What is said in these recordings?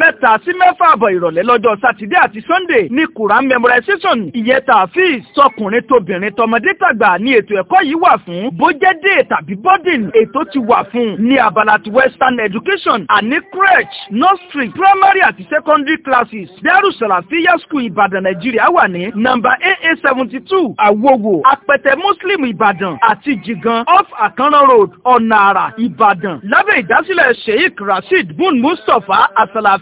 mẹ́ta sí mẹ́fà àbọ̀ ìrọ̀lẹ́ lọ́jọ́ sátidé àti sunday ní quran memorization ìyẹn tààfíìs tọkùnrin tóbìnrin tọmọdé tàgbà ni ètò ẹ̀kọ́ yìí wà fún bójẹ́dé tàbí boarding ètò ti wà fún ní abala ti western education àní crèche nursery primary àti secondary classes darussalafiya school ìbàdàn nàìjíríà wà ní number aa seventy two àwòwò apẹtẹ muslim ìbàdàn àti jigan off akanna road ọ̀nà àrà ìbàdàn lábẹ́ ìdásílẹ̀ sheikh rasheed bun mustapha asalafi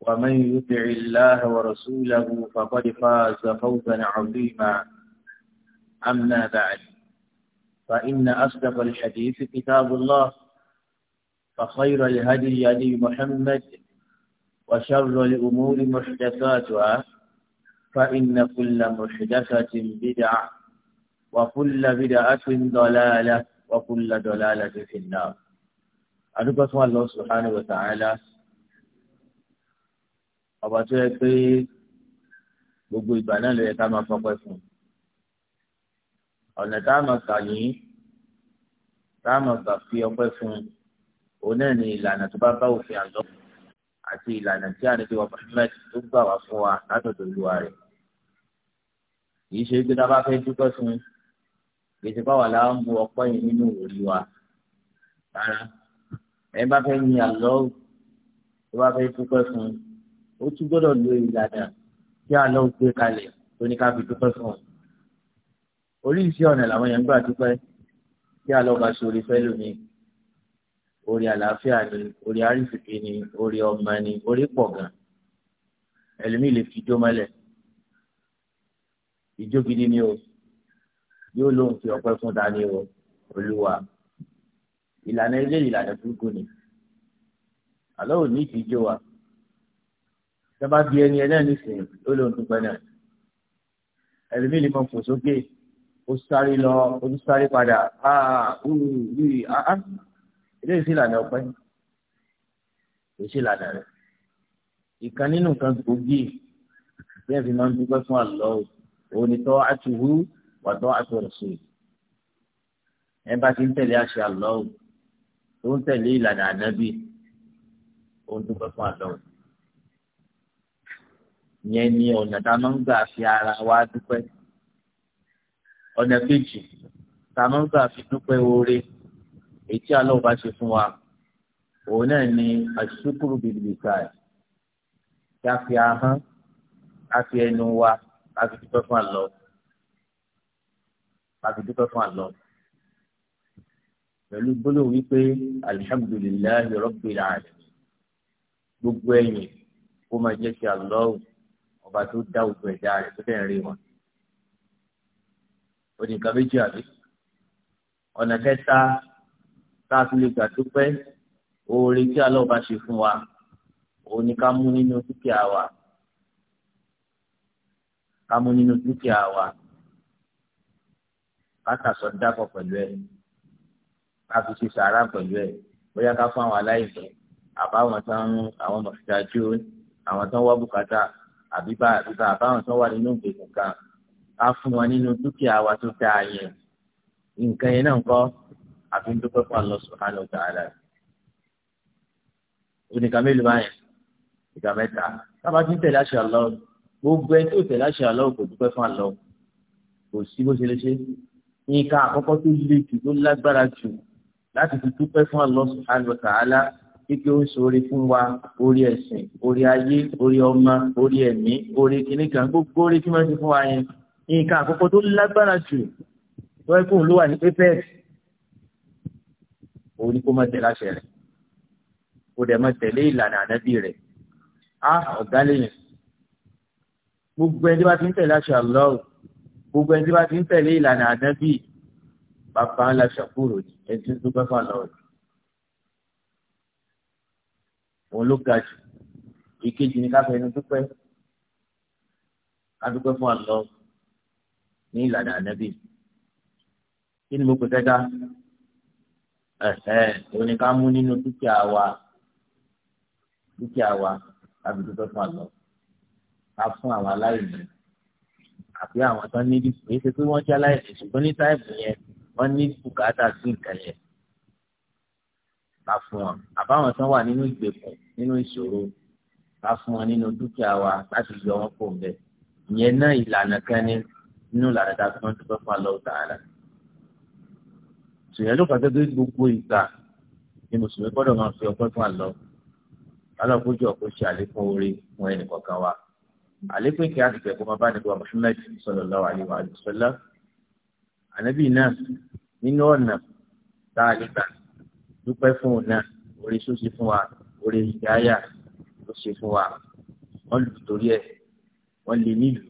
ومن يطع الله ورسوله فقد فاز فوزا عظيما أما بعد فإن أصدق الحديث كتاب الله فخير الهدي يدي محمد وشر الأمور محدثاتها فإن كل محدثة بدعة وكل بدعة ضلالة وكل ضلالة في النار أدوكم الله سبحانه وتعالى ọba tó yẹ pé gbogbo ìgbà náà ló yẹ ká máa fọpẹ́ fún ọ̀nà tá a máa gbà yín tá a máa gbà fi ọpẹ́ fún òun náà ni ìlànà tó bá bá òfin àlọ́ àti ìlànà tí àníbi wa Muhammad tó gbà wá fún wa látọ̀dọ̀ olúwa rẹ̀ kì í ṣe pé tá fẹ́ dúpẹ́ fún kì báwa la ń bu ọpẹ́ yìí nínú òòlù wa rárá ẹ bá fẹ́ yin àlọ́ tó bá fẹ́ dúpẹ́ fún ó tún gbọ́dọ̀ lo ìlànà tí àlọ́ gbé kalẹ̀ tó ní ká fi dúpẹ́ fún un. oríṣi ọ̀nà làwọn yẹn ń gbà dúpẹ́ tí àlọ́ bá ṣe orí fẹ́ lómi orí àlàáfíà ni orí àrífìkì ni orí ọmọ ni orí pọ̀ gan ẹlòmíì lè fi ijó mọ́lẹ̀ ijó gidi ni o yóò lóun fi ọpẹ́ fún dání o olúwa ìlànà ilé ìlànà burúkú ni àlọ́ ò ní ìtìjó wa sábà bí ẹni ẹ náà nìsín ó lè dúpẹ́ náà ẹlòmíì lè mọ fò sókè ó sáré lọ ó tún sáré padà áà wúwú wíwì áà eléyìí sì lànà ọpẹ́ èyí sì lànà rẹ ìkan nínú nǹkan gbòógì bí ẹ fi máa ń dúpẹ́ fún àlọ òun ni tọ́ àtúwú wà tọ́ ẹ bá ti ń tẹ̀lé àṣẹ àlọ tó ń tẹ̀lé ìlànà ànábì òun dúpẹ́ fún àlọ òun yẹn ni ọ̀nà tá a máa ń gbà fi ara wa dúpẹ́ ọ̀nà kejì tá a máa ń gbà fi dúpẹ́ oore èyí tí ṣe fún wa òun náà ni àṣùkúrú bìbìkà ẹ̀ kí a fi ahọ́n a fi ẹnu wa a fi dúpẹ́ fún Allah a fi dúpẹ́ fún Allah pẹ̀lú gbólóhùn wípé alihamudulilayi rabbil gbogbo ẹ̀yìn kó máa jẹ́ ti Allah ọba tó dá ogun ẹ̀dá rẹ̀ tó dẹ̀ rí wọn. ó ní nǹkan méjì àbí ọ̀nà kẹta tá a fi lè gbà dúpẹ́ oore tí aláwọ̀bá ṣe fún wa òun ni ká mú nínú dúkìá wa ká mú nínú dúkìá wa ká tàṣọ dákọ̀ pẹ̀lú ẹ̀ ká fi ṣe sàárà pẹ̀lú ẹ̀ bóyá ká fún àwọn aláìsàn àbáwọn tán àwọn mọ̀fìdájú àwọn tán wá bùkátà àbíbá àbíbá àbáwọn tó wà nínú ìgbèkùn kan á fún wọn nínú dúkìá wa tó dáa yẹn nǹkan yẹn náà ń kọ́ ń dúpẹ́ fún Allah subhanahu wa ta'ala oníkà mélòó báyẹn ìgbà mẹ́ta sábà tí ń tẹ̀lé àṣà lọ gbogbo ẹni tó tẹ̀lé àṣà lọ kò dúpẹ́ fún Allah kò sí bó ṣe lè ṣe nǹkan àkọ́kọ́ tó le jù tó lágbára jù láti fi dúpẹ́ fún Allah subhanahu wa ta'ala ike ó ṣoore fún wa orí ẹ̀sìn orí ayé orí ọmọ orí ẹ̀mí orí kìnnìkan gbogbo orí tí wọ́n ti fún wa yẹn nǹkan àkọ́kọ́ tó lágbára jù wọ́n kún ló wà ní apex òun ni kó má tẹ̀lé àṣẹ rẹ̀ kó dẹ̀ má tẹ̀lé ìlànà ànábì rẹ̀ á ọ̀gá lẹ́yìn gbogbo ẹni tí wọ́n ti ń tẹ̀lé àṣẹ Allah gbogbo ẹni tí wọ́n ti ń tẹ̀lé ìlànà ànábì bàbá ńlá ṣàkóso ẹni tí ó dúpẹ́ fún Allah òun ló ga jù ìkejì ni káfẹ́ ẹni dúpẹ́ adúpẹ́ fún àlọ́ ní ìlànà ànábì kí ni mo pè kẹta ẹ̀ẹ́ òun ni ká mú nínú dúkìá wa dúkìá wa àbí dúpẹ́ fún àlọ́ ká fún àwọn aláìní àbí àwọn tó ní ìdìbò yìí ṣe pé wọ́n jẹ́ aláìní ṣùgbọ́n ní táìpù yẹn wọ́n ní bùkátà sí nǹkan yẹn ká fún wọn àbáwọn tán wà nínú ìgbèkùn nínú ìṣòro ká fún wọn nínú dúkìá wa láti yọ wọn kó bẹ ìyẹn náà ìlànà kan ní nínú ìlànà tá a fi wọn dúpẹ́ fún alọ tààrà sùnyẹn ló pàṣẹ pé gbogbo ìgbà ni mùsùlùmí gbọ́dọ̀ máa fi ọpẹ́ fún alọ alákòójú ọkọ ṣe àlékún orí fún ẹnìkọ̀ọ̀kan wa àlékún kí a ti bẹ̀kọ́ máa bá nígbà Muhammad sallallahu alaihi wa sallam ànábì náà nínú ọ̀nà tá a lè gbà dúpẹ́ fún òun náà orí tó ṣe fún wa orí ìdáyà tó ṣe fún wa wọ́n lù torí ẹ̀ wọ́n lè nílùú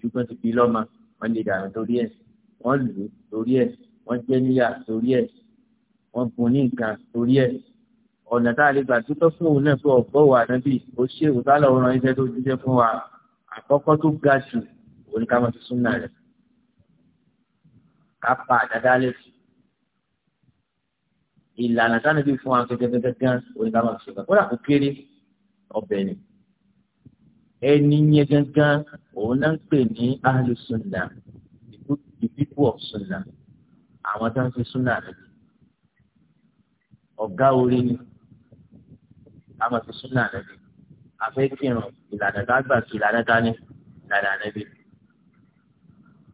dúpẹ́ ti bí lọ́mọ wọ́n lè dànù torí ẹ̀ wọ́n lù torí ẹ̀ wọ́n jẹ́ níyà torí ẹ̀ wọ́n gun ní nǹkan torí ẹ̀ ọ̀nà tá a lè gbà dúpẹ́ fún òun náà pé ọ̀gbọ́ wa nábì ó ṣe òtálọ̀ òun ràn iṣẹ́ tó jíṣẹ́ fún wa àkọ́kọ́ tó ga jù òun ká máa rẹ̀ ká pa àdáda lẹ́sìn ìlànà sáni bí fún wa gẹ́gẹ́gẹ́gẹ́ gan oníkàmọ fi ṣe kan kódà kó kéré ọbẹ ni ẹni yẹn gangan òun náà ń pè ní ahlu sunna the people of sunna àwọn tó ń fi sunna rẹ ọgá orí ni àmọ́ fi sunna rẹ bi afẹ́ kírun ìlànà tá a gbà sí ìlànà tá a ní ìlànà rẹ bi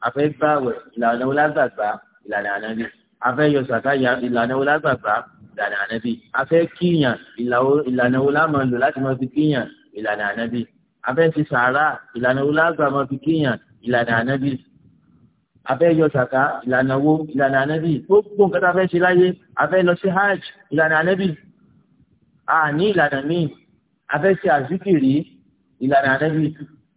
afẹ́ gbàwẹ̀ ìlànà wọlé àgbàgbà ìlànà rẹ bi afẹ́ yọ sàká ìlànà wo lágbàgbà ìlànà ànábì afẹ́ kíyàn ìlànà wo lámọ̀ lò láti máa fi kíyàn ìlànà ànábì afẹ́ ti sàárà ìlànà wo lágbà máa fi kíyàn ìlànà ànábì afẹ́ yọ sàká ìlànà wo ìlànà ànábì gbogbo nǹkan tá a fẹ́ ṣe láyé afẹ́ lọ sí hajj ìlànà ànábì àní ìlànà míì afẹ́ ṣe àzíkìrì ìlànà ànábì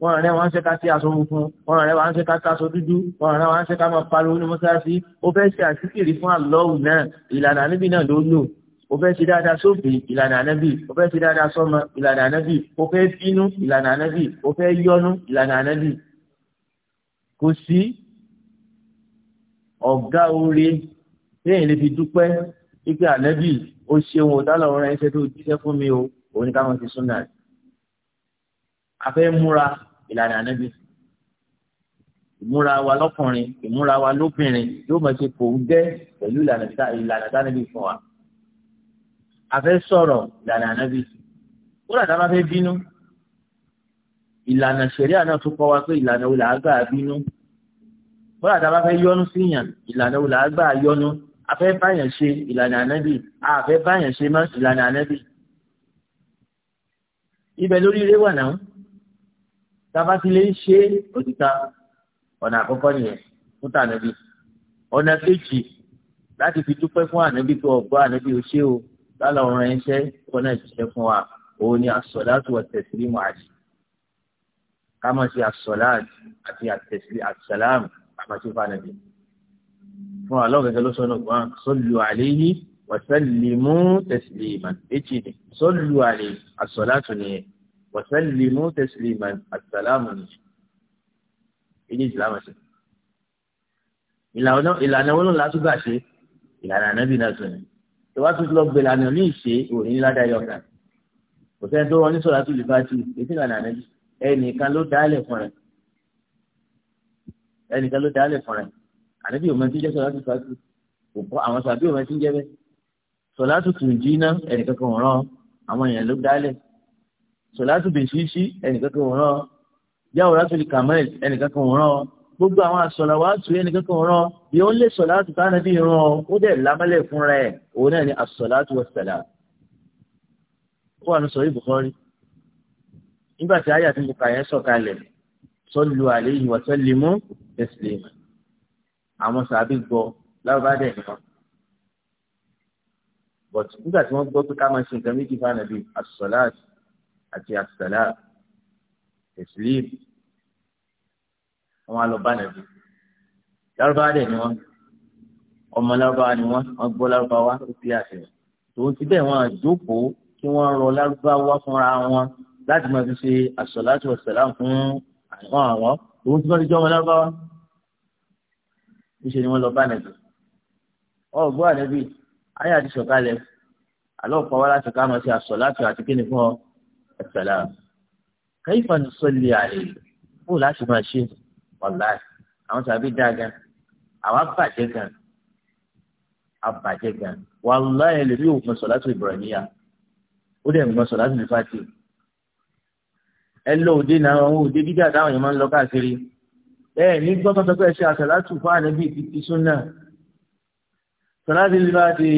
wọn rẹ wọn ṣe ká sí aṣọ funfun wọn rẹ wọn ṣe ká sí aṣọ dúdú wọn rẹ wọn ṣe ká máa pariwo ní mọ́ṣáláṣí ó fẹ́ ṣe àṣìkiri fún àlọ́ọ̀hùn náà ìlànà níbi náà ló lò ó fẹ́ ṣe dáadáa sóbì ìlànà ànábì ó fẹ́ ṣe dáadáa sọ́mọ ìlànà ànábì ó fẹ́ bínú ìlànà ànábì ó fẹ́ yọnu ìlànà ànábì kò sí ọ̀gá oore téèyàn lè fi dúpẹ́ wípé ànábì ó ṣeun ọ̀dálọ̀ ọ̀rọ̀ ẹ̀ṣẹ̀ tó jíṣẹ́ fún mi o òun ni ká máa fi súnà afẹ́ múra ìlànà ànábì ìmúra wa lọ́kùnrin ìmúra wa lóbìnrin yóò máa ṣe kò ń gẹ́ pẹ̀lú ìlànà tánábì fún wa afẹ́ sọ̀rọ̀ ìlànà ànábì ó rà dáná fẹ́ bínú ìlànà ṣẹ̀ríà náà tún kọ́ wa pé ìlànà wo làá gbà bínú ó rà dáná fẹ́ yọnu síyàn ìlànà wo làá yọnu afẹ́ báyàn ṣe ìlànà ànábì àfẹ́ báyàn ṣe mọ́ ìlànà ànábì ibẹ̀ lórí ilé wà náà tába ti lè ṣe òtítà ọ̀nà àkọ́kọ́ nìyẹn fún tànàbí ọ̀nà kejì láti fi dúpẹ́ fún ànábì tó ọ̀gbọ́ ànábì ó ṣe o lálẹ́ ọ̀rọ̀ ẹ̀ṣẹ́ ọ̀nà ìṣiṣẹ́ fún wa òun ni asọ̀láàtù àtẹ̀sílímù àti kámọ̀ sí asọ̀láàtù àti àtẹ̀sílímù àtẹ̀sálàmù àmọ̀ fànàbí fún wa lọ́wọ́ gẹ́gẹ́ ló sọ̀nà gbọ́n sọ́lù àléyé wàsálìmù tẹ̀sílímù èjì wàsálìmù tẹsílìmù àtàlámù ni èyí ìsìlámù ṣe ìlànà wọn lọ́la tún gbà ṣe ìlànà ànábì náà sọ ni tó bá tún lọ gbé ìlànà ní ìṣe òní ládàá yọkà kò sẹ́ni tó wọn ní sọ̀rọ̀ àti olùfàtì ètí ìlànà ànábì ẹnìkan ló dálẹ̀ fún rẹ ẹnìkan ló dálẹ̀ fún rẹ ànábì òun ti jẹ́ sọ̀rọ̀ àti olùfàtì òpó àwọn sàbí òun ti jẹ́ bẹ́ẹ̀ sọ̀rọ̀ àti tùǹjì náà ẹnìkan kan rán àwọn èèyàn ló dálẹ̀ sọ̀látù bè ṣíṣí ẹnìkankan ò rán yàwó látòlì kamal ẹnìkankan ò rán gbogbo àwọn asọ̀làwàtù ẹnìkankan ò rán bí ó ń lé sọ̀látù táwọn ẹbí rán ọ ó dẹ̀ lámẹ́lẹ̀ fúnra ẹ̀ òun náà ni asọ̀látù wọ̀sẹ̀lá ó wà ní sọ Bukhari nígbà tí ayé àti bùkà yẹn sọ̀kalẹ̀ sọ́lù alayhi wa sallimu taslima àwọn sàbí gbọ́ lábàbá dẹ̀ nìkan but nígbà tí wọ́n gbọ́ pé ká máa ṣe nǹkan méjì fún ànàbí asọ̀láàtì àti asàlá tẹsílìm wọn á lọ bá nàbí lárúbáwá dẹ ni wọn ọmọ lárúbáwá ni wọn wọn gbọ́ lárúbáwá ó fi àṣeyàn tòun ti bẹ́ẹ̀ wọn àjókòó kí wọ́n rọ lárúbáwá fúnra wọn láti máa fi ṣe àṣọláṣọ ọ̀sẹ̀lá fún àwọn àwọn tòun ti wọ́n ti jọ́ wọn lárúbáwá níṣẹ́ ni wọ́n lọ bá nàbí ọ̀gbọ́n ànábì ayé àti sọ̀kalẹ̀ alọ́ pa láti ká máa ṣe àṣọláṣọ àti kíni fún ọ assalam kayfa nusalli alayhi fún láti máa ṣe wàláì àwọn sàbí dáadáa àwọn abàjẹ́ gan abàjẹ́ gan wàláì ẹlẹ́bí ò mọ̀ sọ̀látù Ibrahimiyya ó dẹ̀ mọ̀ sọ̀látù nífàtì ẹ lọ òde náà àwọn òde dídá táwọn yẹn máa ń lọ káàkiri ẹ ní gbọ́dọ̀ tó pẹ́ ṣe àsàlátù fún ànábì ti súnà sọ̀látù nífàtì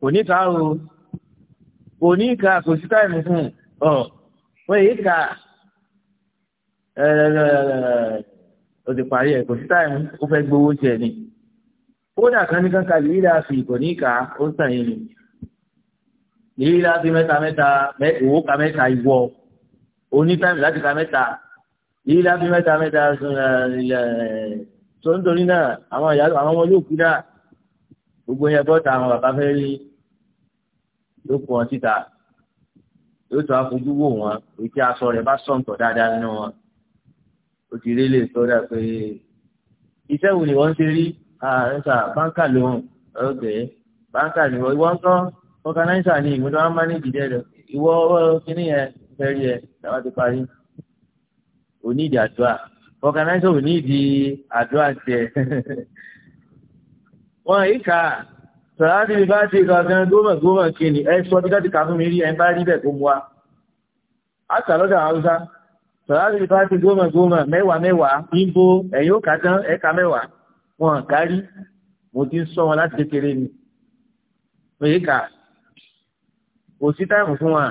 kò ní ká o kò ní ìka kò sí táìmù fún ọ wọ́n èyí ka ó ti parí ẹ̀ kò sí táìmù ó fẹ́ gbowó tiẹ̀ ni kódà kan ní kankan lè yíra fi kò ní ìka ó sàn yín ni lè yíra fi mẹ́ta mẹ́ta òwò ka mẹ́ta ìwọ oní táìmù láti ka mẹ́ta lè yíra fi mẹ́ta mẹ́ta sọ nítorí náà àwọn ìyá àwọn ọmọ olóòkú náà gbogbo yẹn bọ́ta àwọn bàbá fẹ́ rí yóò pọ̀ síta yóò tún afojú wò wọn ètí aṣọ rẹ̀ bá sọ̀ǹtọ̀ dáadáa nínú wọn ó ti rí lè sọ dà pé iṣẹ́ wo ni wọ́n ṣe rí ẹ̀ka báńkà lóhùn ọ̀gbẹ́ báńkà ni wọ́n ń kọ́ ọ̀gánáìsà ni ìmúdọ́ á máa ní ìdílé rẹ̀ ìwọ kíní yẹn fẹ́rí ẹ̀ làwọn ti parí òní ìdí àdúrà ọ̀gánáìsà òní ìdí àdúrà tiẹ̀ wọ́n ìkà sàárì bá ti kankan gómọ̀ gómọ̀ kí ni ẹ sọ dídá ti kà fún mi rí ẹ bá rí bẹ́ẹ̀ kó mu wa àtà lọ́dọ̀ haúsá sàárì bá ti gómọ̀ gómọ̀ mẹ́wàá mẹ́wàá níbo ẹ̀yìn ó kà tán ẹ̀ka mẹ́wàá wọn kárí mo ti ń sọ wọn láti kékeré ni òye kà kò sí táìmù fún wa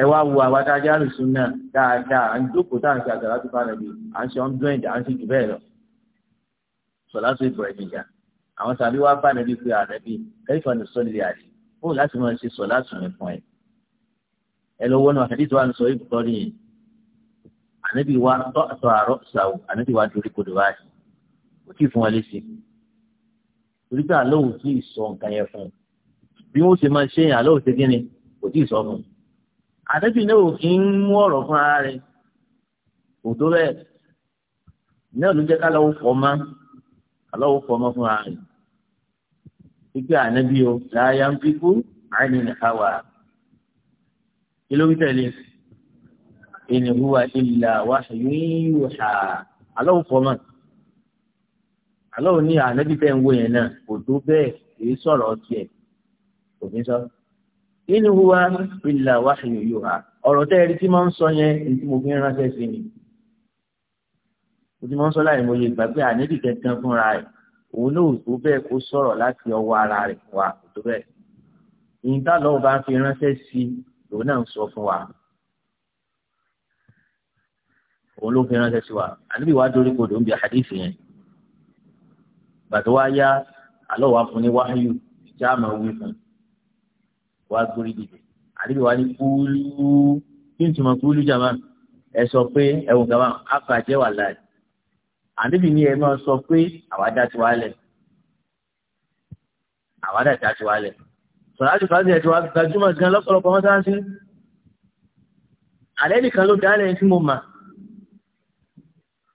ẹ wá wo àwa tá a jẹ́ àlùsùn náà dáadáa à ń jókòó tá à ń ṣe àgbàlá tó bá rẹ̀ bí à ń ṣe ọ́n dúró ẹ̀dá à ń ṣe jù bẹ́ẹ̀ lọ sọ̀lá tó ìbọ̀ ẹ̀dìjà àwọn sàbí wá bá nàbí pé àrẹ́bí kẹ́yìfà ní sọ́lé àrí ó láti máa ṣe sọ láti rìn fún ẹ. ẹ lọ wọnú àkàdé tó wà ní sọ yìí kọ́ nìyẹn ànábì wa tọ́ àtọ́ àárọ̀ ṣàwò ànábì wa dorí kodò báyìí kò tí ì fún wa léṣe torí pé àlọ́ ò tí ì sọ nǹkan yẹn fún un bí wọ́n ṣe máa ṣe yẹn àlọ́ ò ṣe kí ni kò tí ì sọ fún un ànábì náà ò kí ń mú ọ̀rọ̀ fún ara rẹ̀ kò tó bẹ́ẹ̀ náà ló jẹ́ ká lọ́wọ́ fọ́ máa aláwo fọmọ fún wa rìn ìgbà ànábì o láyà ń fikú àní àwà kìlómítà lè in huwa illa wahyun yuha aláwo fọmọ aláwo ní ànábì tẹ̀ ń wò yẹn náà kò tó bẹ́ẹ̀ kì í sọ̀rọ̀ tiẹ̀ kò ní sọ in huwa illa wahyun yuha ọ̀rọ̀ tẹ́ẹ̀rí tí máa ń sọ yẹn ní fi ń ránṣẹ́ sí ni ojúmọ́ sọ́lá yìí mo yẹ gbàgbé ànẹ́bì kankan fúnra rẹ̀ òun náà tó bẹ́ẹ̀ kó sọ̀rọ̀ láti ọwọ́ ara rẹ̀ wá tó bẹ́ẹ̀. ìyìn tá lọ́wọ́ bá ń fi ránṣẹ́ sí i lòun náà ń sọ fún wa. òun ló fi ránṣẹ́ sí wa ànẹ́bì wa dorí kodò ń bi àdéhìí yẹn. bàtà wa yá àlọ́ wa fún ní wáyù ìjà àmọ́ wí fún wa gbórí dìde àdéhìí wa ní kúlú kí n tún mọ kúlú jàmá ẹ sọ pé ẹ̀wọ̀n gàmá àfàjẹ́ wà láì àdébì ni ẹ máa sọ pé àwádà ti wá lẹ̀ àwádà ti àti wá lẹ̀ sọ̀rọ̀ fàájì ẹ̀ ti wá gbajúmọ̀ gan lọ́pọ̀lọpọ̀ mọ́sánsí àlẹ́ nìkan ló dálẹ̀ tí mo mà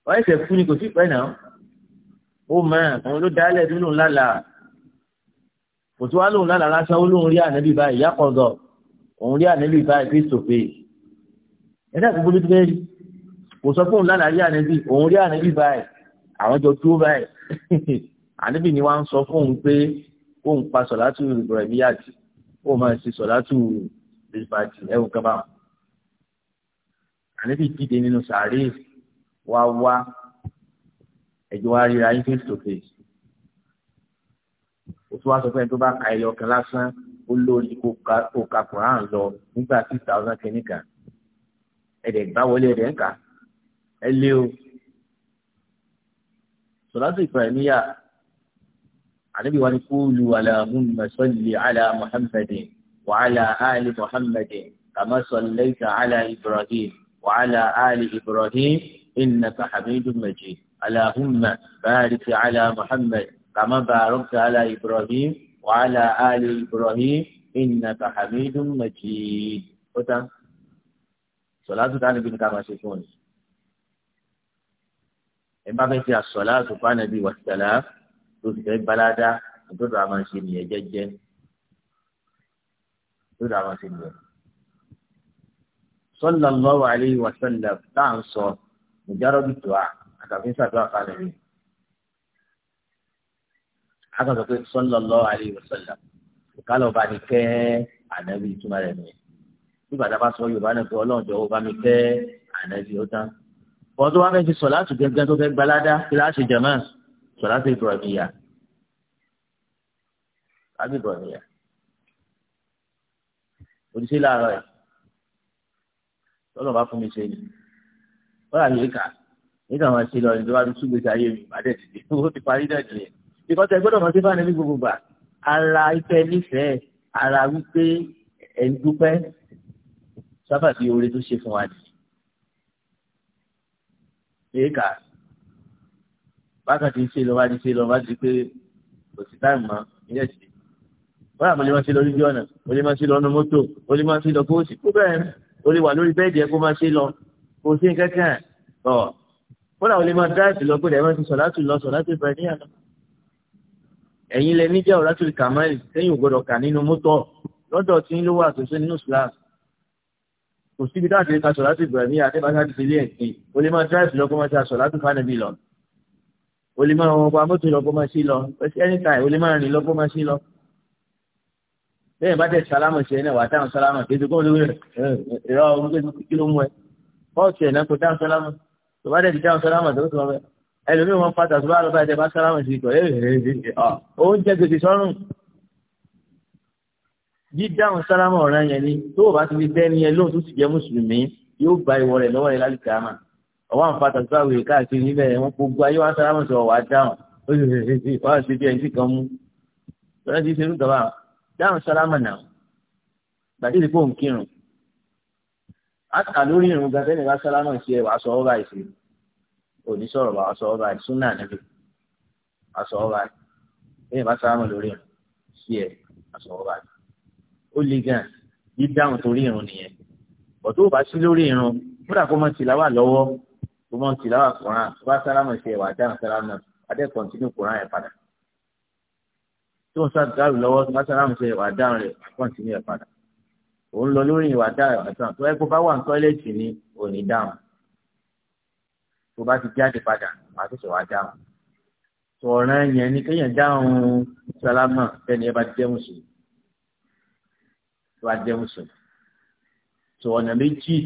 wọ́n ẹ̀sẹ̀ fún ni kò sí pẹ́ náà ó mọ̀ òun ló dálẹ̀ tí lòun lálàá kò tí wá lòun lálàá lásán ó lòun rí ànábì báyìí yá kọ̀ọ̀dọ̀ òun rí ànábì báyìí face to face ẹ̀dá gbogbo ló ti fẹ́ rí kò sọ fóun lánàá rí ànábì òun rí ànábì báyìí àwọn jọ dúró báyìí ànábì ni wá ń sọ fóun pé kóun pa sọ̀látù ìbọ̀rẹ̀míyàtì kóun máa ṣe sọ̀látù ìbàdì ẹ̀wọ̀n kan báwọn. dìde nínú sàárè wá wá ẹjọ́ wa ríra yín face to face ó tún wá sọ fún ẹni tó bá ka ẹyọ kan lásán ó lórí kó ka Quran lọ nígbà six thousand kìíní kan wọlé ẹ̀dẹ̀ ń kà á. ẹ lé o sọláṣí ìfàmìyà ànábì wa ni kúlù aláhùnmá sọlì àlà muhammadin wà àlà àlì muhammadin kàmá sọlẹ́ta àlà ibrahim wà àlà àlì ibrahim ìnnàkà hamidu majid aláhùnmá bàrìkì àlà muhammad kàmá bàrọ̀kì àlà ibrahim wà àlà àlì ibrahim ìnnàkà hamidu majid. ó tán sọláṣí táwọn ibi ní ká máa ṣe fún ọ mi. ẹ bá fẹ́ ṣe àṣọlá àtúfà nàbí wàṣàlá tó ti fẹ́ balada àtúntò àwọn ṣe nìyẹn jẹ́jẹ́ àtúntò àwọn ṣe nìyẹn. sallallahu alaihi wa sallam tá à ń sọ ìjárọ̀ bí tòwá àtàfin ṣàdúrà kalẹ̀ mi. a kan sọ pé sallallahu alaihi wa sallam ìkálọ̀ bá ní kẹ́ ànábì ìtumọ̀ rẹ̀ nìyẹn. nígbà tá bá sọ Yorùbá náà pé Ọlọ́run jọ̀wọ́ bá mi kẹ́ ànábì ó tán wọ́n tó wá fẹ́ fi sọ̀láàtù gẹ́gẹ́ tó fẹ́ gbalada kíláàsì jẹ̀mọ́ sọ̀láàtù ìbùrọ̀dìyà àbí ìbùrọ̀dìyà òdìsí làárọ̀ ẹ̀ lọ́nà bá fún mi ṣe ni wọ́n àyè kà nígbà wọn ṣe lọ ìjọba tó túgbèsè ayé mi màdé dìde owó ti parí náà dìde ìkọ́tà ìgbọ́dọ̀ mọ̀ sí fáwọn ẹbí gbogbo gbà ara ìfẹ́ nífẹ̀ẹ́ ara wípé ẹ̀ ń dúpẹ́ sábàbí oore tó ṣe fún wa nìyí kéèkà wákàtí ṣe lọ wá ní ṣe lọ wá ti pé kò sí táì mọ ilé ṣe wọ́n àmọ́ lè máa ṣe lọ lójú ọ̀nà ó lè máa ṣe lọ ọ̀nà mọ́tò ó lè máa ṣe lọ kóòsì kó bẹ́ẹ̀ ó lè wà lórí bẹ́ẹ̀dì ẹ̀ kó máa ṣe lọ kó sí kẹ́kẹ́ ọ̀ wọ́n àwọn lè máa dáàtì lọ pé ẹ̀ máa ti sọ̀ láti lọ sọ̀ láti bẹ̀rẹ̀ kò síbi táàtì ní kaṣọ láti ìgbà ní àtẹ́bàṣá ti fìlẹ̀ ẹ̀sìn o lè máa drive lọ kó máa ṣe aṣọ láti fànàbí lọ o lè máa wọn pa mọ́tò lọ kó máa ṣí lọ anytime o lè máa rìn lọ kó máa ṣí lọ. bẹ́ẹ̀ bá tẹ̀ sálámù ṣe náà wà á táwọn sálámù kí ẹ̀dùn kó lóore ìrọ̀ ọ̀hún kí ló mú ẹ kóòtù ẹ̀ náà kó táwọn sálámù tó bá tẹ̀ ti táwọn sálámù tó tó ẹ ẹlòmíràn wọn pàtàkì bá lọ bá ẹ dídáhùn sálámà ọ̀ràn yẹn ni tó o bá ti fi bẹ́ẹ̀ ni ẹ lóhùn tó sì jẹ́ mùsùlùmí yóò gba ìwọ rẹ̀ lọ́wọ́ rẹ̀ lálùkà àmà ọwọ́ àwọn fata tó àwòrán káàkiri níbẹ̀ wọn kò gba yóò wá sálámà sọ̀rọ̀ wá dáhùn ó sì ṣe ṣe wá ṣe bí ẹni kan mú lọ́dọ̀ tí ṣerú tọ́ba dáhùn sálámà nà gbàdé ti fóun kírun àtà lórí irun gan tẹ́lẹ̀ bá sálámà sí ẹ wàá sọ ọ́ ó le gan dídáhùn torí irun nìyẹn bọ̀ tó o bá sí lórí irun kódà kó mọ tìláwà lọ́wọ́ kó mọ tìláwà kùrán tó bá sálámù ṣe wà dáhùn sálámù adé kọ̀ǹtínú kùrán yẹn padà tó ń sàdárù lọ́wọ́ tó bá sálámù ṣe wà dáhùn rẹ̀ kọ̀ǹtínú yẹn padà ò ń lọ lórí ìwà dáhùn àtàn tó ẹ bá wà ní tọ́ílẹ̀tì ni ò ní dáhùn tó bá ti jáde padà wà á tó dáhùn tọ̀ọ̀ràn yẹn ni kéèyàn dáhùn sálámù tó bá jẹ́ mùsùlùmí tó ọ̀nà méjì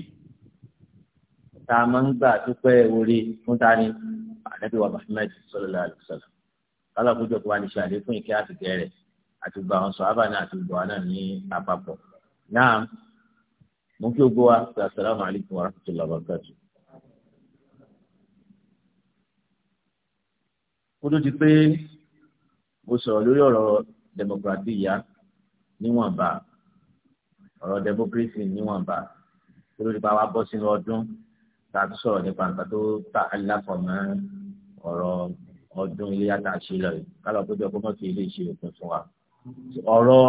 tá a máa ń gbà dúpẹ́ orí fún tani ànábì wa Muhammad sallallahu alaihi wasallam kálákùjọ tó wà ní sàlẹ̀ fún ìkẹ́ àtìkẹ́ rẹ̀ àti gba àwọn sọ̀hábà náà àti gbọ̀ náà ní àpapọ̀ náà mo kí o gbọ́ wa pé asalaamu alaykum wa rahmatullahi wa barakatuh. ó pé mo sọ̀rọ̀ lórí ọ̀rọ̀ democracy yá níwọ̀nba ọ̀rọ̀ democracy níwọ̀nba tó lórí pa wá bọ́ sínú ọdún tá a tún sọ̀rọ̀ nípa nǹkan tó ta aláfọ̀ mọ́ ọ̀rọ̀ ọdún iléyà tá a ṣe lọ yìí kálọ̀ tó jọ kó mọ̀ fi ilé ṣe òkun fún wa. ọ̀rọ̀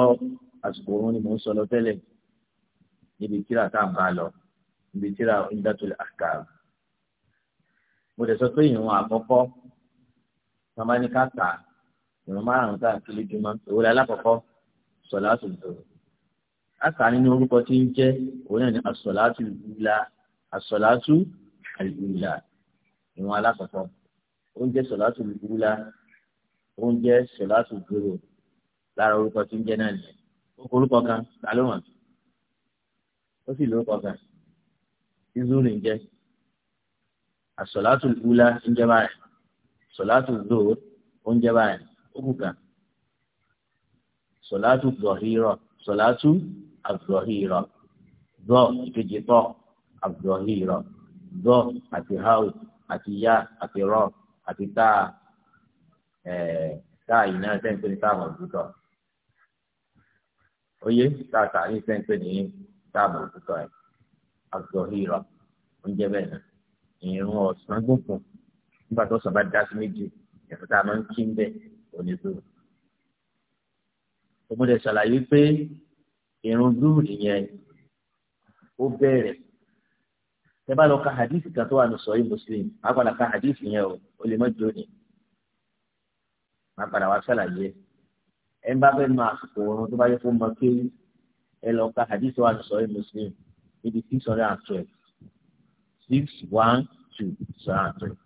àsìkò òun ni mò ń sọ lọ tẹ́lẹ̀ níbi tíra tá a bá lọ níbi tíra Umdatul Ahkam. mo dẹ̀ sọ pé ìrún àkọ́kọ́ tọ́mọ́ni ká ta ìrún márùn-ún tá a kiri jùmọ̀ òwúrọ̀ alákọ̀ọ́kọ́ sọ̀lá àtúntò àkà nínú orúkọ tí ń jẹ́ òun náà ní asọ̀látù ìgbìlá asọ̀látù àìgbìlá ìwọ̀n alákọ̀ọ́kọ́ oúnjẹ sọ̀látù ìgbìlá oúnjẹ sọ̀látù gbèrò lára orúkọ tí ń jẹ́ náà nìyẹn orúkọ kan ta ló wọ̀n ó sì lórúkọ kan ìzúrì ń jẹ́ asọ̀látù ìgbìlá ń jẹ́ báyìí sọ̀látù gbòòrò oúnjẹ báyìí ó kù kan sọ̀látù gbọ̀hírọ̀ sọ̀látù azọhìrọ zọ ìkejì tọ azọhìrọ zọ àti haus, àti ya àti rọ àti táà táà yìí náà sẹ́ńpé ní táà mọ̀tútọ̀ oyè táà táà yìí sẹ́ńpé ní táà mọ̀tútọ̀ ẹ̀ azọhìrọ oúnjẹ bẹ́ẹ̀ náà ìrún ọ̀sán gbùngbùn nígbà tó sàn bá dá sí méjì ẹ̀fọ́ tá a máa ń kí ń bẹ̀ òní tó. Òmùdẹ̀ ṣàlàyé pé irun lúùrì yẹn ó bẹ̀rẹ̀ tẹ bá lọ ka hadith kan tó wà ní sọyí muslim á padà ka hadith yẹn o ó lè má jó ni má padà wá sàlàyé ẹ ń bá fẹ́ mọ àsìkò oorun tó bá yẹ kó mọ kéwì ẹ lọ ka hadith wà ní sọyí muslim níbi six hundred and twelve six one two six hundred and twelve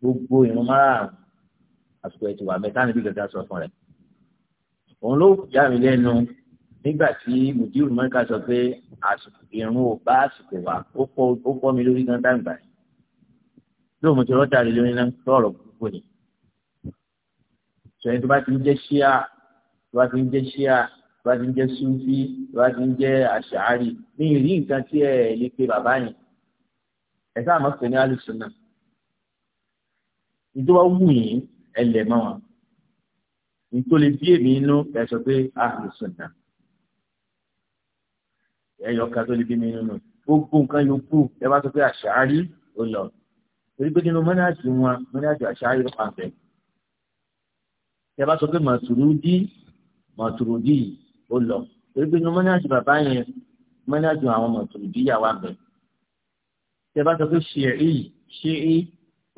gbogbo ìrún márùn-ún àsìkò ẹ̀ ti wà mẹ́ta níbi gẹ́gẹ́ sọ fún rẹ̀ òun ló yà mí nígbà tí mùdíùrù mọ́ríkà sọ pé ìrún ò bá àsìkò wa ó pọ́ mi lórí gan dàgbà lóò mo ti rọ́jà rẹ lórí náà tó ọ̀rọ̀ gbogbo ni sọ̀rọ̀ tó bá ti ń jẹ́ ṣíà tó bá ti ń jẹ́ ṣíà tó bá ti ń jẹ́ súnfí tó bá ti ń jẹ́ àṣàárì ní ìrí nǹkan tí ẹ lè pe bàbá yẹn ẹ sáà mọ̀ ní alùsùn náà ní tó bá wù yín ẹ lẹ̀ mọ́ wọn ní tó lè bí èmi inú ẹ sọ pé alùsùn náà ẹyọ kan tó lè bí mi nínú gbogbo nǹkan yòókù ẹ bá sọ pé àṣàárí ò lọ torí pé nínú mọ́nájì wọn mọ́nájì àṣàárí ló pàǹfẹ́ ẹ bá sọ pé màtúrúdí màtúrúdí ò lọ torí pé nínú mọ́nájì bàbá yẹn mọ́nájì àwọn màtúrúdí yà wà bẹ̀ ẹ bá sọ pé ṣìírí ṣìírí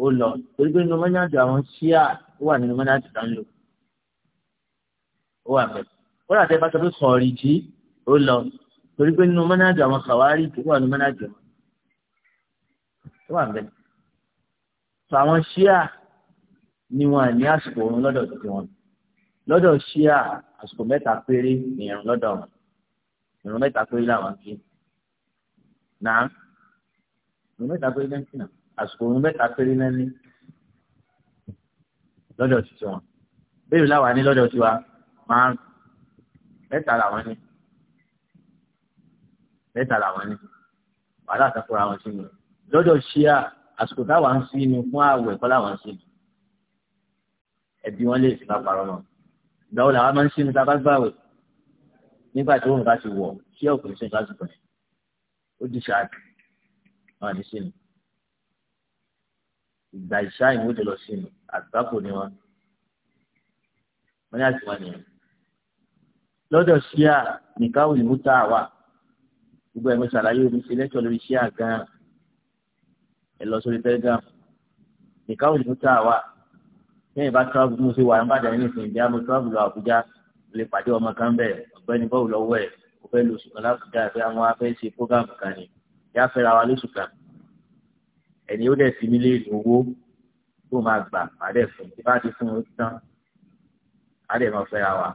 ò lọ torí pé nínú mọ́nájì àwọn ṣíà ó wà nínú mọ́nájì kan lò ó wà bẹ̀ ó rà tẹ́ bá sọ pé sọ̀rì jí ó lọ torí pé nínú mọ́nájú àwọn kàwárí tó wà ní mọ́nájú wọn tó wà bẹ́ẹ̀ tó àwọn ṣíà ni wọn ní àsìkò oorun lọ́dọ̀ tó wọn lọ́dọ̀ ṣíà àsìkò mẹ́ta péré ní ìrun lọ́dọ̀ wọn ìrun mẹ́ta péré làwọn kí náà ìrun mẹ́ta péré náà kí náà àsìkò oorun mẹ́ta péré náà ní lọ́dọ̀ tuntun wọn bẹ́ẹ̀ làwọn ní lọ́dọ̀ tiwa máa mẹ́ta làwọn ní mẹ́ta làwọn ní wàhálà àtàkùrọ̀ àwọn sí mi lọ́dọ̀ ṣíà àsìkò táwọn ń sí inú fún àwẹ̀ kọ́ làwọn ń sí Ni ẹbí wọn lè sì bá parọ́ mọ́ ìgbà wo làwọn máa ń sínú tá a bá gbàwẹ̀ nígbà tí òun bá ti wọ̀ ṣíà òkè sí ìbásùkọ̀ yẹn ó di ṣáàkì wọn àti sínú ìgbà ìṣá ìwúdò lọ sínú àgbákò ni wọn wọn ní àtìwọn nìyẹn lọ́dọ̀ ṣíà nìkan òyìnbó wà gbogbo ẹ̀ mo ṣàlàyé omi ṣe lẹ́tọ̀ lórí iṣẹ́ àgán ẹ lọ sórí telegram nìkan ò ní tà wá lẹ́yìn bá travel mo ṣe wà ń bàdàn ní ìsìn ìjà mo travel lọ àbújá lè pàdé ọmọ kan bẹ́ẹ̀ ọ̀gbẹ́ni bọ́ọ̀lù lọ́wọ́ ẹ̀ kò fẹ́ lóṣù kan lábùjá àti àwọn afẹ́ ṣe program kan ni yá fẹ́ ra wa lóṣù kan ẹni ó dẹ̀ sí mi léèrè owó tó máa gbà má fún ìbá ti fún oṣù tán á máa fẹ́ ra wa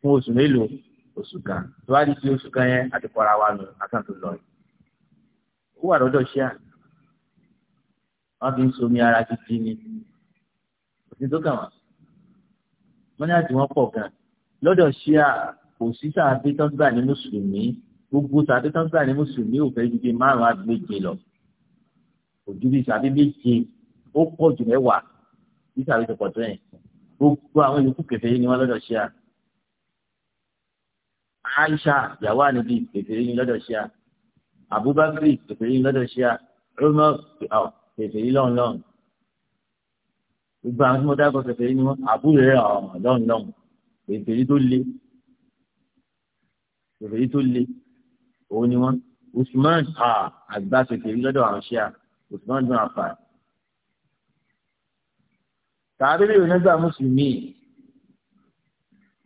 fún oṣù mélòó oṣù kan tó wá di ti oṣù kan yẹn àti kọ́ra wa nù àkàtò lọ yìí. ó wà lọ́dọ̀ ṣíà wọ́n fi ń somi ara títí ni òsì tó kàn wọ́n. wọ́n ní àti wọ́n pọ̀ gan lọ́dọ̀ ṣíà kò sí sàbí tó ń gbà ní mùsùlùmí gbogbo sàbí tó ń gbà ní mùsùlùmí ò fẹ́ ju bíi márùn-ún àti méje lọ kò ju bíi sàbí méje ó pọ̀ jù mẹ́wàá bí sàbí tó pọ̀ tó yẹn gbogbo àwọn yòókù kẹfẹ́ yìí ni wọ́n lọ́dọ̀ ṣíà aisha yàwó àníbi kèfèrí ní lọ́dọ̀ ṣíà abubakar kèfèrí ní lọ́dọ̀ ṣíà umar kèfèrí lọ́nlọ́n gbogbo àwọn tí mo dákọ̀ kèfèrí ni wọ́n àbúrò rẹ̀ ọ̀hún lọ́nlọ́n kèfèrí tó le kèfèrí tó le òun ni wọ́n usman àgbà kèfèrí lọ́dọ̀ àwọn ṣíà usman dùn àfà tàbí bí onígbà mùsùlùmí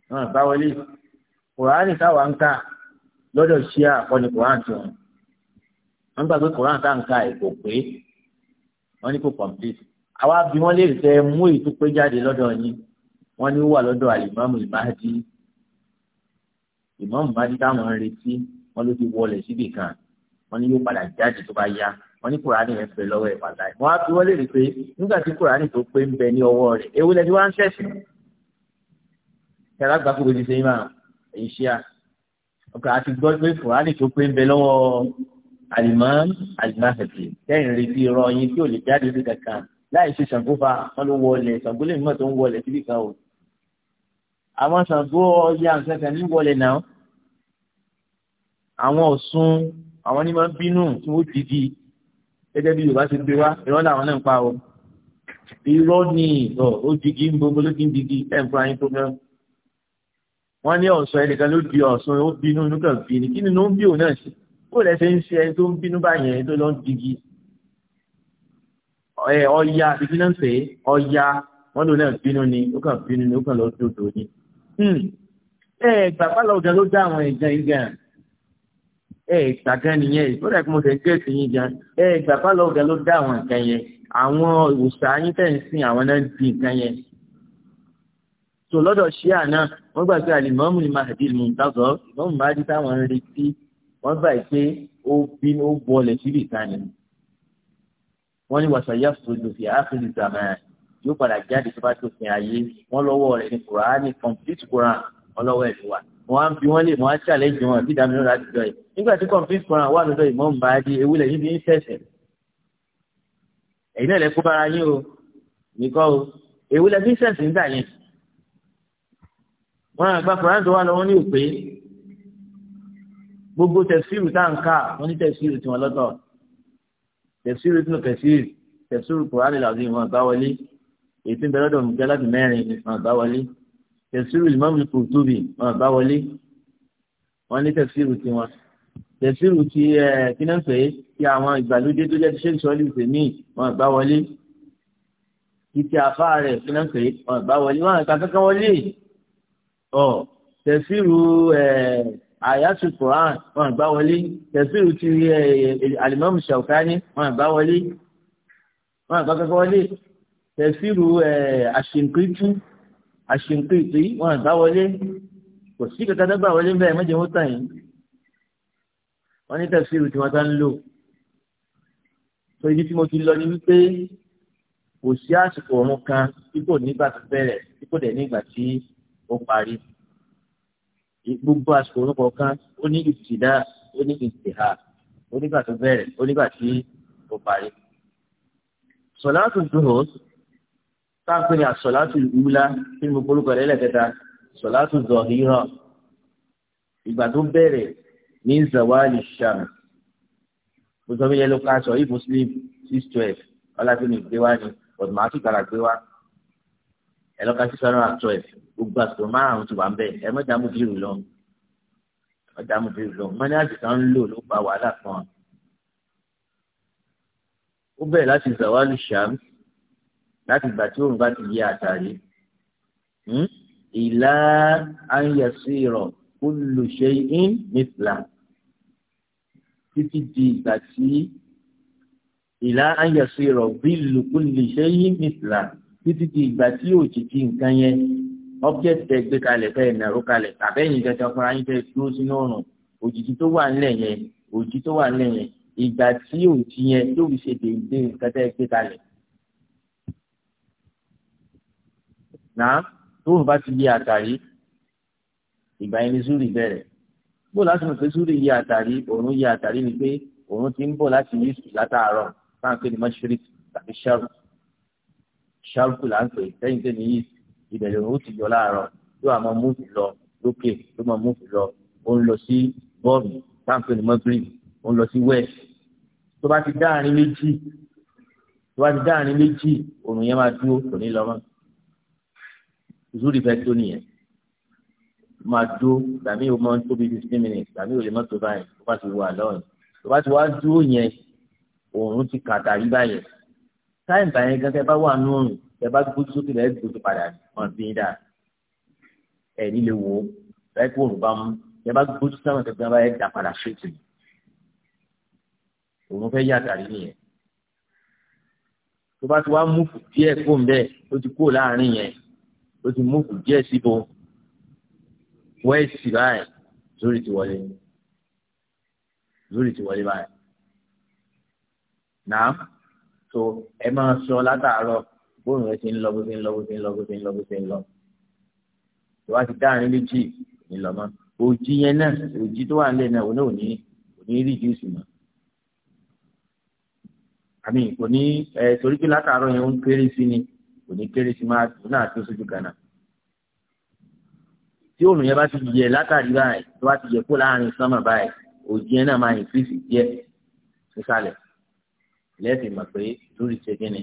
náà bá wọlé kùránì táwa ń kà lọ́dọ̀ ṣíà wọ́n ní kùránì tiwọn wọ́n gbà pé kùránì táà ń kà ẹ̀ kò pé wọ́n ní kò complete àwa bí wọ́n lè fẹ́ mú ìtúpé jáde lọ́dọ̀ yín wọ́n ní ó wà lọ́dọ̀ àlìmọ́mù ìmáàdí ìmọ̀mù ìmáàdí táwọn ń retí wọ́n ló ti wọlé síbì kan wọ́n ní yóò padà jáde tó bá yá wọ́n ní kùránì yẹn fẹ́ lọ́wọ́ ẹ̀ padà wọ́n á fi wọ́n lè rí pé nígbà tí kùránì tó pé ń bẹ ní ọwọ́ rẹ̀ ewu lẹ́ni wá ń ṣẹ̀sìn kẹlá ìṣíà ọkọ̀ àti gbọ́ pé fúrádì tó pé ń bẹ lọ́wọ́ àlìmọ́ àlìmáfẹ̀tì tẹ́yìn retí irọ́ yín tí ò lè jáde sí kankan láì ṣe ṣàǹgófà wọn ló wọlé ṣàǹgó lè mímọ̀ tó ń wọlé síbì kan o àwọn ṣàǹgó ọjà nǹkan ní wọlé náà àwọn ọ̀ṣun àwọn ní máa ń bínú tí wọ́n ti di gẹ́gẹ́ bí Yorùbá ti gbé wá irọ́ làwọn náà ń pa o irọ́ ni ọ̀ ó digi ń gbogbo ló ti ń digi ẹ̀ ń fura yín tó mẹ́rin wọ́n ní ọ̀sán ẹnìkan ló di ọ̀sán ó bínú inú kan fi ni kí ni ló ń bí òun náà sí kó lẹ́sẹ̀ ń ṣe ẹni tó ń bínú báyẹn ẹni tó lọ ń digi ọya ibi náà pé ọya wọ́n lò náà bínú ni ó kàn bínú ni ó kàn lọ dòdò ni. Hmm. ẹ gbàgbá lọ gan ló dá àwọn ẹ̀gàn yìí gan ẹ gbàgán nìyẹn ó dà kí mo fẹ́ gẹ̀ẹ́sì yín gan ẹ gbàgbá lọ gan ló dá àwọn ẹ̀gàn yẹn àwọn òòṣà yín tẹ̀ ń sìn àwọn náà tó lọ́dọ̀ ṣíà náà wọ́n gbà pé alimọ́mù ni mahadi muntazọ ìmọ̀mù mahadi táwọn ń retí wọ́n gbà pé ó bí ó bọlẹ̀ síbi ìkànnì wọ́n ní wàṣàyà sojú fi àfihàn ìgbàmọ̀ yóò padà jáde tó bá tó fi àyè wọ́n lọ́wọ́ rẹ̀ ní kùránì complete quran wọ́n lọ́wọ́ ẹ̀ wà wọ́n á ń fi wọ́n lè wọ́n á ṣàlẹ́jì wọn bí dàmínú láti jọ yìí nígbà tí complete quran wà lọ́dọ̀ ìmọ̀mù mahadi ewúlẹ̀ yìí ń ṣẹ̀ṣẹ̀ ẹ̀yin náà lẹ kó bára yín o nìkan o ewúlẹ̀ fi ń ṣẹ̀ṣẹ̀ ń dà yẹn wọn àgbà kùránì tó wà lọ wọn ní òpè gbogbo tẹsíìrù tá à ń kà wọn ní tẹsíìrù tiwọn lọ́tọ̀ tẹsíìrù tún kẹsíìrù tẹsíìrù kùránì làbí wọn bá wọlé ètò ìbẹ̀rẹ̀ ọ̀dọ̀ nìkan láti mẹ́rin wọn bá wọlé tẹsíìrù ìmọ̀mù kùtùbì wọn bá wọlé wọn ní tẹsíìrù tiwọn tẹsíìrù ti ẹ kíná pé ti àwọn ìgbàlódé tó jẹ́ ti ṣéǹsì ọ́lì ìfèmí wọn bá wọlé títí afá rẹ̀ kíná pé wọn bá wọlé wọn kà kankan wọlé ọ tẹ̀síru àyàtú Quran wọn gbá wọlé tẹ̀síru ti alimami Shaukani wọn gbá wọlé wọn gbá kẹ́kẹ́ wọlé tẹ̀síru àṣìǹkìtì àṣìǹkìtì wọn gbá wọlé kò sí kankan tó gbà wọlé bẹ́ẹ̀ méje wọ́n tàn yín wọ́n ní tẹ̀síru tí wọ́n ta ń lò tó ibi tí mo ti lọ ni wípé kò sí àsìkò ọ̀run kan tí kò nígbà tó bẹ̀rẹ̀ tí kò dẹ̀ nígbà tí ó parí gbogbo àsìkò orúkọ kan ó ní ìtìdá ó ní ìtìhà ó nígbà tó bẹ̀rẹ̀ ó nígbà tí ó parí. sọ̀láàtù zuhur táàpé ní àsọ̀láàtù ìwúlá tí mo polúkọ rẹ̀ lẹ́kẹta sọ̀láàtù zọ̀hírà ìgbà tó bẹ̀rẹ̀ ní zawali sham mo sọ fún ló ká sọ yìí muslim six twelve ọlá tí mi gbé wá ni ọ̀dùnmáàtì kára gbé ẹ lọ́ka six hundred and twelve gbogbo àsìkò márùn-ún tó wà ń bẹ̀ ẹ mọ̀jà mú bírù lọ mọ̀jà mú bírù lọ mọ́ni àjùtà ń lò ló pa wàhálà fún wa. ó bẹ̀rẹ̀ láti zawalu shams láti ìgbà tí òun bá ti yé àtàrí hmm? ìlà ayẹ̀sí rọ̀ kullu shay'in mithla títí di ìgbà tí ìlà ayẹ̀sí rọ̀ bí kullu shay'in mithla títí di ìgbà tí òjijì nǹkan yẹn object tẹ gbé kalẹ̀ fẹ́ ìnàró kalẹ̀ àbẹ́yìn gẹ́gẹ́ fúnra yín fẹ́ dúró sínú ọ̀run òjijì tó wà nílẹ̀ yẹn òjijì tó wà nílẹ̀ yẹn ìgbà tí òjì yẹn yóò fi ṣe dèndé nǹkan tẹ́ gbé kalẹ̀. náà tó ń bá ti yí àtàrí ìgbà yẹn ni zúrì bẹ̀rẹ̀ bó láti mọ̀ pé zúrì yí àtàrí òun yí àtàrí ni pé òun ti ń bọ̀ láti yí sùn látàárọ̀ táwọn pè ní tàbí ṣẹ́rù ṣáàkù là ń pè sẹ́yìn tẹ́ni yìí ìbẹ̀rẹ̀ òun ti yọ láàárọ̀ yóò àmọ́ múùfù lọ lókè ló máa múùfù lọ ó ń lọ sí bọ́ọ̀lù táǹpẹ̀ ní mọ́gírì ó ń lọ sí west tó bá ti dáàrin méjì tó bá ti dáàrin méjì òrùn yẹn máa dúró kò ní lọ mọ́ zúrì fẹ́ tó nìyẹn máa dúró tàbí o máa ń tóbi fifteen minutes tàbí o lè má tó báyìí tó bá ti wà lọ́ọ̀yìn tó bá ti wá dúró yẹn òrùn ti kàtà rí báyìí táyì gbà yẹn gan tẹ bá wà nù ọrùn tẹ bá gbójú sókè lẹ́yìn gbójú padà wọn bí yín dà ẹ̀ nílé wo láì kó òrùn bá mú tẹ bá gbójú sáwọn tẹ bá yẹn dà padà ṣètò òun fẹ́ yàtàrí nìyẹn tó bá ti wá múfù díẹ̀ kó ń bẹ́ẹ̀ ó ti kó láàrin yẹn ó ti múfù díẹ̀ síbo wẹ́ẹ̀sì báyìí lórí ti wọlé lórí ti wọlé báyìí náà so ẹ máa sọ látàárọ̀ bóun rẹ ti ń lọ bó ti ń lọ bó ti ń lọ bó ti ń lọ bó ti ń lọ tó wá ti dáàrin méjì ní lọ́mọ òjì yẹn náà òjì tó wà ń lẹ̀ náà òun náà ò ní ò ní rí jùsì mọ́ àmì kò ní ẹ torí pé látàárọ̀ yẹn ń kéré sí ni kò ní kéré sí máa tó náà tó sójú kan náà tí òòrùn yẹn bá ti yẹ látàrí báyìí tó bá ti yẹ kó láàrin sánmà báyìí òjì yẹn náà máa ìfíìsì díẹ̀ sísàlẹ̀ lẹ́ẹ̀fì mọ̀ pé lórí ti gíní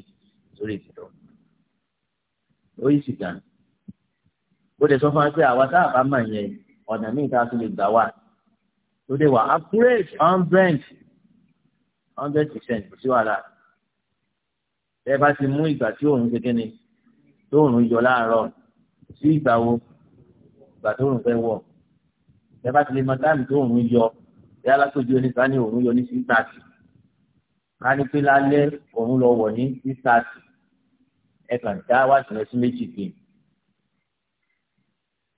lórí ti lọ. ó yí sì gan. ó lè sọ fún wa pé àwa tá a bá mọ̀ yẹn ọ̀nà míì tá a tún lè gbà wà. ó lè wà accurate hundred hundred percent kò sí wàhálà. ẹ bá ti mú ìgbà tí òun ṣe gíní tó òun yọ láàárọ̀ sí ìgbà wo ìgbà tó òun fẹ́ wọ̀. ẹ bá ti lè mọ táàmì tó òun yọ yálà tó ju oníkan ní òun yọ ní sí tààtì ká ní pé lálẹ́ òun lọ wọ̀ ní six thirty ẹ kàn dá wáṣí lọ sí méjì gbé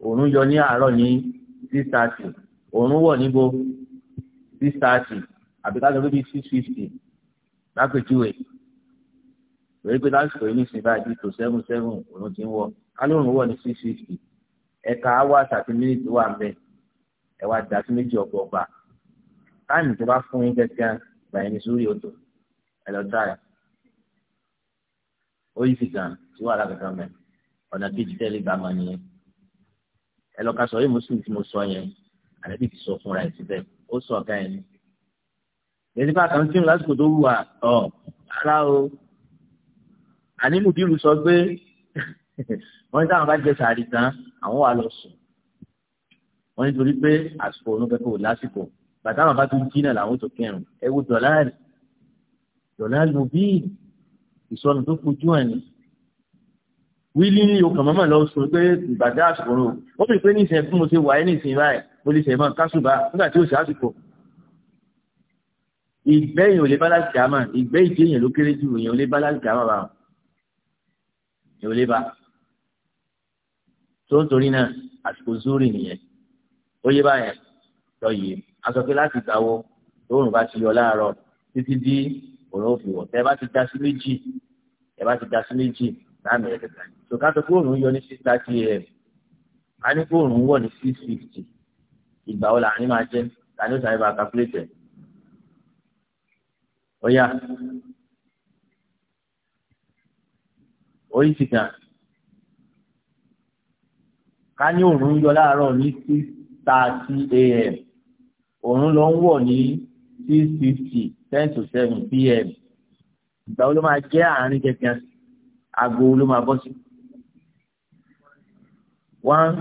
òun yọ ní àárọ̀ ní six òun wọ̀ níbo six thirty àbí six fifty lápèjúwe lórí pé lásìkò yìí nísìnyí báyìí tó seven seven òun ti ń wọ̀ kálórùn wọ̀ ní six fifty ẹ̀ka hours àti minutes wà ń bẹ̀ ẹ̀ wá dá sí méjì ọgbọọgba táìmù tó bá fún yín gẹ́gẹ́ gbà yín ẹ lọ try ó yí sí gan tí wàhálà kankan mẹ ọ̀nà kejì tẹ́lẹ̀ gbà máa nìyẹn ẹ ka sọ yìí mùsùlùmí tí mo sọ yẹn àdébí ti sọ fúnra ẹ síbẹ̀ ó sọ ọ̀gá yẹn ni èyí bá kàn ń tún lásìkò tó wù wá ọ ara o ànímùdírù sọ pé wọ́n ní táwọn bá jẹ sàárì tán àwọn wà lọ sùn wọ́n nítorí pé àsìkò òun fẹ́ kó lásìkò bàtà àwọn bá tún jí náà làwọn tó kẹrùn ẹ wò dọ̀láàrì lọ́la lù bí ìsọnù tó fojú ẹ̀ ni wílí ní okàn mọ́mọ́ lọ sọ pé ìbàdá àsìkò rò ó bìí pé níṣẹ́ bí mo ṣe wà ẹ́ níṣẹ́ báyìí mo lè ṣe mọ́ kásùbà nígbà tí ó ṣe àsìkò ìgbẹ́ èèyàn ò lè bálá kìámà ìgbẹ́ ìdí èèyàn ló kéré jù èèyàn ò lè bálá kìámà bá èèyàn ò lè bá tó ń torí náà àsìkò zúrì nìyẹn ó yé báyẹn lọ yìí aṣọ pé láti gbàwó tóòrùn bá ti yọ láàárọ̀ títí di òun ò fi wọ̀ tẹ́ bá ti da sí méjì tẹ́ bá ti da sí méjì láàmì ẹ̀ẹ́dẹ̀gbà so káàtó fóònù yọ ní six thirty am a ní fóònù wọ̀ ní six fifty ìgbà wo làwọn máa jẹ́ tani ó sáré bá a calculate ó yá orí ti kàn ká ní òòrùn yọ láàárọ̀ ní six thirty am òòrùn ló ń wọ̀ ní six fifty ten to seven pm ìgbà wo ló máa jẹ́ àárín gẹ́gẹ́ aago ló máa bọ́ sí one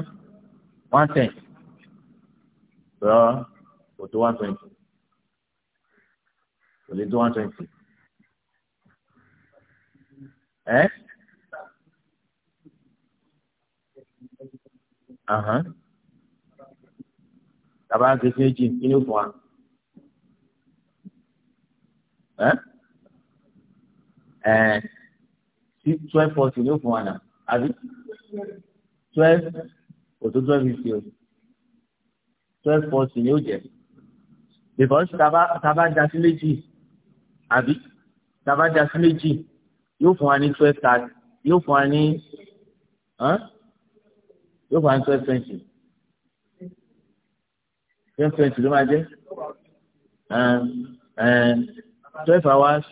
one ten rọ kò tó one twenty kò lè tó one twenty ẹ. Tàbá gèsè jì kí ni ó fún ẹ sí twelve forty ló fún wa náà àbí twelve òtún twelve fifty o twelve forty ni ó jẹ because taba taba da sí méjì àbí taba da sí méjì yóò fún wa ní twelve thirty yóò fún wa ní yóò fún wa ní twelve twenty twelve twenty ló máa jẹ twelve hours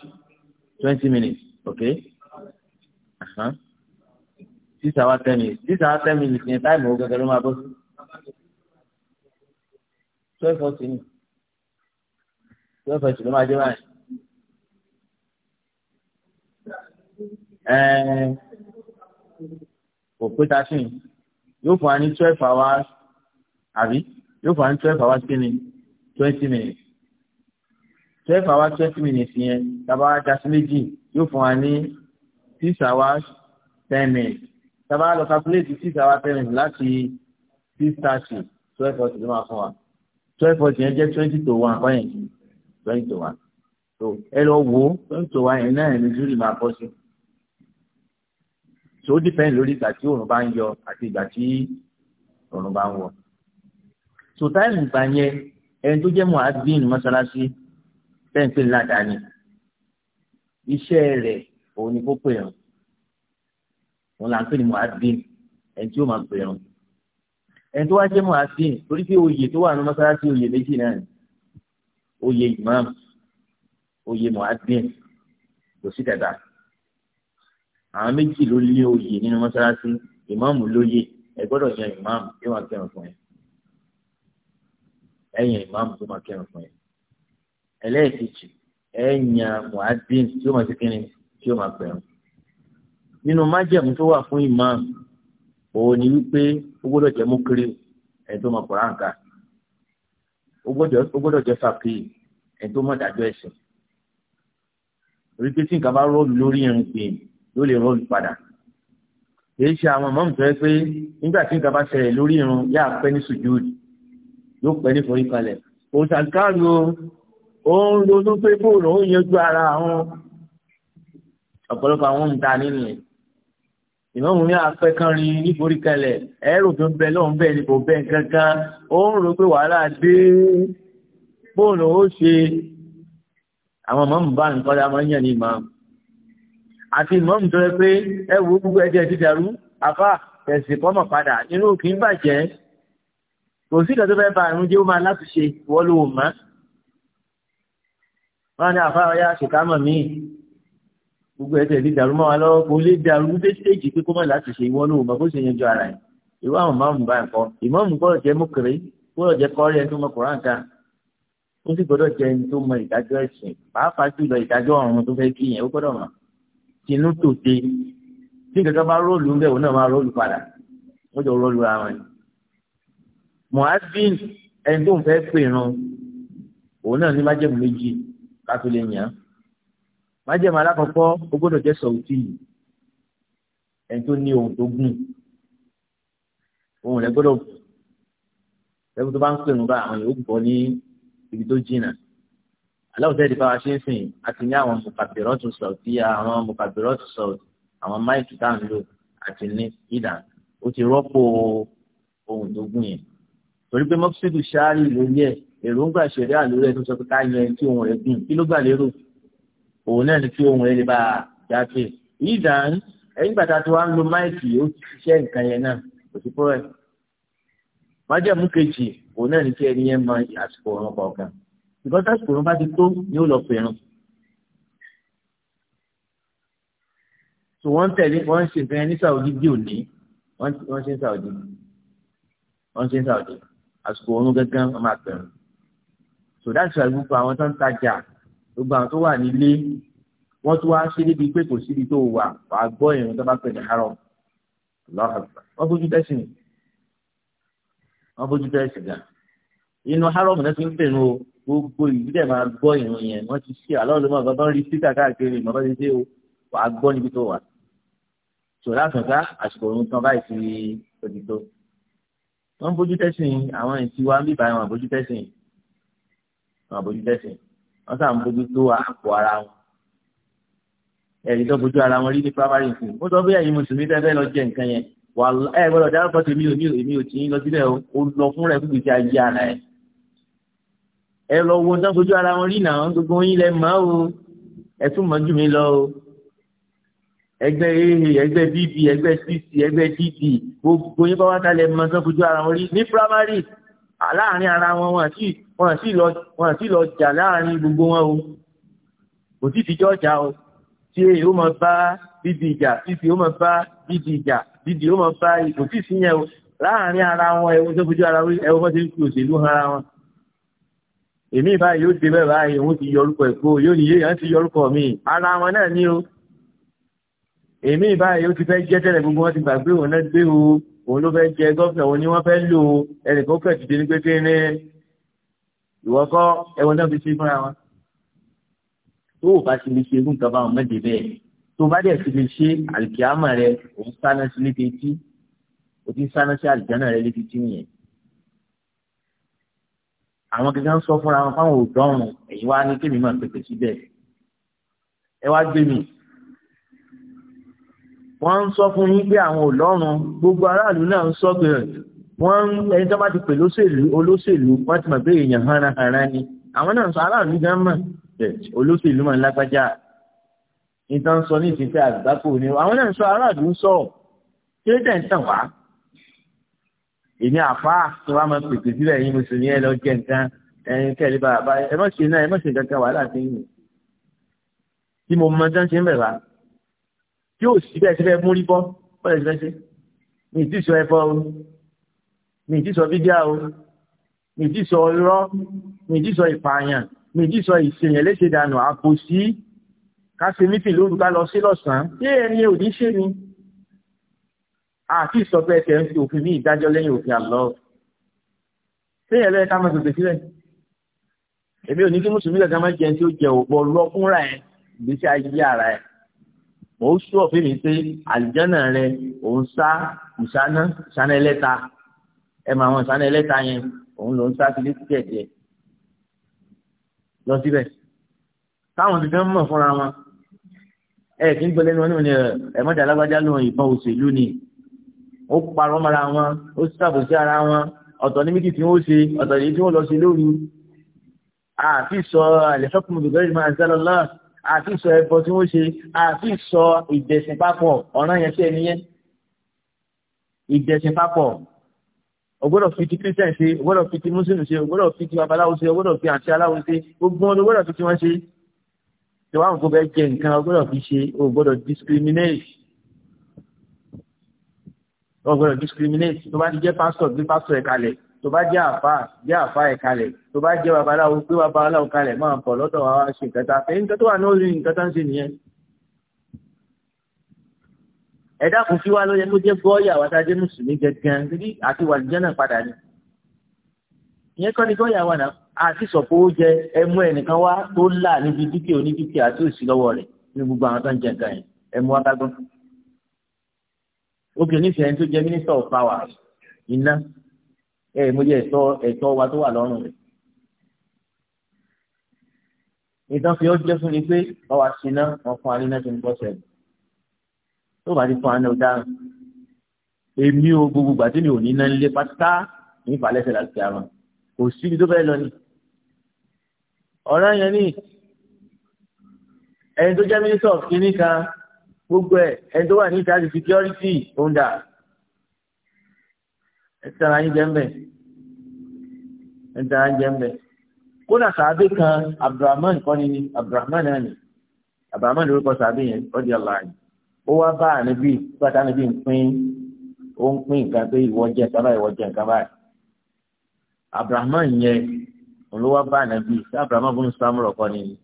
twenty minutes okay uh-huh. six hours ten minutes six hours ten minutes yẹn time owó gẹ́gẹ́ ló máa bọ́ twelve forty ni twelve forty ló máa dé báyìí. kò pé thirteen yóò fún wa ní twelve hours àbí yóò fún wa ní twelve hours kí ni twenty minutes twelve hours twenty minutes yẹn tàbá jásí méjì yóò fún wa ní six hours ten minutes tàbá lọ calculate six hours ten minutes láti six thirty twelve forty ló máa fún wa twelve forty yẹn jẹ́ twenty to one ọ̀yẹ̀ twenty to one so ẹ lọ wo twenty to one yẹn náà ní zuri máa bọ́ sí so ó depend lórí ìgbà tí òòrùn bá ń yọ àti ìgbà tí òòrùn bá ń wọ̀ so táìmù ìgbà yẹn ẹni tó jẹ́ mọ́ àdín mọ́sálásí tẹ́ǹpé ládàáni iṣẹ́ rẹ̀ òun ni kó pè hàn òun là ń pè ní muhammed ẹni tí ó máa pè hàn ẹni tó wá jẹ́ muhammed torí pé oyè tó wà ní mọ́sálásí oyè méjì náà ni oyè imam oyè muhammed kò sí kẹta àwọn méjì ló lé oyè nínú mọ́sálásí ìmáàmù lóye ẹ gbọ́dọ̀ yan ìmáàmù tí wọ́n á kẹrin fún ẹ ẹ yan ìmáàmù tó máa kẹrin fún ẹ ẹlẹ́ẹ̀kejì ẹ̀yàn muhammed tí ó máa ṣe kínní tí ó máa pẹ̀rù nínú májẹ̀mú tó wà fún imam òun ni wípé ó gbọ́dọ̀ jẹ́ mọ́kiri ẹni tó mọ koran ká ó gbọ́dọ̀ jẹ́ fàkì ẹni tó mọ dájọ́ ẹ̀sìn orí pé tí nǹkan bá rọ́ọ̀lù lórí ẹ̀rùn pé ló lè rọ́ọ̀lù padà èyí ṣe àwọn ọmọ nǹkan pé nígbà tí nǹkan bá ṣẹlẹ̀ lórí irun yá pẹ́ ní sùjúùd yóò pẹ́ ní forí òṣàkárò ó ń ronú pé bóòlù ó yanjú ara àwọn ọ̀pọ̀lọpọ̀ àwọn òǹta nínú ẹ̀ ìmọ̀mù ní afẹ́ kan rí níborí kalẹ̀ ẹ̀rù tó ń bẹ lọ́hùn bẹ́ẹ̀ ni kò bẹ́ẹ̀ kankan ó ń ro pé wàhálà dé bóòlù ó ṣe àwọn mọ̀mù bá nǹkan dá máa ń yàn ní ìmọ̀mù àti ìmọ̀mù tó yẹ pé ẹ̀wù gbogbo ẹ̀jẹ̀ ti dàrú àfà ẹ̀sìn kọ́mọ̀ padà inú kì í bàjẹ́ kò sí ìdájọ́ fẹ́ bá àrùn jẹ́ ó máa láti ṣe wọ́lú òun máa wọn ní àfa ọyá ṣèkámọ̀ míì gbogbo ẹsẹ̀ ti dàrú mọ́ wa lọ́wọ́ kò lè dàrú dé stéèjì pé kó má láti ṣe ìwọ lóhùn bàbá ó ṣe yanjú ara yẹn ìwọ àwọn máàmù bá nǹkan ìmáàmù gbọ́dọ̀ jẹ́ mọ́kèrè gbọ́dọ̀ jẹ́ kọ́rí ẹni tó mọ kùrán kan ó sì gbọ́dọ̀ jẹ́ ẹni tó mọ ìdájọ́ ẹ̀sìn pàápàá jùlọ ìdájọ́ ọ̀run tó fẹ́ kí yẹn ó gbọ́dọ̀ mọ̀ tinú tòde tí kankan bá róòlù ń bẹ̀ òun náà máa róòlù padà wọ́n jọ róòlù ara wọn. muhammed ẹni tó ń fẹ́ pè ràn òun náà ní májẹ̀mú méjì kátó lè yàn án májèmọ alákọ̀ọ́kọ́ ó gbọ́dọ̀ jẹ́ sọ̀tì ẹni tó ní ohun tó gùn ohun rẹ̀ gbọ́dọ̀ ẹgbẹ́ tó bá ń pè ń bá àwọn yòókù bọ́ ní ibi tó jìnnà aláwùjọ ìdí fáwọn ṣe ń sìn àti ní àwọn mùkàbìrọ́tù sọ̀tì àwọn mùkàbìrọ́tù sọ̀tì àwọn máìkì tá à ń lò àti ní ìdá ó ti rọ́pò ohun tó gùn yẹn torí pé mọ́kísídù èròǹgbà ṣẹ̀ríà lórí ẹ̀ tó sọ pé ká yan kí ohun rẹ̀ gùn kí ló gbà lérò òun náà ni kí ohun rẹ̀ lè bá a jáde ìdán ẹ̀yìn bàtà tó wá ń lo máìkì ó ti ṣiṣẹ́ nǹkan yẹn náà kò sí fúrẹ́ májẹ̀mú kejì òun náà ni kí ẹni yẹn mọ àsìkò ọ̀run kọ̀ọ̀kan ìgbọ́n tásìkò ọ̀run bá ti tó ni ó lọ pẹ̀rùn so wọ́n tẹ̀lé wọ́n ń ṣe nǹkan yẹn ní Saudi bí òní wọ́n ṣe ń Saudi wọ́n ṣe ń Saudi àsìkò ọ̀run gángan wọ́n máa pẹ̀rùn so that's why gbogbo àwọn tó ń tajà gbogbo àwọn tó wà nílé wọ́n tún wá sí níbi pé kò síbi tó wà wàá gbọ́ ìrìn tó bá pè ní haram wọ́n fojú tẹ́sìn wọ́n fojú tẹ́sìn gan inú haram náà fi ń pè ní o gbogbo ìlú dẹ̀ máa gbọ́ ìrìn yẹn wọ́n ti ṣe àlọ́ ló máa bá ń rí síkà káàkiri ìmọ̀ bá ti ṣe o wàá gbọ́ níbi tó wà so láti ká àsìkò òun tán báyìí ti òdìtò wọ́n bójú tẹ́sìn àwọn ìtiwá ń bíbá àwọn àbójú wọn àbójú tẹ̀sìn wọn sàn ń bójú tó àpò ara wọn ẹ̀rí tó bójú ara wọn rí ní primary school mo sọ pé ẹ̀yin mùsùlùmí tẹ́fẹ́ lọ jẹ nǹkan yẹn wà ẹ gbọ́dọ̀ dárúkọ tèmi ò ní èmi ò tí ń lọ síbẹ̀ o lọ fún rẹ fún gbèsè ayé ara ẹ ẹ lọ wo sàn bójú ara wọn rí náà gbogbo yín lẹ mọ̀ o ẹ tún mọ̀ jù mí lọ o ẹgbẹ́ aa ẹgbẹ́ bb ẹgbẹ́ cc ẹgbẹ́ dd gbogbo yín bá wá kalẹ̀ mọ̀ sàn bójú ara wọn rí ní primary láàrin ara wọn wọn sì wọn sì lọ wọn sì lọ jà láàrin gbogbo wọn o kò sì tìjọ́ jà o tí èyí ó máa bá bíbi ìjà bíbi ó máa bá bíbi ìjà bíbi ó máa bá kò sì sí yẹn o láàrin ara wọn ẹwọ́n tó fojú ara ẹwọ́n bá ti fi òṣèlú han ara wọn èmi báyìí yóò dé bẹ́ẹ̀ báyìí òun ti yọ orúkọ ẹ̀kọ́ yóò níye yẹn ti yọ orúkọ mi ara wọn náà ni o èmi báyìí ó ti fẹ́ jẹ́ tẹ́lẹ̀ gbogbo wọn ti gbàgbé òun náà gbé o òun ló fẹ́ jẹ gọ́fẹ̀ òun ni wọ́n fẹ́ lò ó ẹnìkan ó kẹ̀tù dé ní kékeré ìwọ kọ́ ẹwọn náà fi ṣe fúnra wọn. tó o bá ti lè ṣe irú nǹkan báwọn mẹ́jẹ bẹ́ẹ̀ tó o bá dẹ̀ ti lè ṣe àlìkíámà rẹ òun sáná sí lébi etí o ti sáná sí àlìjáná rẹ lébi etí nìyẹn. àwọn gẹ́gẹ́ ń sọ fúnra wọn fáwọn òdọ́rùn èyí wá ní kébì máa síbẹ̀ ẹ wá gbé mi wọ́n ń sọ fún yín pé àwọn ọlọ́run gbogbo aráàlú náà ń sọ pé wọ́n ẹni tó bá ti pè lóṣèlú olóṣèlú wọ́n ti mọ̀ pé èèyàn hanrahànra ni àwọn náà ń sọ aráàlú gan mọ̀ olóṣèlú mọ̀ lágbájá níta ń sọ ní ìfìfẹ́ àgbákò ni àwọn náà ń sọ aráàlú ń sọ kí ló dé ń tàn wá èmi àfa tó wá máa pèpè sílẹ̀ yín mùsùlùmí ẹ lọ jẹ nǹkan ẹyin kẹ́lẹ́ bá ẹ má ṣe náà ẹ má ṣe kankan wàhálà tí ò sí bẹ́ẹ̀ sí fẹ́ múrí bọ́ bọ́ọ̀lù ẹ̀sìn fẹ́ ṣe mi ti sọ ẹ̀fọ́ o mi ti sọ fídíà o mi ti sọ irọ́ mi ti sọ ìpààyàn mi ti sọ ìṣèyàn léṣe dànù àpòsí káṣe mítì lóru ká lọ sí lọ́sàn-án tí ẹni ò ní ṣe ni àti ìsọpẹ́ ẹsẹ̀ ń fi òfin ní ìdájọ́ lẹ́yìn òfin àlọ́ séèyàn lẹ́yìn ká máa tètè sílẹ̀ èmi ò ní kí mùsùlùmí lẹ́ka máa jẹun tí ó jẹ òpó lọ fúnra ẹ̀ ìgbésí ayé ara ẹ̀ mò ń sọ fún mi pé àlìjánà rẹ òun sá ìsáná ìsáná ẹlẹ́ta ẹ mọ àwọn ìsáná ẹlẹ́ta yẹn òun ló ń sá sí létí kẹ̀kẹ́ lọ síbẹ̀ táwọn ti fẹ́ mọ̀ fúnra wọn ẹ kì í gbọ́lẹ́ ní wọn ní ẹ̀mọ́jà alágbájá lóun ìbọn òṣèlú ni ó parọ́ mọ́ra wọn ó ṣàbòsí ara wọn ọ̀tọ̀ ní méjì tí wọ́n ṣe ọ̀tọ̀ ní tí wọ́n lọ ṣe lóru àti sọ àlẹ́fẹ́ kùmùdùgbẹ́rì máa ń sálọ lọ́wọ́ àti sọ ẹbọ tí wọ́n ṣe àti sọ ìdẹ̀sìn papọ̀ ọ̀ràn yẹn sí ẹni yẹn ìdẹ̀sìn papọ̀ ògbọ́dọ̀ fi ti christian ṣe ògbọ́dọ̀ fi ti muslim ṣe ògbọ́dọ̀ fi ti babaláwo ṣe ògbọ́dọ̀ fi àti aláwo ṣe gbogbo wọn ògbọ́dọ̀ fi ti wọn ṣe tí wọn kò bẹ jẹ nǹkan ògbọ́dọ̀ fi ṣe ògbọ́dọ̀ discriminate ògbọ́dọ̀ discriminate tó bá ti jẹ́ pásítọ̀ gbé pásítọ̀ ẹ̀ kalẹ̀ tó bá jẹ́ àfa jẹ́ àfa ẹ̀ kalẹ̀ tó bá jẹ́ babaláwo gbé babaláwo kalẹ̀ máa bọ̀ lọ́dọ̀ wa ṣe nǹkan tá a fẹ́ nǹkan tó wà ní orí nǹkan tó ń ṣe nìyẹn. ẹ̀dá kò sí wa ló yẹ jẹ́ gọ́ọ̀yà wa jẹ́ mùsùlùmí gẹ́gẹ́ níbi àti wàlìjẹ́ náà padà ni. ìyẹn kọ́ ni gọ́ọ̀yà wa náà àti sọ̀pọ̀ oúnjẹ ẹmú ẹnìkan wá tó là níbi dúkìá onídúkìá tó ẹ mo yẹ ẹ̀tọ́ ẹ̀tọ́ wa tó wà lọ́rùn rẹ̀ ìtàn fi ọjọ́ fún ni pé ọwọ́ àṣìná wọn fún aríná tó ń bọ́ sẹ́yìn tó bá ti fún aríná ọ̀daràn èmi o gbogbo gbàtí mi ò ní náà lé pátá ní ìfàlẹ́sẹ̀ láti àrùn kò síbi tó fẹ́ lọ ni ọ̀ràn yẹn ni ẹni tó jẹ́ mínísọ̀ kìíní kan gbogbo ẹ̀ ẹni tó wà ní ìtàjì security òun ẹ̀tara yín jẹ́ ń bẹ̀ ẹ̀tara yín jẹ́ ń bẹ̀ kódà sàábé kan abdulrahman kọ́ni ni abdulrahman náà ni abdulrahman lórúkọ sàábé yẹn ọdí ọ̀la yìí ó wá bá ànábì gbàtà ànábì ń pín ó ń pín nǹkan pé ìwọ jẹ nǹkan báyìí ìwọ jẹ nǹkan báyìí abdulrahman yẹn ló wá bá ànábì sí abdulrahman bó ń sàmúrọ̀ kọ́ni ni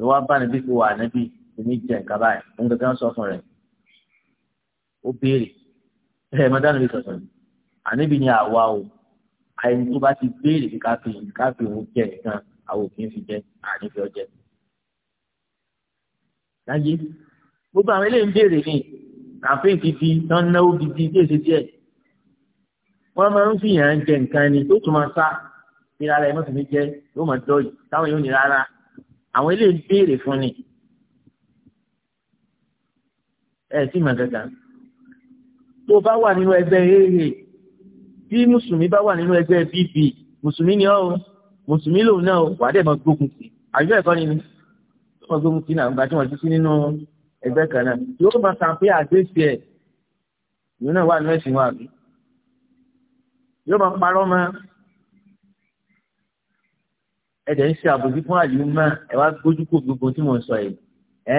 ló wá bá ànábì kó wà ànábì èmi jẹ nǹkan báyìí òun kankan sọ fún rẹ̀ ó béèrè ẹ̀ ẹ̀ mọ́tà ànábì sọ̀tọ̀ ni àníbi ni àwa o àyìn tó bá ti béèrè kí káfí káfí òun jẹ nǹkan àwọn òfin fi jẹ àníbi ọjẹ. láyé gbogbo àwọn eléyìí ń béèrè ni kàfé gidi tán náwó gidi tí èsì díẹ̀ wọ́n máa ń fìyàn jẹ nǹkan ni tó tún máa sá nira rẹ̀ mọ́tò mi jẹ́ yóò máa dọ́ yìí táwọn yóò ní rárá àwọn eléyìí ń béèrè fún ni. ẹ sì mọ̀ gàgà tó o bá wà nínú ẹgbẹ́ hẹ́hẹ́ bí mùsùlùmí bá wà nínú ẹgbẹ́ bp mùsùlùmí ni ọ́ o mùsùlùmí lòun náà wà á dẹ̀ mọ́ gbógun sí àjọ ẹ̀kọ́ ni wọ́n gbógun sí náà gbàtí wọ́n ti sí nínú ẹgbẹ́ kan náà yóò máa kàn pé àgbèsè ẹ̀ yóò náà wà nínú ẹ̀sìn wọn àbí yóò máa parọ́ mọ́ ẹ̀dẹ̀ ń ṣe àbòjú fún àyè mọ́ ẹ wá gbójú kò gbogbo tí mò ń sọ yìí ẹ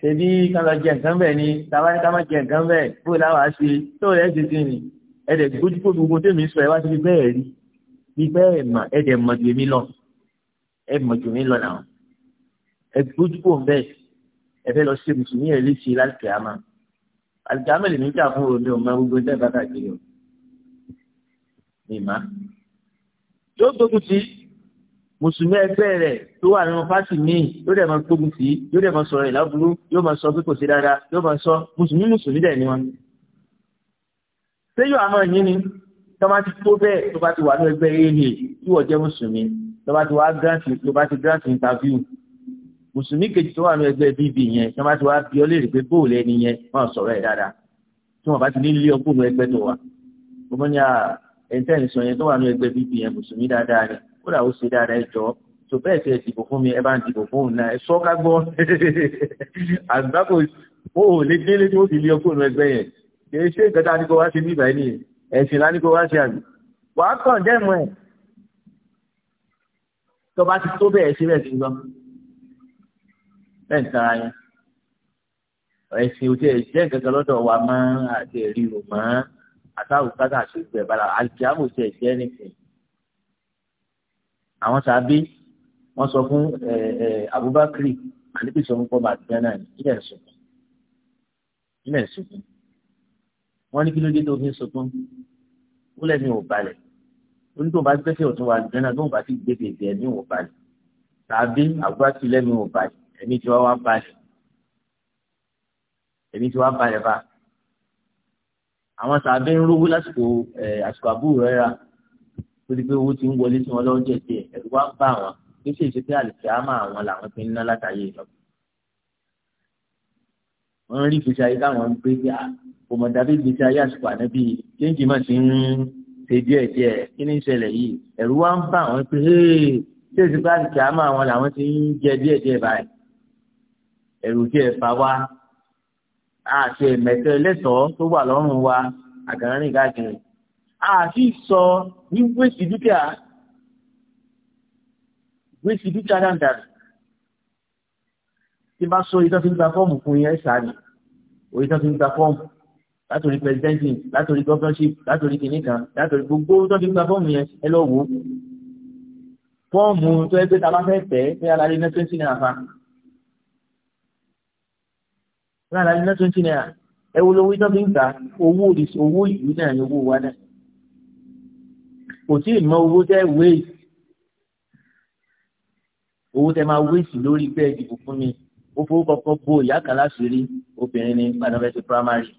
ṣe bí ká lọ jẹ nǹkan bẹ́ẹ̀ ni táwa ní ká má jẹ nǹkan bẹ́ẹ̀ bó láwàá ṣe tó rẹ̀ ṣe sí ni ẹ̀dẹ̀ gbójú kó gbogbo tèmi sọ ẹ wá sí bẹ́ẹ̀ rí bí bẹ́ẹ̀ mà ẹ̀dẹ̀ mọ̀ ju èmi lọ ẹ̀ mọ̀ ju èmi lọ náà ẹ̀ gbójú kó bẹ́ẹ̀ ẹ fẹ́ lọ ṣe mùsùlùmí ẹ̀ léṣe láti àmà àti àmà lèmi jà fún omi ọmọ gbogbo ẹ̀ bá kàkiri o mi má yóò gbógun ti mùsùlùmí ẹgbẹ́ rẹ̀ tó wà nínú fásitì míì yóò dẹ̀ máa gbógun ti yóò dẹ̀ máa sọ̀rọ̀ ìlàbúrú yóò máa sọ pé kò sí dáadáa yóò máa sọ mùsùlùmí mùsùlùmí dẹ̀ ni wọn séyọ̀ àmọ́ yín ni tó bá ti tó bẹ́ẹ̀ tó bá ti wà ní ẹgbẹ́ aa tí wọ́n jẹ́ mùsùlùmí tó bá ti wá grant tó bá ti grant interview mùsùlùmí kejì tó wà ní ẹgbẹ́ bb yẹn tó bá ti wá bí ọ léèrè pé bóòlù ẹni yẹn wọ́n sọ̀rọ̀ ẹ̀ dáadáa tí wọ́n bá ti ní ilé ọgbọ́n ẹgbẹ́ tó wà ọmọ ní ẹ̀ńtẹ́ ìsọ yẹn tó wà ní ẹgbẹ́ bb yẹn mùsùlùmí dáadáa ni kódà ó ṣe dáadáa ìjọ tó bẹ́ẹ̀ tẹ́ dìbò fún mi ẹ bá ń dìbò fún òun náà ẹ sọ́ ká gbọ́ àgbákò ó lè délé tó fi ilé ọgbọ́n ẹgbẹ́ yẹn kìí ṣe ìkẹta ní kó wá ṣe níbàá ní ẹ̀sìn lá ní kó wá ṣe àgbẹ̀ wàá kàn dẹ́mu ẹ̀ tó bá ti tó bẹ́ẹ̀ ṣe bẹ́ẹ̀ ti lọ bẹ́ẹ̀ ń tara yẹn ẹ̀sìn òtí ẹ̀ jẹ́ nǹkan kan lọ́dọ̀ wa mọ́ àti ẹ̀rí rò mọ́ àtàwọn kátà ṣe gbẹ̀ bala àjàmù òtí ẹ̀ jẹ́ nìkan àwọn sábẹ́ wọ́n sọ fún Abubakar àdébísọ̀ fún pọ́ọ̀mù àti jẹ́ náà ilẹ̀ ń sùn ilẹ̀ wọ́n ní kí ló dé tó fi ń sunkún ó lẹ́nu ò balẹ̀ ó ní tó bá gbẹ́sẹ̀ ọ̀tún wa jẹ́nà tó bá ti gbèsè ìdí ẹ̀mí ò balẹ̀ tàbí àgbà tí lẹ́nu ò balẹ̀ ẹ̀mí tí wá wá balẹ̀ ẹ̀mí tí wá balẹ̀ bá àwọn tàbí ń rówó lásìkò àsìkò àbúrò rẹ̀ ra torí pé owó ti ń wọlé sí wọn lọ́wọ́ díẹ̀ ẹ̀rù wá ń bá àwọn kí ṣèṣe pé àlùfẹ́ àmọ́ àwọn làwọn ti ń ná látàyè ìjọba wọ́n rí ìgbésí ayé táwọn ń gbé pé ah, kò mọ̀ dàbí ìgbésí ayé àsìkò ànábì kéńjì mà ti ń ṣe díẹ̀ díẹ̀ kí ni ìṣẹ̀lẹ̀ yìí ẹ̀rù wa ń bà wọ́n pé ṣé èsì bá ti kàá máa wọn làwọn ti ń jẹ díẹ̀ díẹ̀ báyìí ẹ̀rù díẹ̀ bá wa àti ẹ̀mẹ̀tẹ́ ẹlẹ́tọ̀ọ́ tó wà lọ́rùn wa àgànrín káàkiri àti sọ wíwèsì dúkìá wíwèsì dúkìá dáadáa tí bá sọ ìtọ́ fi ń gba fọ́ọ̀mù fún yẹn sáré òyìnbó fi ń gba fọ́ọ̀mù látòrí pẹ̀sidẹ́ntì látòrí gọ́fẹ́nṣìp látòrí kìnìún kan látòrí gbogbo tó fi ń gba fọ́ọ̀mù yẹn ẹ lọ wò ó fọ́ọ̀mù tó ẹ pé ta bá fẹ́ tẹ̀ pé alalẹ́ iná twenty naira fa pé alalẹ́ iná twenty naira ẹ wo lówó ìtọ́ fi ń gba owó owó ìlú náà ni owó wa náà kò tí ì mọ owó tẹ́ wéèsì owó tẹ́ máa wéèsì lórí pé dìbò fún mi ó fowó kọ́kọ́ bo ìyá kan láṣìírí obìnrin ní panafẹ́sì primary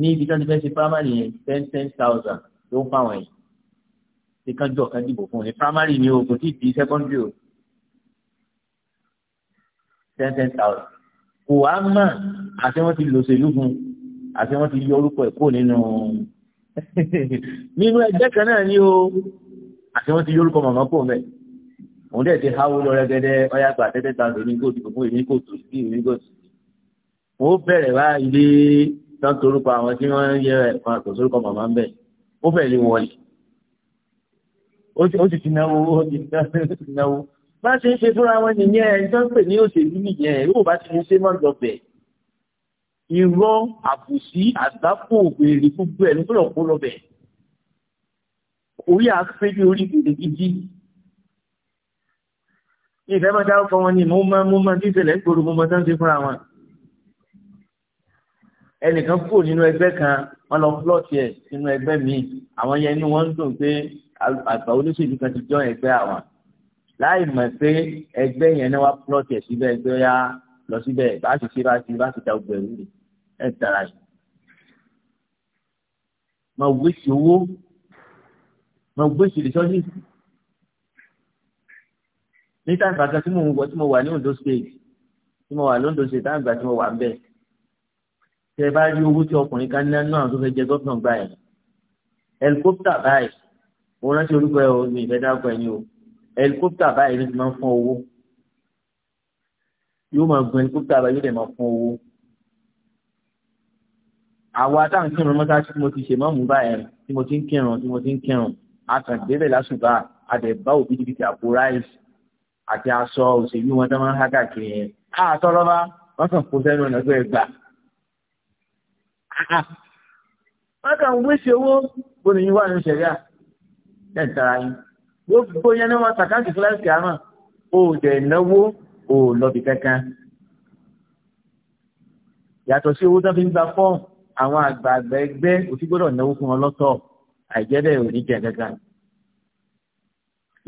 ní ibi tí wọ́n ti fẹ́ ṣe primary yẹn ten ten thousand ló ń fáwọn yìí ṣe kán jọ kán dìbò fún un ní primary ni o kò tí ì di secondary o ten ten thousand kò wá mà àti wọ́n ti lò ṣèlú fún un àti wọ́n ti yọ orúkọ ẹ̀ kó nínú nínú ẹgbẹ́ kan náà ni o àti wọ́n ti yọ orúkọ màmá kó mẹ́ẹ̀ òun dẹ̀ ti háwó lọ rẹ́gẹ́dẹ́ ọ̀yà tẹ́tẹ́ ta lórí gòtù fún èmi gòtù sí èmi gòtù. ó bẹ̀rẹ̀ wá ilé tán torúkọ àwọn tí wọ́n yẹ ẹ̀kan àtòsórúkọ màmá ń bẹ̀ ó bẹ̀rẹ̀ lé wọlé. ó sì ti náwó ó ti náwó bá ṣe ń ṣe fúnra wọn nìyẹn ẹni tó ń pè ní òṣèlú nìyẹn yóò bá ti ṣe mọ́ lọ́bẹ̀. irọ́ àbùsí àgbákò òbèrè gbogbo ẹ̀ ló ìfẹ́ máa dáwọ́ fún wọn ni mo máa mo máa bí ìṣẹ̀lẹ̀ ń gbòòrò mo máa tán ṣe fúnra wọn. ẹnìkan kúrò nínú ẹgbẹ́ kan wọn lọ flọ́ọ̀tì ẹ̀ nínú ẹgbẹ́ míì àwọn yẹn inú wọn ń dùn pé àgbà olóṣèlú kan ti jọ ẹgbẹ́ àwọn láì mọ̀ pé ẹgbẹ́ yẹn náà wá flọ́ọ̀tì ẹ̀ síbẹ̀ ẹgbẹ́ yá lọ síbẹ̀ bá ti ṣe bá ti bá ti da ọgbẹ̀rún rẹ̀ ẹ̀ dára yìí. mo gbèsè owó mo gbèsè rìsọ́ọ̀sì ní táǹkà kan tí mò ń wọ tí mo wà ní Ondo state tí mo wà lóńdó state táǹkà tí mo wà ń bẹ̀ tẹ bá rí owó tí ọkùnrin kan náà náà tó fẹ́ jẹ gọ́fìnà gbà ẹ̀ ẹlikópítà báyìí mo rántí orúkọ ẹ o mi ìfẹ́ dákọ ẹ ní o ẹlikópítà báyìí ló ti máa ń fún owó yóò máa gun ẹlikópítà báyìí yóò dẹ̀ máa fún owó àwa táwọn kírun mọ́sáàsì tí mo ti ṣe mọ́mú báyẹn tí mo ti ń kírun tí mo ti ń kírun àtàgbébẹ̀ lásùbà àdẹ̀bá òbí àti aṣọ òṣèlú wọn tó máa ń há káàkiri yẹn á sọ̀rọ̀ bá wọ́n kàn kó sẹ́nu ọ̀nà tó ẹ gbà. wọ́n kàn ń wéṣẹ̀ owó bóni yín wà ní sẹ̀ríà ẹ̀ ń tara yín yóò bóyá ní wọn sàkáǹtì fúláṣí àmà ó dẹ̀ náwó ó lọ́bì kankan. yàtọ̀ sí owó tó fi ń gba fọ́ọ̀mù àwọn àgbààgbà ẹgbẹ́ òsì náwó fún wọn àìjẹ́ bẹ́ẹ̀ ò jẹ́ kankan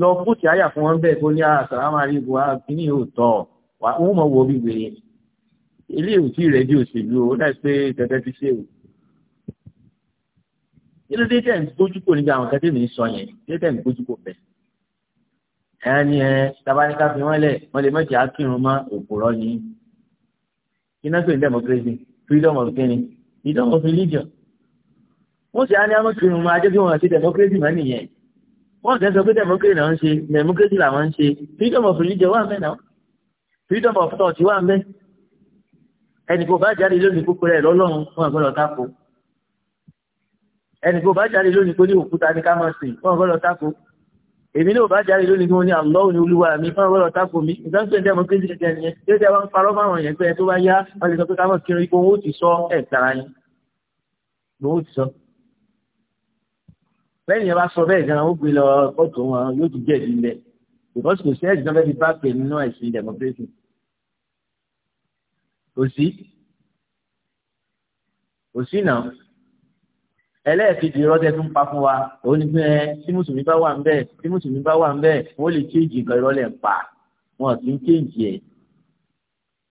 lọ fúùtì àyà fún wọn bẹ́ẹ̀ tó ní àṣàlámà rí ibùhá kíní ò tọ̀ wọ́n mọ̀ wọ gbígbé ilé ìwòsí rẹ̀ di òṣèlú ó dà pé tẹ́tẹ́ fi ṣe o. nínú dẹ́tẹ̀ ń gbójúkò níbi àwọn kẹ́tẹ́ mi sọ yẹn dẹ́tẹ̀ ń gbójúkò bẹ̀. ẹni ẹ tabaníkà fi wọ́n lẹ̀ wọ́n lè mọ̀jẹ̀ akírun mọ́ òpùrọ́ ni. iná pè ní democracy freedom of kini freedom of religion. wọ́n sì á ní amọ̀kìrun mọ́ ajé bí wọ́n ti democracy mọ́ nìyẹn wọ́n tẹ́ sọ pé democracy náà ń ṣe democracy làwọn ń ṣe freedom of religion wà ń bẹ náà freedom of thought wà ń bẹ ẹnì kò bá jáde lónìí kó pẹ́rẹ́ lọ́lọ́run wọn gbọ́dọ̀ tako ẹnì kò bá jáde lónìí kó ní òkúta ní ká máa sìn wọn gbọ́dọ̀ tako èmi náà bá jáde lónìí kí wọ́n ní Allah ní olúwa mi wọn gbọ́dọ̀ tako mi nǹkan tó ń dẹ́mọ̀ pé ṣe ṣe yẹn tí ó jẹ́ wọn parọ́ fáwọn yẹn pé tó bá yá wọn lè sọ pé ká máa kiri ipò owó ti sọ ẹ̀ tara yẹn owó ti sọ lẹ́yìn yẹn bá sọ bẹ́ẹ̀ gan ó gbé lọ kóòtù wọn yóò ti jẹ̀bi ilẹ̀ because kò sí ẹ̀sìn náà fẹ́ẹ́ fi bá pè nínú ẹ̀sìn democracy kò sí kò sí náà ẹlẹ́ẹ̀kejì ìrọ́tẹ́ tó ń pa fún wa òun ni pé tí mùsùlùmí bá wà ń bẹ́ẹ̀ tí mùsùlùmí bá wà ń bẹ́ẹ̀ wọ́n lè chéǹjì nǹkan ìrọ́lẹ̀ ń pa wọn kì í chéǹjì ẹ̀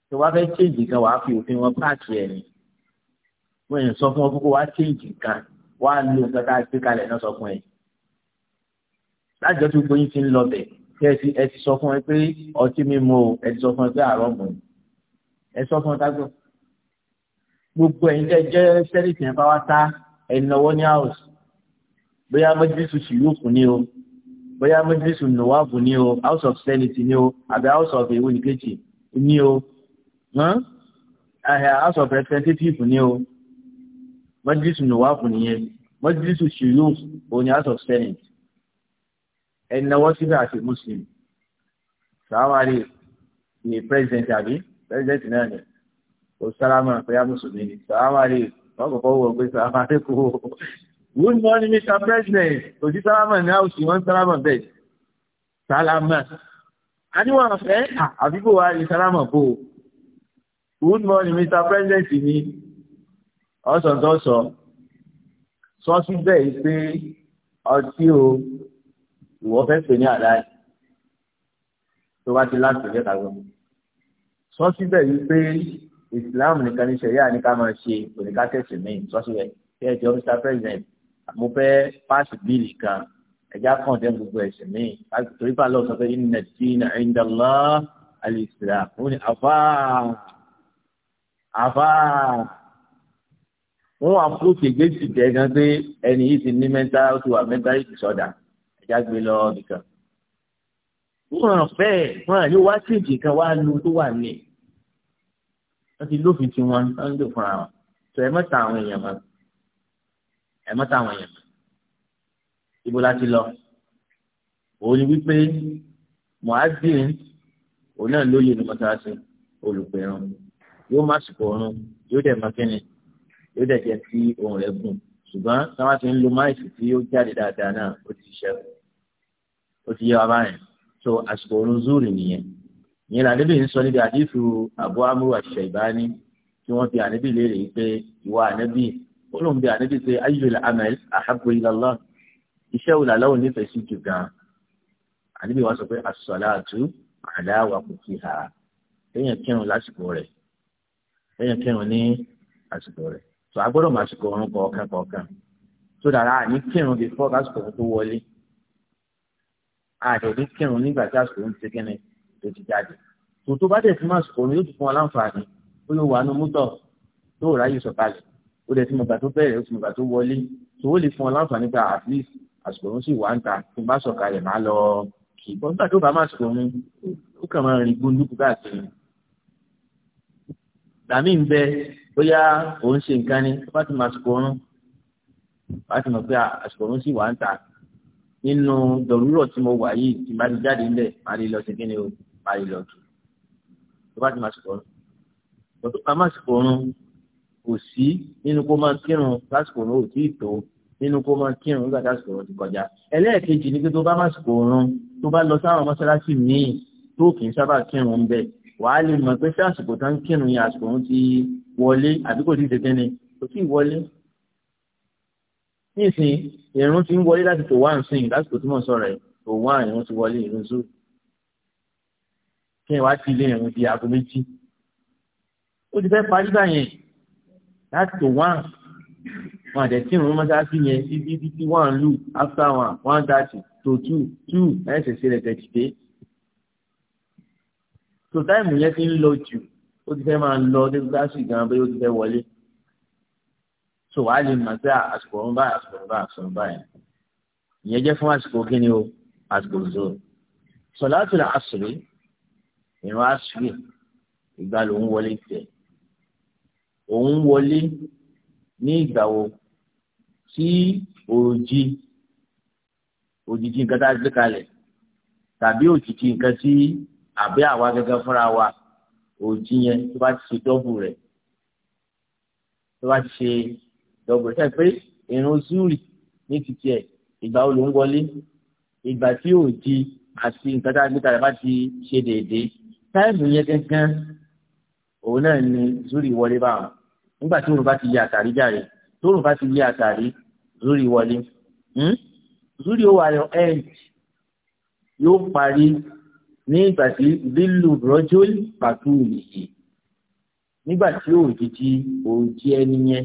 tí wọ́n fẹ́ chéǹjì nǹkan wàá fi òfin wọn páàkì ẹ̀ ni wọ́n yẹn sọ fún wọn wá lo nǹkan tá a gbé kalẹ̀ náà sọ fún ẹ lájọ tí gbogbo yín ti ń lọ bẹ̀ kí ẹ ti sọ fún ẹ pé ọtí mímu o ẹ ti sọ fún ẹ pé àárọ̀ mọ̀ ẹ sọ fún ẹ dágbọ́ gbogbo ẹ̀yin tẹ́ jẹ́ sẹ́rìtì yẹn bá wá tá ẹ̀nàwọ́ ní house bóyá mọ́jísù ṣìlúùkù ni o bóyá mọ́jísù nùwàbù ni o house of senate ni o àbí house of ewu nìkejì ni o house of representative ni o mọ́jísù nùwáfù nìyẹn mọ́jísù shuyukh òní house of senate ẹni náwó síbẹ̀ àti muslim sàwárí ni president àbí president náà ni O sálámà pẹ̀lú mùsùlùmí ni sàwárí wọ́n kọ́kọ́ wọ pé sàwárí àtẹ́kọ̀ọ́ good morning mr president kò sí sálámà ní àwùjọ wọn sálámà bẹ́ẹ̀ sálámà àníwọ̀n àfẹ́ àbíkò wa ni sálámà bò good morning mr president ni ọ̀sọ̀tọ̀sọ̀ sọ síbẹ̀ yìí pé ọtí o ìwọ fẹ́ pè ní àdá yìí tó bá ti láti ìfẹ́ kàgbọ́. sọ síbẹ̀ yìí pé ìsìláàmù nìkan ní sẹ̀ríà ní ká máa ṣe oníkátẹ́sì mi sọ síbẹ̀ kí ẹ jọ mr president mo fẹ́ páàsì bíìlì kan ẹja kàn dé gbogbo ẹ̀sìn mi torí bá lọ sọ pé inna dina inda Allah al-Islam òun ni àfáà àfáà wọ́n wá kó tègbé sì tẹ́ gan pé ẹni yìí ti ní mẹ́ta ó ti wà mẹ́ta yìí ti sọ̀dà ẹ̀já gbé lọ nìkan. wọ́n fẹ́ wọ́n yóò wá tèjì kan wá lu tó wà ní. wọ́n ti lófin tí wọ́n ń lò fúnra wọn sọ ẹ mọ́ta àwọn èèyàn mọ́ ẹ mọ́ta àwọn èèyàn mọ́. ibo la lọ òun ni wípé muhammed òun náà lóye ní mọ́tàlásí olùpẹ̀rùn yóò má sùpọ̀ ọ̀run yóò dẹ̀ mọ́ kẹ́ni yóò dẹ̀ jẹ́ kí ohun rẹ̀ gùn ṣùgbọ́n táwọn ti ń lo máìsì tí ó jáde dáadáa náà ó ti ṣiṣẹ́ ó ti yẹ wa báyìí so àsìkò oorun zúrì nìyẹn ìyẹn là níbi ń sọ níbi àdífù àbú amúrú àṣìṣe ìbáni tí wọ́n fi ànábì léèrè pé ìwà ànábì ó lóun bí ànábì pé ayyul amal ahabbu ila Allah wò làlọ́ òun nífẹ̀ẹ́ sí jù gan ànábì wa sọ pé as-salatu ala waqtiha lẹ́yìn kírun lásìkò rẹ̀ lẹ́yìn kírun ní àsìkò rẹ̀ a gbọ́dọ̀ máa ṣùkò ọ̀run kọ̀ọ̀kan kọ̀ọ̀kan tó dára àní kírun bí fọ́ kásìkò ọ̀run tó wọlé àdẹ̀dẹ̀ kírun nígbà tí àsìkò ọ̀run ti kẹ́ni tó ti jáde tó tó bá dẹ̀ fi máa ṣùkò ọ̀run yóò ti fún ọ láǹfààní ó yóò wà nù mútọ̀ tó ráyè sọ̀kalẹ̀ ó dẹ̀ ti mọ̀gbà tó bẹ̀rẹ̀ ó ti mọ̀gbà tó wọlé tó ó lè fún ọ láǹfààní gba at least àsìkò ọ̀run sì wà ń ta tó bá sọ̀kalẹ̀ má lọ kì bóyá òun ṣe nǹkan ni tó bá ti mọ àsìkò ọrùn bá ti mọ pé àsìkò ọrùn sì wà ń ta nínú dọ̀rúrọ̀ tí mo wà yìí tí bá ti jáde ńlẹ̀ má lè lọ sí kí ni o má lè lọ kí tó bá ti mọ àsìkò ọrùn tó bá mọ àsìkò ọrùn kò sí nínú kó máa kírun lásìkò ọrùn ò tí ì tó nínú kó máa kírun nígbà lásìkò ọrùn ti kọjá ẹlẹ́ẹ̀kejì ni pé tó bá mọ àsìkò ọrùn tó bá lọ sáwọn mọ́ṣáláṣí míì tó kì í sábà kírun ń bẹ̀ wàá lè mọ̀ pé sí àsìkò tán kírun yẹn àsìkò ọrùn ti wọlé àbí kò tí ì tètè ni kò tí ì wọlé nísìnyí ìrún ti ń wọlé láti tó wá nsìn lásìkò tí mò ń sọ̀rọ̀ yìí tó wá ìrún ti wọlé ìrún zoo kí ẹ wá ti ilé ìrún di aago méjì ó ti fẹ́ parí báyẹn láti tó wá wọn àdẹ tí ìrún mọ́ṣáláṣí yẹn bíbí bíbí one lu after one one thirty to two two ẹ̀ṣẹ̀ṣẹ̀ rẹ̀ tẹ̀síde tó táìmù yẹn ti ń lọ jù ó ti fẹ́ máa lọ dé gíláàsì gan bẹ́ẹ̀ ó ti fẹ́ wọlé so wàá lè mà sí àsìkò ọ̀run báyìí àsìkò ọ̀run báyìí àsìkò ọ̀run báyìí ìyẹn jẹ́ fún àsìkò kíni o àsìkò zoro sọláàtì àṣírí ìrún àṣírí ìgbà ló ń wọlé tẹ̀ òun wọlé ní ìgbà wo tí òòjì òjijì nǹkan tá a gbé kalẹ̀ tàbí òjijì nǹkan tí àbí àwa gẹ́gẹ́ fúnra wa òjì yẹn tó bá ti ṣe dọ́bù rẹ̀ tó bá ti ṣe dọ́bù rẹ̀ sẹ́yìn pé ìrun zuri ní títí ẹ̀ ìgbà wo ló ń wọlé ìgbà tí òjì àti nǹkan tá a gbé kalẹ̀ bá ti ṣe déédéé táìmù yẹn gángan òun náà ni zuri wọlé báwọn nígbà tí òun bá ti yẹ àtàrí jáde tó òun bá ti yẹ àtàrí zuri wọlé hmm? zuri ó wà ẹ̀ yóò parí ní ìgbà tí lílù rọ́jòlì pàtó yìí nígbà tí òjijì òjì ẹni yẹn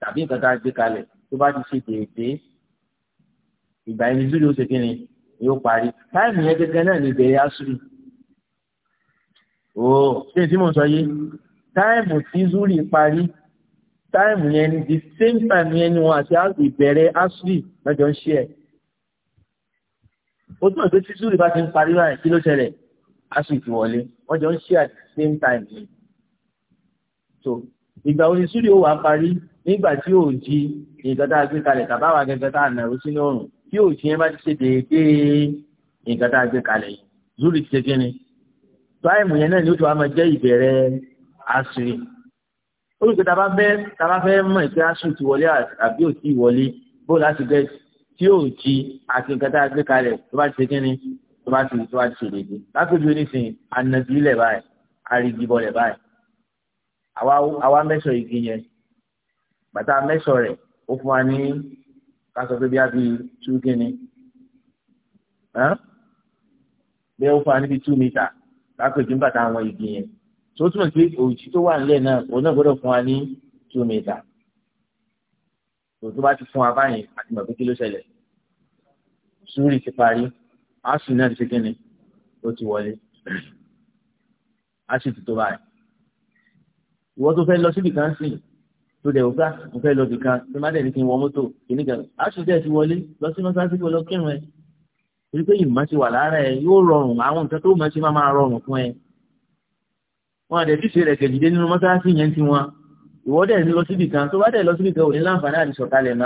tàbí nǹkan tá a gbé kalẹ̀ tó bá ti ṣe déédéé ìgbà yẹn ní zúlù ṣe kí ni yóò parí táìmù yẹn gẹ́gẹ́ náà ní ìbẹ̀rẹ̀ asúrì o ṣé tí mo sọ yé táìmù tí zúlù parí táìmù yẹn ní the same time yẹn ni wọn àti ìbẹ̀rẹ̀ asúrì lọ́jọ́ ń ṣe ẹ̀ ó túmọ̀ pé tí zúlù bá ti ń parí báyìí kí ló ṣẹlẹ̀ asùn ti wọlé wọ́n jọ ń ṣe at the same time so ìgbà wo ni studio wà parí nígbà tí yóò di nǹkan tá a gbé kalẹ̀ tàbá wa gẹ́gẹ́ tá a nà ó sínú ọ̀run tí yóò di yẹn bá ti ṣe déédéé nǹkan tá a gbé kalẹ̀ yìí zúrì ti ṣe kí ni. táìmù yẹn náà ni ó ti wá máa jẹ́ ìbẹ̀rẹ̀ asùn yìí olùkọ́ tá a bá fẹ́ tá a bá fẹ́ mọ̀ pé aṣọ ti wọlé àbí ò tí ì wọlé bó láti bẹ́ tí ò jí àti nǹkan tá a gbé kalẹ̀ tó bá ti ṣe kí ni tó bá ti tó bá ti ṣèlè dé lápẹjù onísìn ànàbí ilẹ̀ báyìí àrígi bọlẹ̀ báyìí àwa àwa mẹ́sọ̀ igi yẹn bàtà mẹ́sọ̀ rẹ̀ ó fún wa ní kásọ pé bí a fi tú kíni bí ó fún wa níbi tú mítà lápẹjù ń bàtà àwọn igi yẹn tó túmọ̀ sí òjì tó wà nílẹ̀ náà òun náà gbọ́dọ̀ fún wa ní tú mítà tó tó bá ti fún wa báyìí àti mọ̀ pé kí ló ṣẹlẹ̀ sùúrì ti parí asì náà ti ṣe kí ni ó ti wọlé asì ti tó báyìí ìwọ tó fẹ́ lọ síbi kan sí tó dẹ̀ ọ̀gá ah, mo fẹ́ lọ bì kan tó má dẹ̀ ní kí n wọ mọ́tò kìíní kan asì dẹ̀ ti wọlé lọ sí mọ́sáàsì kó lọ kírun ẹ torí pé ìmọ̀ ti wà lára ẹ yóò rọrùn àwọn nǹkan tó mọ̀ ṣe máa máa rọrùn fún ẹ wọn àdẹ̀ tí ṣe rẹ̀ kẹ̀jìdé nínú mọ́sáàsì yẹn ti wọn ìwọ dẹ̀ ní lọ síbi kan tó bá dẹ̀ lọ síbi kan ò ní láǹfààní àdìsọ̀kalẹ̀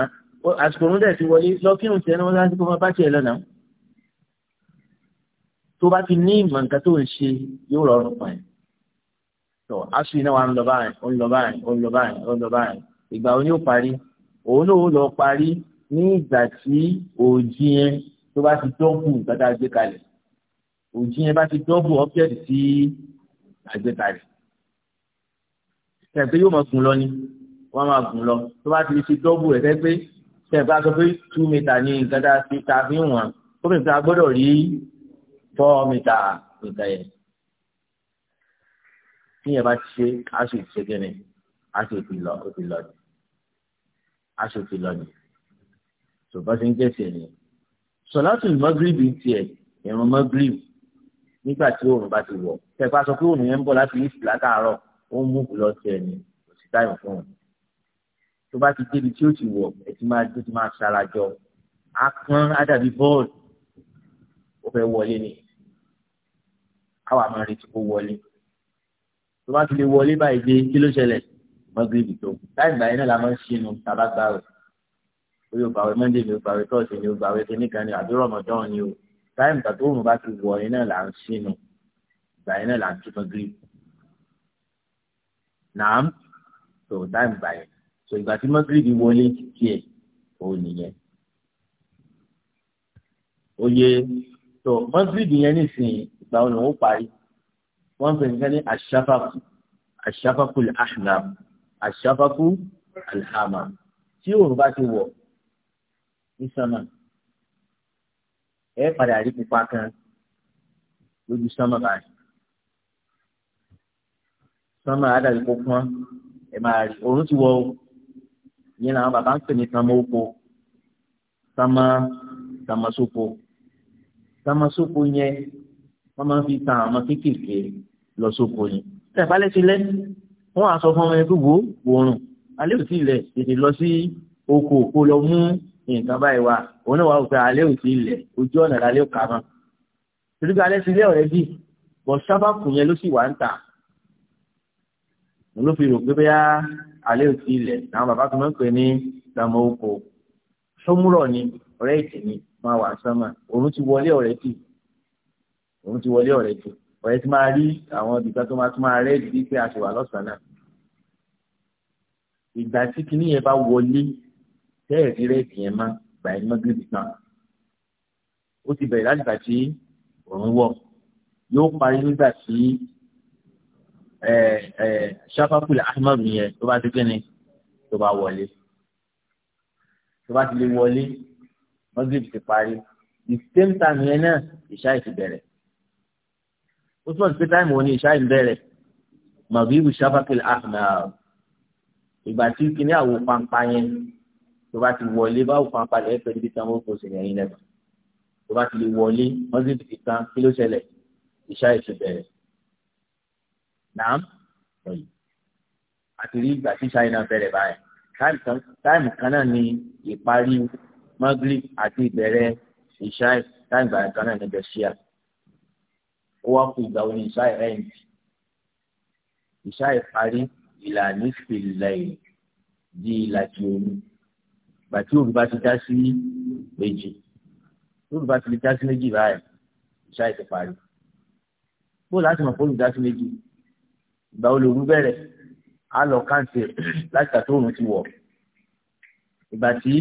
mọ́ àsìkò òun dẹ̀ ti wọlé lọ kírun tiẹ̀ ní mọ́sáàsì kó máa bá tiẹ̀ lọ́nà tó bá ti ní ìmọ̀ nǹkan tó ń ṣe yóò rọrùn pa ẹ̀ tó aṣọ iná wa ń lọ báyìí ó ń lọ báyìí ó ń lọ báyìí ó ń lọ báyìí ìgbà wo ni ó parí òun náà ó lọ parí ní ìgbà tí òjì yẹn tó bá ti dọ́bù nǹkan tá a gbé kalẹ̀ òjì yẹn bá ti dọ́bù ọ́bjẹ́tì tí a gbé kalẹ̀ tẹ̀pẹ́ yóò máa gùn lọ ni wọ́n máa gùn lọ tó bá ti fi dọ́bù ẹ̀ tẹ́pẹ́ tẹ̀pẹ́ aṣọ pé two meter ní nǹkan tá a fi ta fi hàn ó bẹ̀rẹ̀ gbọ́dọ̀ rí four meter nǹkan yẹn tí yẹn bá ti ṣe aṣọ ìṣègùn ni aṣọ ìpìlọ ìpìlọ ni aṣọ ìpìlọ ni ṣùgbọ́n ti ń gẹ̀ẹ́sì ẹ̀ nìyẹn sọ̀látù mọ́gírìbì tiẹ̀ ìrùn mọ́gírìbì nígbà tí oòrùn bá ti wọ̀ tẹ̀pá sọ pé oòrùn yẹn ń bọ̀ láti east látàárọ̀ ó ń mú lọ tiẹ̀ ni kò sí táyọ̀ fún un tó bá ti débi tí ó ti wọ̀ ẹ ti máa tó ti máa ṣarajọ akán á dàbí bọ́ọ̀lù ó fẹ́ wọlé ni káwa máa retí kó wọlé tó bá ti lè wọlé báyìí dé kí ló ṣẹlẹ̀ mọ́gìrìbì tó láì gbà yín náà la máa ń ṣínú tàbá gbà rẹ̀ ó yóò gbàwé monday ni ó gbàwé thursday ni ó gbàwé kìnnìkan ni àbí rọmọdán ni ó táyà nígbà tó òun bá ti wọ yín náà là ń ṣínú gbà yín náà là ń tún mọ́gìrìbì nàám tó táyà nígbà yẹn tó ìgbà tí mọ́gìrìbì wọlé tiẹ̀ ó nìyẹn ó yẹ tó mọ́gìrìbì yẹn nísìnyí ìgbà wọn lòún parí wọ́n pè nǹkan ní aṣáfàkù aṣáfàkù alhamam aṣáfàkù alhamam tí òun bá ti wọ̀ ní sánmà ẹ padà rí pupa kan lójú sánmà báyìí sánmà àdàbí kó pọ́n ẹ máa rí òun ti wọ̀ yẹn làwọn bàbá ń pè ní sánmà oko sánmà sánmà sóko sánmà sóko yẹn wọ́n máa ń fi tan àwọn kéékèèké lọ sóko ni tẹ̀fálẹ́ ti lẹ́ wọ́n á sọ fún ọmọ ẹgbẹ́ wo òórùn alẹ́ ò tí ì lẹ̀ tètè lọ sí oko kó lọ mú nǹkan báyìí wá òun náà wà ó pé alẹ́ ò tí ì lẹ̀ ojú ọ̀nà lálẹ́ ò kà mọ́ torí pé alẹ́ ti lẹ́ ọ̀rẹ́ bì bọ̀ sábàkù yẹn ló sì wà ń tà ló fi rò pé bóyá alẹ́ ò tí lẹ̀ àwọn bàbá kan máa ń pè ní ìtàmọ́ oko sómúrọ̀ ni ọ̀rẹ́ ìtì ni máa wà sánmà òun ti wọlé ọ̀rẹ́ bì òun ti wọlé ọ̀rẹ́ tó ọ̀rẹ́ ti máa rí àwọn ibìkan tó máa tún máa rẹ́ ìdí pé a ṣe wà lọ́sàn-án náà ìgbà tí kinní yẹn bá wọlé tẹ́ẹ̀rí rẹ̀ yẹn má gbà ẹ́ mọ́gìrì tán ó ti bẹ̀rẹ̀ láti gbà tí òun wọ̀ yóò parí nígbà tí ṣáfàkùlẹ̀ ahmed yẹn tó bá ti kíni tó bá wọlé tó bá ti lè wọlé mọ́gìrì ti parí the same time yẹn náà ìṣá ti ó túmọ̀ sí pé ni òní ìṣá ìbẹ̀rẹ̀ màbíbù sáfàkìlì àfìnà ìgbà tí kìnìún àwò pampa yẹn tó bá ti wọlé báwo pampa lè fẹ́ níbi táwọn ó fòsì ẹ̀yìn lẹ́nu tó bá ti lè wọlé wọ́n sì ti tán kí ló ṣẹlẹ̀ ìṣá ìṣe bẹ̀rẹ̀ náà àti rí ìgbà tí ìṣá iná bẹ̀rẹ̀ báyìí táìmù kan náà ni ìparí mọ́gílì àti ìbẹ̀rẹ̀ ìṣá táìmù kan náà ni bẹ̀ṣíà ó wá kú ìgbà wo ni ìṣá ẹ̀ rẹ́ǹtì ìṣá ẹ̀ parí ìlà nífìlẹ̀ di ìlàjì òru bàtí òru bá ti dá sí méjì òru bá ti lè dá sí méjì báyìí ìṣá ẹ̀ ti parí bóòlù láti mọ̀ fóònù dá sí méjì ìgbà wo lòru bẹ̀rẹ̀ á lọ káǹtì láti tà òun ti wọ̀ ìgbà tí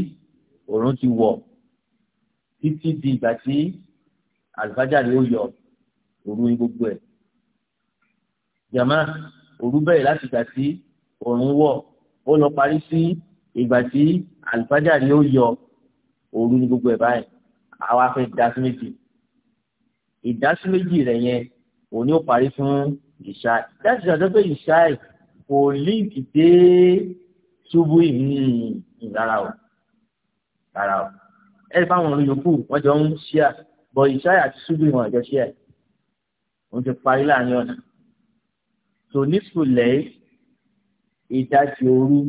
òòrùn ti wọ̀ títí di ìgbà tí àlùfájà ló yọ òru ní gbogbo ẹ̀ jàmá òru bẹ̀rẹ̀ láti gbà tí òòrùn wọ̀ ó lọ parí sí ìgbà tí àlùfájà ni ó yọ òru ní gbogbo ẹ̀ báyìí àwa fẹ́ dasí méjì ìdásí méjì rẹ̀ yẹn òun ni ó parí fún ìṣá dáṣì àdọ́gbé ìṣá ẹ̀ kò líǹkì dé ṣubú ìhìn rárá o rárá o ẹ fáwọn olùyòkù wọn jọ ń ṣíà bọ ìṣá àti ṣubú ìwọn ìjọ ṣíà ẹ òun ti parí láàrin ọ̀nà tò nísùlẹ̀ ìdájì òru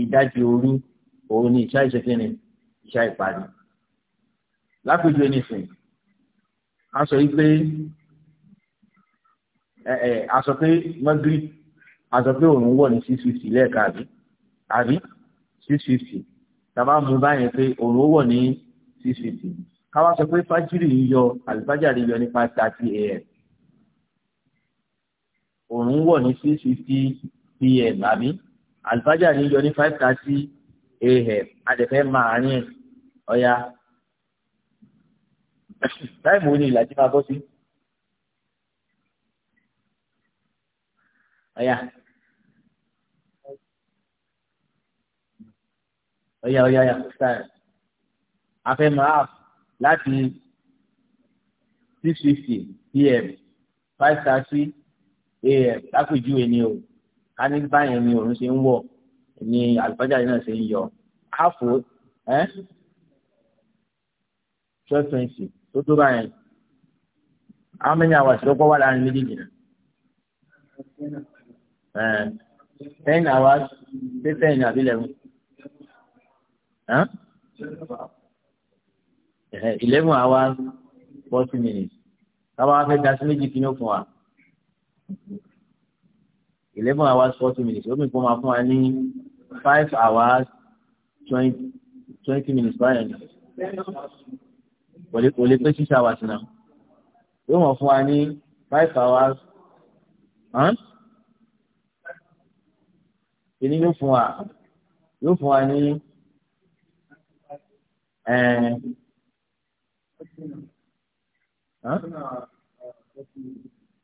ìdájì òru òun ni ìṣá ìṣẹ́kẹ́ni ìṣá ìparí lápèjọ nísìnyí a sọ pé ẹ ẹ a sọ pé mọ́gírì a sọ pé òun wọ̀ ní six fifty lẹ́ẹ̀ka àbí àbí six fifty tàbá mú báyẹn pé òun wọ̀ ní six fifty káwá sọ pé fájírì yíyọ àlùfájàrí yọ nípa thirty a.m òòrùn wọ̀ ní six fifty pm àbí àlùfájà ní ní five thirty am adẹ̀fẹ́ máa rìn ẹ̀ ọ̀ya táìmù ó ní ìlàjì máa bọ́ sí. ọ̀ya ọ̀ya ọ̀ya ọ̀ya táìmù afẹ́ máa láti six fifty pm five thirty af lápèjúwe ni o ká ní báyẹn ni òun ṣe ń wọ̀ ni àlùfájà yìí náà ṣe ń yọ áfò ẹ́ twelve twenty tó tó báyẹn àwọn mẹ́rin àwọn àṣìlọ́pọ̀ wà láàrin méjèèjì náà ten hours ṣé ten àbí eleven eleven hours forty minutes táwa fẹ́ dasí méjì kí ló fún wa eleven hours forty minutes ó mìíràn kó máa fún wa ní five hours twenty minutes báyẹn ni kò lè pé six hours náà yóò wọ́n fún wa ní five hours kìíní yóò fún wa yóò fún wa ní eh,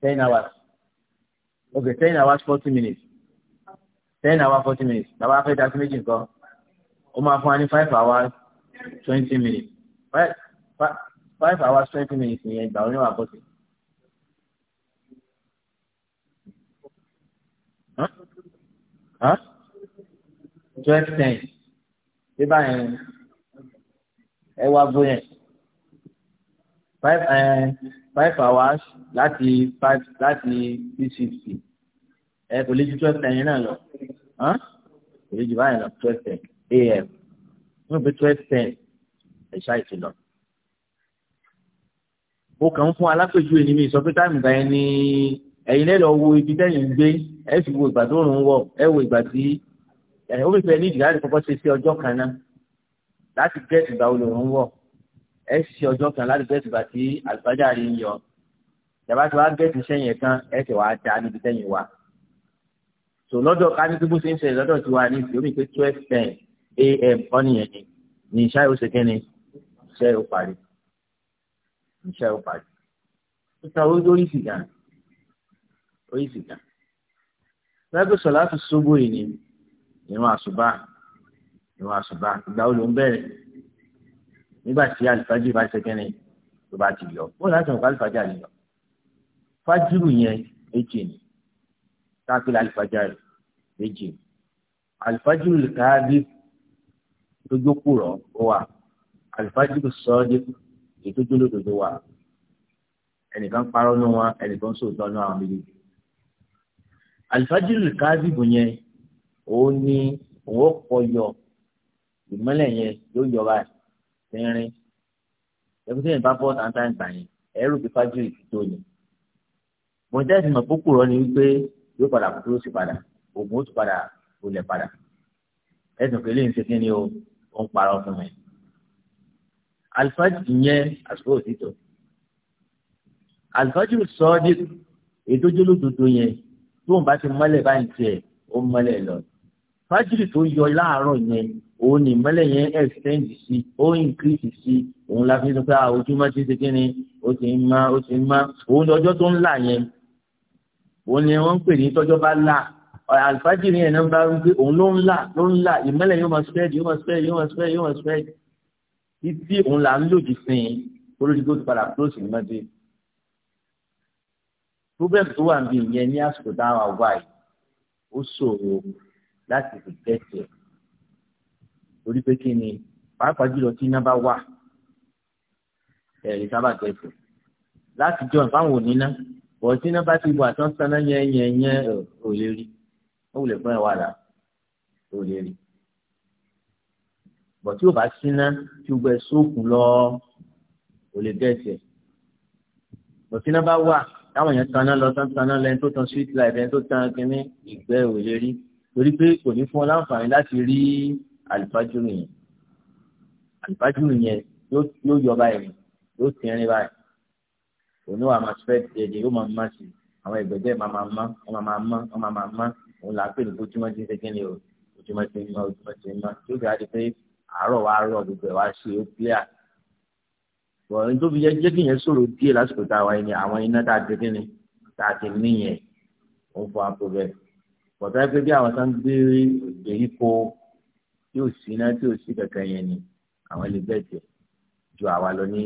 ten hours ok ten hours forty minutes ten hours forty minutes bàbá fẹ́ dasí méjì nǹkan ó máa fún wa ní five hours twenty minutes five five hours twenty minutes nìyẹn ìgbà oníwà forty. twelve ten bí báyìí ẹ wá bóyá five eh, five hours láti five láti six fifty ẹ eh, kò lè ju twelve ten yẹn náà lọ kò lè ju báyìí lọ twelve ten a.m. wọ́n fi twelve ten ẹ̀ṣá ìtìlọ. mo kàn ń fún alápèjúwe ní mi sọ pé táìmù báyìí ní ẹ̀yin lẹ́lọ́ wo ibi tẹ́yìn ń gbé ẹ sì wo ìgbà tó rùn wọ̀ ẹ wo ìgbà tí eh, ó fi fẹ́ ní ìdílé àti kọ́kọ́ ṣe sí ọjọ́ kan náà láti gẹ́ẹ̀tì ìgbà wo ẹ ṣe ọjọ́ kan láti bẹ́ẹ̀ tìgbà tí àlùfáàjà rí ń yọ ìjàmbá tí wàá bẹ́ẹ̀ ti sẹ́yìn kan ẹ wàá da níbi sẹ́yìn wa tò lọ́dọ̀ ká ní túbú sí ń ṣe lọ́dọ̀ tiwa ní ìfìyómi pé twelve ten am kọ́ nìyẹn ni ní iṣẹ́ yóò ṣe kíni iṣẹ́ yóò parí iṣẹ́ yóò parí ó ta orí lórí ìsìgá orí ìsìgá lẹ́gbẹ̀ẹ́ sọ̀ láti ṣubú ìní ìrún àṣùbà ìrún àṣùbà ìgbà wo nígbà tí àlùfáàjì bá ṣe kẹ́ni tó bá ti yọ bó láti mọ̀ kálífàjà lè yọ fájìrù yẹn méjì ni káàkiri àlùfáàjà rẹ̀ méjì ni àlùfáàjìrù lè káàdì tó jókòó rọ̀ ó wà àlùfáàjìrù sọ́ọ́dì ètò jólódodo wà ẹnìkan parọ́ nù wọn ẹnìkan sòótọ́ nù àwọn méjèèjì àlùfáàjìrù káàdì bù yẹn òun ni òun kọ yọ yẹn yóò yọ báyìí tínrín ẹgbẹ́ yẹn bá bọ́ tàǹtà ìgbà yẹn ẹ̀rù ti fájú ìtìtò ni bọ́ńtẹ́sì mọ̀ kókò rọ ni wípé yóò padà kú tó sì padà oògùn ó sì padà olè padà ẹ̀sùn pé léyìn ṣe kí ni o ó ń parọ́ fún mi alifájì ìyẹn àsìkò òtítọ́ alifájì sọ ọ́ dé ètò jólódodo yẹn tóun bá ti mọ́lẹ̀ báyìí tiẹ̀ ó mọ́lẹ̀ lọ fájìrì tó yọ láàárọ̀ yẹn òun ni ìmọ́lẹ̀ yẹn extend sí ó increase sí òun la fi sọ pé ojúmọ́ ti ṣe kí ni ó ti ń mọ́ ó ti ń mọ́ òun ni ọjọ́ tó ń là yẹn òun ni wọ́n ń pè ní tọ́jọ́ bá là alifájìrì yẹn náà bá ń pè òun ló ń là ló ń là ìmọ́lẹ̀ yóò máa spread yóò máa spread yóò máa spread yóò máa spread títí òun là ń lòdì sí i olódìgbò ti padà close ní mọ́tì problem tó wà níbi ìyẹn ní àsìkò táwọn àwa yìí ó ṣòro láti fi gẹ́tẹ̀ẹ́ torí pé kí ni pàápàá jùlọ tí iná bá wà ẹ̀rí sábà tẹ̀sán láti jọ ìfáwọn òníná bọ̀ tí iná bá ti wà tán sáná yẹn yẹn yẹn ò lè rí ó lè fún ẹ wà rà ò lè rí bọ̀ tí ò bá síná tí o gbẹ sóòkù lọ ò lè dẹ́sẹ̀ bọ̀ tí iná bá wà táwọn èèyàn tanná lọ tán tanná lẹ́ni tó tan street light lẹ́ni tó tan kínní ìgbẹ́ ò lè rí torí pé kò ní fún ọ láǹfààní láti rí àlùfájúrù yẹn àlùfájúrù yẹn yóò yọ báyìí yóò tẹ̀rín báyìí òní wàá máa spread díẹ̀díẹ̀ yóò máa má sí àwọn ìgbẹ́jẹ́ máa máa má wọ́n máa má wọ́n máa máa má òun là ń pè ní bójúmọ́ tí ń ṣe kíni o bójúmọ́ tí ń má bójúmọ́ tí ń má yóò fi àdé pé àárọ̀ wa rọ̀ gbogbo ẹ̀ wá ṣe ó clear bọ̀ ní tó fi yẹ jẹ́ kí yẹn sọ̀rọ̀ díẹ̀ lásìkò tá a wáyé ni àwọn iná tá a ti kíni tá a ti ní yẹn òun fọ àpò bẹ́ẹ̀ bọ̀tá pé bí àwọn sáà ń gbé ìgbèríko tí ò sí iná tí ò sí kankan yẹn ni àwọn lè bẹ́ẹ̀ tẹ̀ ju àwa lọ ní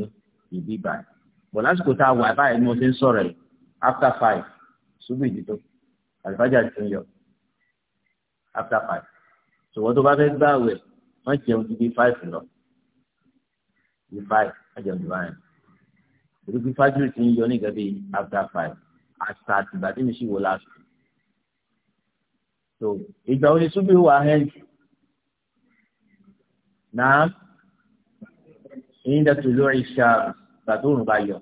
ibi báyìí bọ̀ lásìkò tá a wà báyìí ni mo ti ń sọ̀rọ̀ yìí after five ṣubú ìdìtò àlùfájà ti ń yọ after five ṣùgbọ́n tó bá fẹ́ gbà wẹ̀ wọ́n jẹun ju bí five lọ bí five wọ́n jẹun ju báyìí torí bí fájú ti ń yọ ní gẹ́gẹ́ bí after five àṣà àtìgbà tí mi sì wò lásìkò. ìgbà wo ni ṣubú wà hẹ́ǹtì náà ìyíndà tó lórí ṣá ìgbà tó òrùn bá yọ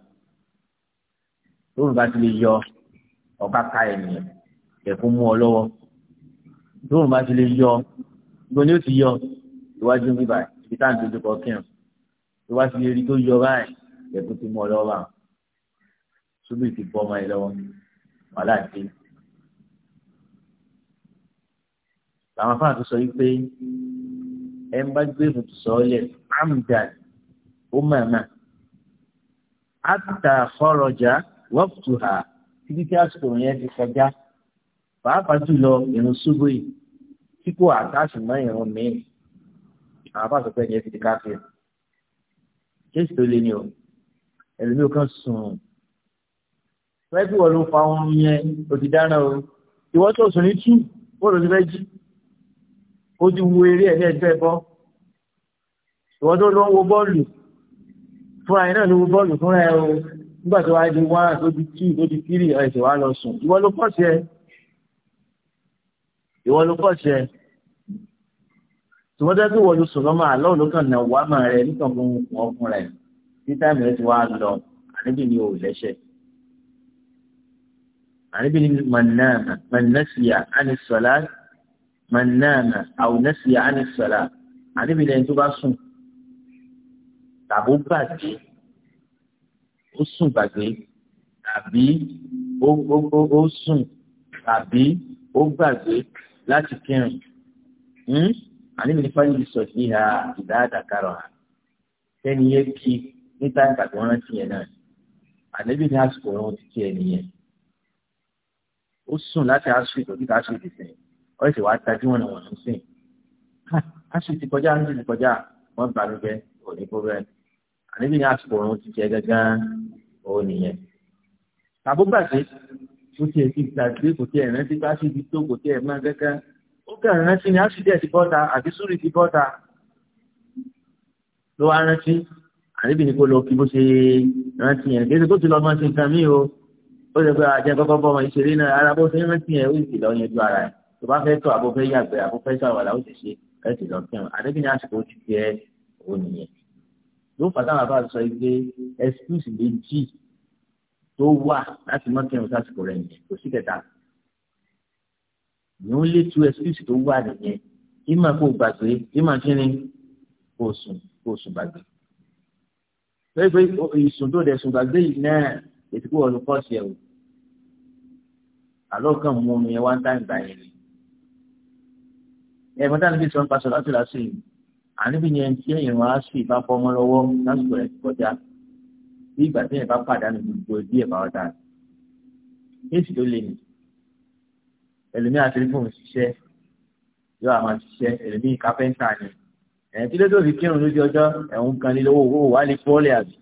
tó òrùn bá ti lè yọ ọba ká ènìyàn ẹ̀kún mú ọ lọ́wọ́ tó òrùn bá ti lè yọ gbogbo ni ó ti yọ iwájú bíbà ibi tá à ń dojú kọ kírun tó bá ti lè rí tó yọ ti mú ọ lọ́wọ́ báwọn ṣubú ti bọ́ afáàtú sọ yìí pé ẹ ń bá gbé ìfòtò sọ́ọ́lẹ̀ amdan ó màmá àtà kọ́rọ̀jà wọ́pùtùhà títí tí àsìkò yẹn ti kọjá pàápàá jùlọ ìrun ṣubú yìí tí kò àtàṣì mọ́ ìrun míì àwọn bá sọ pé ẹ̀jẹ̀ ti di káfíìn jésù tó lé ní o ẹlòmíì ò kàn sùn fẹ́ẹ́ bí wọ́n ló fa ohun yẹn o ti dáná o ìwọ́n tó sùn ní tú bóòlù ti fẹ́ jí ó ti wo eré ẹ̀ lẹ́gbẹ́ bọ́ ìwọ́n tó lọ ń wo bọ́ọ̀lù fúnra ẹ̀ náà ló wo bọ́ọ̀lù fúnra ẹ̀ o nígbà tó wá di one tó di two tó di three ẹ̀sẹ̀ wá lọ sùn ìwọ́n ló pọ̀sí ẹ̀ ìwọ́n ló pọ̀sí ẹ̀ tòmọ́tẹ́ tó wọ́n sùn lọ́mọ àlọ́ ló kàn náà wá màá rẹ̀ nítorí wọn fún rẹ̀ títà mìíràn ti wá lọ àníbi ni ò lẹ́sẹ̀ àníbi ni mọ̀nà mọ̀nà síyà mọ̀nàmà àwùnẹ́sì àníṣàlá àníbìlẹ̀ tó bá sùn tàbó gbàgbé ó sùn gbàgbé tàbí ó sùn tàbí ó gbàgbé láti kírun hmm? àníbìlẹ̀ fáyìlì sọ sí ìhà ìdáàdàkárọ̀ ha sẹ́ni yẹ kí níta tàbí wọ́n rántí yẹn náà àníbìlẹ̀ àsìkò ọ̀run ti tiẹ̀ nìyẹn ó sùn láti àṣù ìtọ́jú ká ṣe ìdìsẹ́yìn wọ́n sì wá tajú wọn wọn ń sìn aṣọ ti kọjá ń ti kọjá wọ́n bá mi jẹ́ òní problem àníbi ní àsìkò òun ti jẹ gángan òun nìyẹn tàbó gbàgbé kò tiẹ̀ ti gbàgbé kò tiẹ̀ rántí bá sì ti tó kò tiẹ̀ máa gángan ó kàn rántí ní aṣọ díẹ̀ ti bọ́ta àti súrì ti bọ́ta ló wá rántí àníbi ní kó lọ kí bó ṣe rántí yẹn kí ẹ ti kó ti lọ máa ṣe nǹkan mí o ó tó bá fẹ́ tọ̀ àbó fẹ́ yàgbẹ́ àbó fẹ́ ṣàwàlà ó sì ṣe ẹ sì lọ kírun àdébí ní àsìkò ojú jẹ òun nìyẹn yóò fà táwọn àbáà sọ pé excuse méjì tó wà láti mọ kírun sásìkò rẹ nìyẹn kò sí kẹta ní ó lé tu excuse tó wà nìyẹn kí máa kó gbàgbé kí máa kí ni kó sùn kó sùn gbàgbé pé pé ìsùn tó dẹ̀ sùn gbàgbé yìí náà ètùkú ọ̀nù kọ́ọ̀sì ẹ̀ o àlọ́ kan mú omi ẹ̀ wá ń dá ìgbà yẹn ni ẹ̀gbọ́n táwọn ibi sọ ń pa sọ láti láti yìí àníbi yẹn tí èèyàn wá sí ìbá fọmọ lọ́wọ́ lásìkò rẹ̀ kọjá bí ìgbà tí èèyàn bá pàdánù gbogbo ẹbí ẹ̀ bá wọ́ta èsì tó lè nì ẹlòmíà tẹlifóònù ṣiṣẹ́ yóò àmà ṣiṣẹ́ ẹlòmíì kápẹ́ńtà ni ẹ̀ tí lóòótọ́ fi kírun lójú ọjọ́ ẹ̀hún kan ní lọ́wọ́ owó wà lè fọ́ọ̀lẹ̀ àbí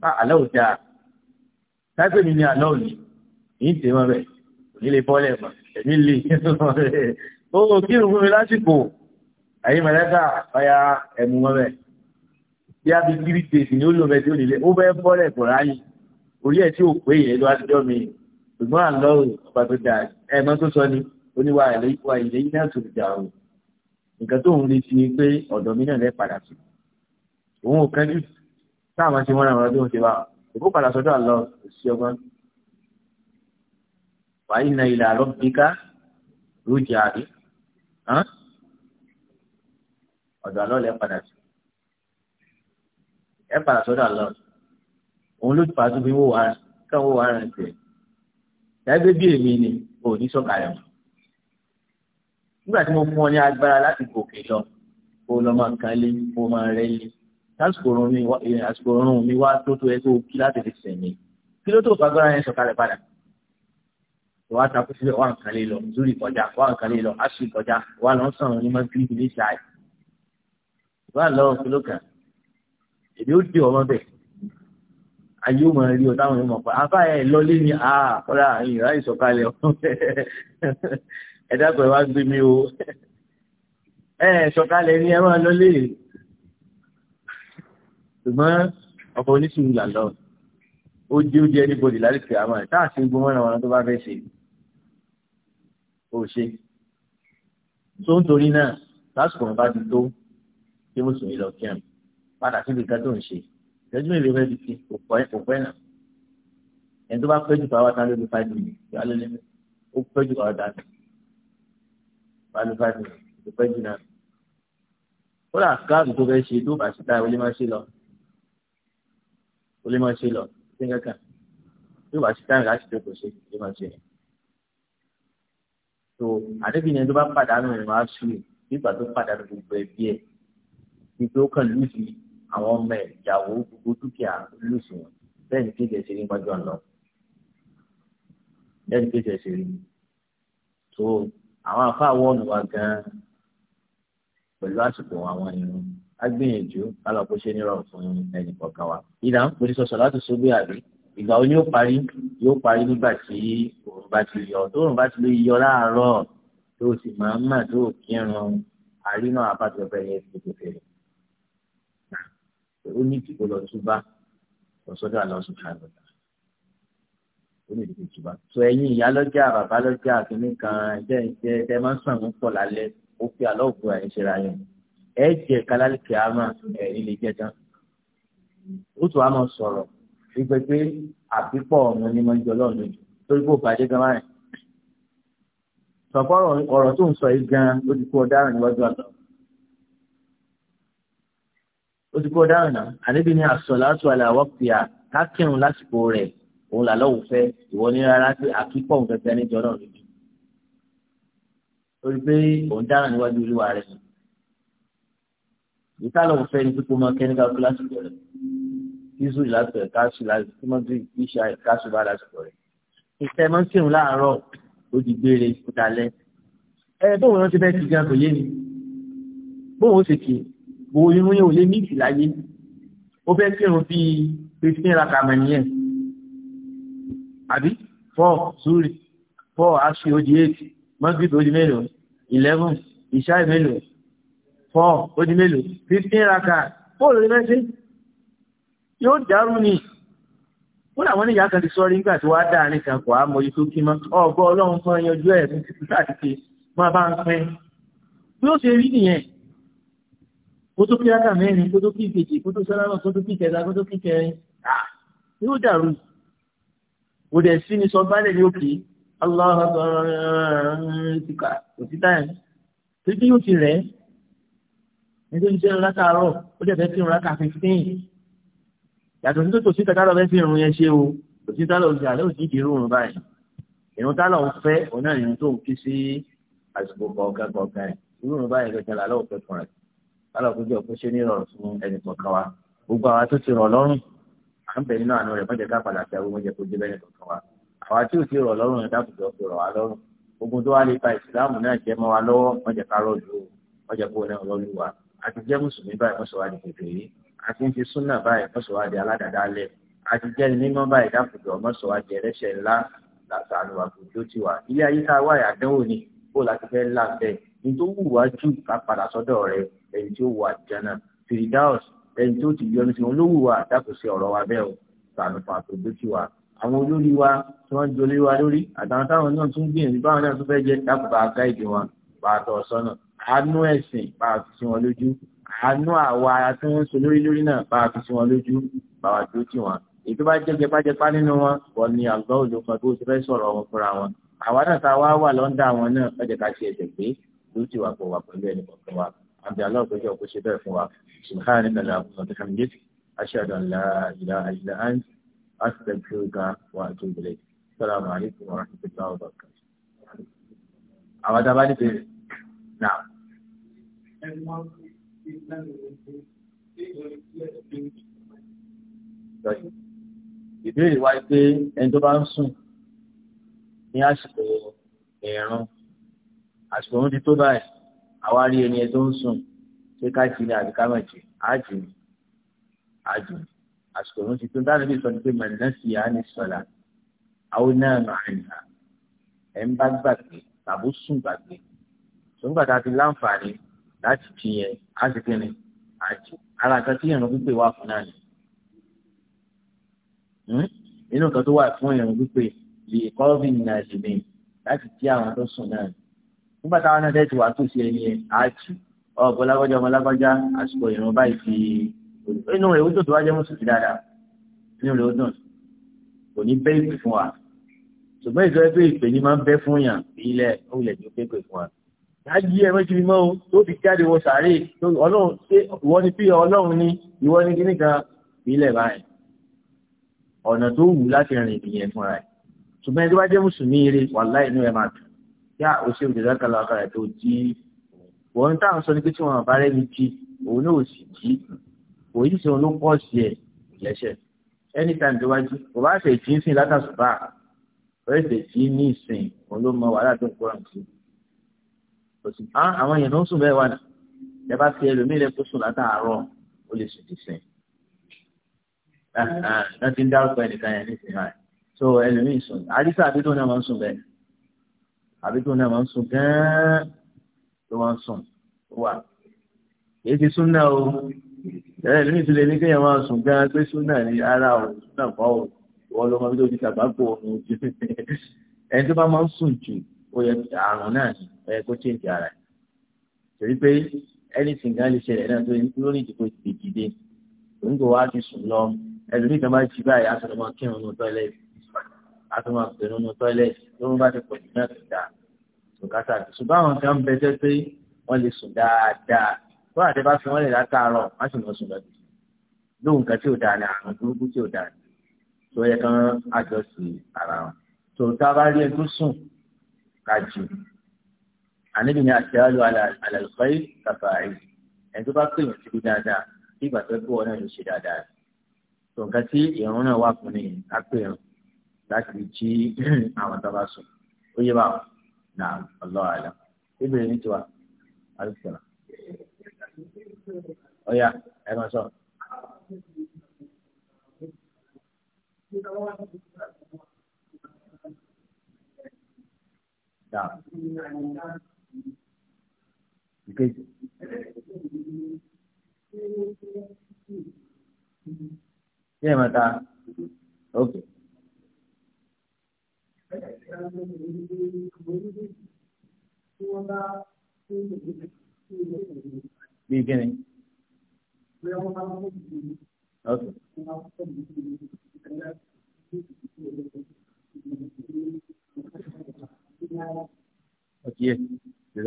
bá ò dáa táìpẹ́ mi ní àlọ́ òní èyí tẹ̀ wọ́n rẹ̀ ó kí ìrùn fún mi lásìkò àyè mẹ́lẹ́ta ọ̀yà ẹ̀mú mọ́bẹ̀ bí a fi kiri tèsì ni ó lò mẹ́tí ó lè lé ó bẹ́ẹ̀ bọ́lẹ̀ kò ráyè orí ẹ̀ tí ò pé yẹn ló wá ti jọ́ mi ṣùgbọ́n àlọ́ ọba tó dà ẹ̀mọ́ tó sọ ni oníwà ìlẹ́yìnwá ìlẹ́yìn náà tó dà o nǹkan tó ń retí ni pé ọ̀dọ̀ mi náà lẹ́ padà sí òun ò kẹ́jú táwọn ti wọ́n ra ọ̀rọ̀ bí wọ́n ti wá òkú padà sọ́dọ̀ àlọ́ òsì ọ̀dọ̀ àlọ́ lẹ́ padà sí ẹ padà sọ́dọ̀ àlọ́ òun ló fà á tóbi wò wàrà kàn wò wàrà tiẹ̀ dábẹ́ bí èmi ni ò ní sọ̀kalẹ̀ mọ́ nígbà tí mo fún ọ ní agbára láti gòkè lọ kó lọ máa kan lé kó máa rẹ lé lásìkò ọrùn mi wá tó tó ẹ tó kí láti fi sẹ̀mí kí ló tó fagbára yẹn sọ̀kalẹ̀ padà wàá takú sílẹ̀ wà nǹkan lè lọ zúrì kọjá wà nǹkan lè lọ aṣù kọjá wà lọ sọ̀rọ̀ ní máa gírígì ní ṣáà wà lọ kìló kan èdè ó di ọmọ bẹ ayé ó máa rí ọ táwọn yóò mọ pa afá ẹ lọlé ni a kọlá ìyá ìsọ̀kalẹ̀ ọ ẹ dákọ̀ ẹ wá gbé mi o ẹ sọ̀kalẹ̀ ni ẹ máa lọlé ṣùgbọ́n ọkọ̀ oníṣòwò là lọ ó di ó di ẹni bọ̀dì láti fi àmọ́ ẹ̀ táà sí gbọmọ́nà wọn tó bá fẹ́ ṣe ó ṣe tó ń torí náà lásìkò ọ̀run bá ti tó kí mùsùlùmí lọ kí ẹ̀ padà síbi ìka tó ń ṣe ìtẹ́jú mi lè fẹ́ di ti kò pẹ́ náà ẹni tó bá pẹ́ jù fáwọn tán ló fi five minutes yóò lé lẹ́nu ó pẹ́ jù fáwọn tán bá ló five minutes ó pẹ́ jù náà ó rà káàdù tó fẹ́ ṣe tó bá ṣe táyà ó lè má ṣe lọ ó lè má ṣe lọ sí kankan tó bá ṣe táyà láti tó kò ṣe ó lè má ṣe yẹn so àdébí yẹn tó bá pàdánù ẹ̀ wá sí i nígbà tó pàdánù gbogbo ẹbí ẹ̀ ní tó kàn lùsì àwọn ọmọ ẹ̀ ìyàwó gbogbo dúkìá lùsì wọn bẹ́ẹ̀ ni kéde ṣe rí wájú ọ̀nà bẹ́ẹ̀ ni kéde ṣe rí so àwọn afáwọ́ ọ̀nà wa gan-an pẹ̀lú àsìkò àwọn irun á gbìyànjú kálọ̀ kó ṣe nírọ̀ fún ẹnì kọ̀ọ̀kan wa ìdá ń pè ní láti ṣubú ìgbà wo ni yóò parí yóò parí nígbà tí òòrùn bá ti yọ tóòrùn bá ti lè yọ láàárọ̀ tó o sì máa ń mà tó o kírun àrínà àbájọba ẹ̀yẹ fèrèfèrè ó ní ìdìbò lọ túbá lọ́sọ́dọ̀ àlọ́sùn àlọ́dà ó ní ìdìbò túbá tó ẹ̀yin ìyá lọ́jà bàbá lọ́jà kìíní kan ẹ̀jẹ̀ ẹ̀jẹ̀ ẹ̀jẹ̀ máa ń sàn ń pọ̀ lálẹ́ ó fi àlọ́ òkú ẹ̀ ṣera yẹn ẹ̀jẹ̀ kálálìkì àmà ẹ̀rí lè jẹ́ tán ó tún á máa sọ̀rọ̀ wípé pé àbípọ̀ ọ̀nà ni mo ń jọ lọ́ọ̀nù torí kò bàjẹ́ gan báyìí. sọ̀kọ́ ọ̀rọ̀ tó ń sọ yìí gan ó ti kú ọ̀daràn níwájú àlọ́. ó ti kú ọ̀daràn náà àníbi ni àsọ̀lá tó àlẹ́ àwọ̀ pìyà kákìrún lásìkò rẹ̀ òun làlọ́ wò fẹ́ ìwọ ní rárá pé àkípọ̀ òun fẹ́fẹ́ níjọ náà lójú. torí pé òun dáràn níwájú olúwa rẹ̀. ìtàlọ́ òun fẹ́ ní pípọ́ mọ́ kẹ́míkà izu lásìkò ẹ̀ káṣù lásìkò tí wọ́n ti iṣẹ́ ẹ̀ káṣù bá lásìkò rẹ̀. ìfẹ́ máa ń sèwọ̀n láàárọ̀ ó di gbére dalẹ̀. ẹ bóun ló ti fẹ́ ti gan kò yé mi bóun ó sì kì bo irun yẹn ò lé míìtì láyé ó fẹ́ kírun bíi christine rakama nìyẹn àbí four suri four aṣọ odi eight mọ́gìtì odi mélòó eleven ìṣáì mélòó four odi mélòó fifteen raka four ló ti yóò dàrú ni wọ́n làwọn oníyàá kan ti sọ́rí nígbà tí wàá dáa nìkan kò á mọ iye tó kí mọ́ ọgbọ́ ọlọ́run kan yanjú ẹ̀ fún títí káàkiri máa bá ń pẹ́ bí ó ṣe rí nìyẹn kó tó kí ákà mẹ́rin kó tó kí ìkejì kó tó sọ́lá kó tó kí kẹta kó tó kí kẹrin yóò dàrú kò dẹ̀ sí ni sọ bálẹ̀ ní òkè aláhùn kò sí táyà tó kí yóò ti rẹ̀ nítorí jẹ́ ńlá kàárọ̀ ó dẹ̀ fẹ́ kí ńlá kà fífín yàtọ̀ sí tó tòsí tàtàlọ́ fẹ́ fi irun yẹn ṣe o tòsí tàlọ́ ṣe àlẹ́ òsì ìdí irun báyìí irun tàlọ́ fẹ́ òun náà irun tó ń kí sí àsìkò kọ̀ọ̀kan kọ̀ọ̀kan ẹ̀ irun báyìí gẹ̀gẹ̀ làlọ́ òfẹ́ fún rẹ̀ tàlọ́ kó jẹ́ òkú ṣe ní ìrọ̀rùn fún ẹnì kọ̀ọ̀kan wa gbogbo àwa tó ti rọ̀ lọ́rùn à ń bẹ̀ nínú àánú rẹ̀ mọ́jẹ̀ ká padà àti ń fi súnà báyìí mọ́sọ̀wádìí aládàdálẹ̀ àti jẹ́ni mímọ́ báyìí dákùjọ mọ́sọ̀wádìí ẹlẹ́ṣẹ̀ ńlá làtàlù àbùjọ ti wà ilé ayé tá a wáyà dánwò ni kó láti fẹ́ là bẹ́ẹ̀ ní tó wù wá jù ká padà sọ́dọ̀ rẹ ẹni tí ó wà jẹ́nà firidaus ẹni tó ti yọnu sí wọn ló wù wá dákùn sí ọ̀rọ̀ wa bẹ́ẹ̀ o làtàlù àbùjọ ti wà àwọn olórí wa tí wọ́n jolé wa lórí àtàwọn táwọn náà tún gbìyànjú àánú ẹ̀sìn bá a fi sí wọn lójú àánú àwa tí wọ́n ń so lórí lórí náà bá a fi sí wọn lójú bá wa dúró tì wọ́n bá jẹ́ jẹpájẹpá nínú wọn wọ́n ní àgbà olùkọ́ tó ti fẹ́ sọ̀rọ̀ wọn fúnra wọn àwa náà tá a wá wà lọ́ńdà wọn náà ọjà ká ṣe ẹ̀sẹ̀ pé dúró tì wá pọ̀ wá pẹ̀lú ẹnì kọ̀ọ̀kan wa àbí aláàbòjọ́ kò ṣe bẹ́ẹ̀ fún wa subhanahu wa ta'ala alhamdulilayi ashhadu an la ilaha illa ìbéèrè wa pé ẹni tó bá ń sùn ní àsìkò ẹ̀ẹ̀rùn àsìkò ń di tó báyìí àwa rí ẹni ẹ tó ń sùn ṣé ká jí ni àbí ká má jí àjì ni àjì ni àsìkò ń di tó dáná bí sọdí pé màdínà sì á ní sọlá àwọn náà nà àyìnbá ẹ ń bá gbàgbé tàbó sùn gbàgbé sùn gbàgbé láǹfààní láti kí yẹn á sì kí ni àjò ara kan tí ìrun pípé wà fún náà ni hmm? nínú kan tó wà fún ìrun pípé lè kọ́ọ̀bì nà lèmi láti kí àwọn tó sùn náà nígbà táwọn náà dẹ́tí wàá tòsí ẹni yẹn àjò ọ̀bọ lágbájá ọmọ lágbájá àsìkò ìrun báyìí fi inú rẹ̀ ó dùn tó wá jẹ́ mùsùlùmí dáadáa inú rẹ̀ ó kò ní bẹ́ẹ̀ fún wa ṣùgbọ́n ìjọba ìpè ní máa ń bẹ́ fún yàn ilẹ̀ ó lẹ̀ ní ó pépè fún wa dájí ẹ méjì mímọ́ o tó fi jáde wọ sàárè ọlọ́run ṣé ìwọ ni pé ọlọ́run ni ìwọ ni kíní kan ìbílẹ̀ báyìí ọ̀nà tó wù láti rìn ìyẹn fúnra ẹ̀ ṣùgbọ́n ẹni tó bá jẹ́ mùsùlùmí eré wàláì inú ẹ̀ máa dùn yá o ṣe òjòjá kan lọ́kàn rẹ̀ tó jí wọ́n táwọn sọ ní pé tí wọ́n bá rẹ́ni jí òun náà ò sì jí òyìn sí òun ló pọ̀ sí ẹ̀ lẹ́sẹ̀ anytime tó bá jí kò bá ṣe jí ń sìn látàṣùbà ó ṣe jí ní ìsìn òun ló mọ wàhálà tó ń kóra nǹkan òsì á àwọn èèyàn ń sùn bẹ́ẹ̀ wà ní ẹ bá fi ẹlòmíì lẹ kó sùn látàárọ̀ ó lè sùn dìsẹ́ ah, ah, láti ń dárúkọ ẹnìkan yẹn nísìnyí báyìí so ẹlòmíì sùn àdìsá àbí tó náà máa ń sùn bẹ́ẹ̀ àbí tó náà máa ń sùn gán-an tó máa ń sùn ó wà èyí ti sún náà o ẹlòmíì tún lè ní kéèyàn máa sùn gán-an pé sún náà ní ara o sún náà kọ́ o wọ́n lọ́mọ máa ń sùn jù ó yẹ àrùn náà ni ó yẹ kó change ara torí pé anything gan lè ṣẹlẹ̀ náà tó lórí ìdìbò ti dìde òun kò wá ti sùn lọ ẹlòmíì kan bá ti báyìí aṣọ lọ́mọ kírun nínú tọ́lẹ́tì aṣọ máa pèrò nínú tọ́lẹ́tì tó ń bá ti pọ̀ jù náà ti dà tòkátà ṣùgbọ́n àwọn kan bẹ tẹ́ pé wọ́n lè sùn dáadáa tó àti bá fi wọ́n lè látàárọ̀ má sì lọ sùn lọ bìí lóhùn kan tí ò dáa ni àrùn burúkú tí ò dáa ni tó yẹ kán àjọsìn ara wọn tòótá bá rí ẹgbẹ́ sùn kájí àníbi ni àṣeyálu àlàlùkọ́ yìí kàfà àyè ẹni tó bá pè yàn síbi dáadáa tí ìgbà tó kú ọ̀nà ló ṣe dáadáa tó nǹkan tí ìrún náà wà fún ni á pè yàn láti fi jí àwọn tó bá sùn ó yé bá nà ọlọ́ ìbéèrè ní tiwa àlùfẹ́lá ọ̀yà ẹ̀ sọ. Náà. Ìkejì. Ṣé ẹ̀ máa ta? Ok.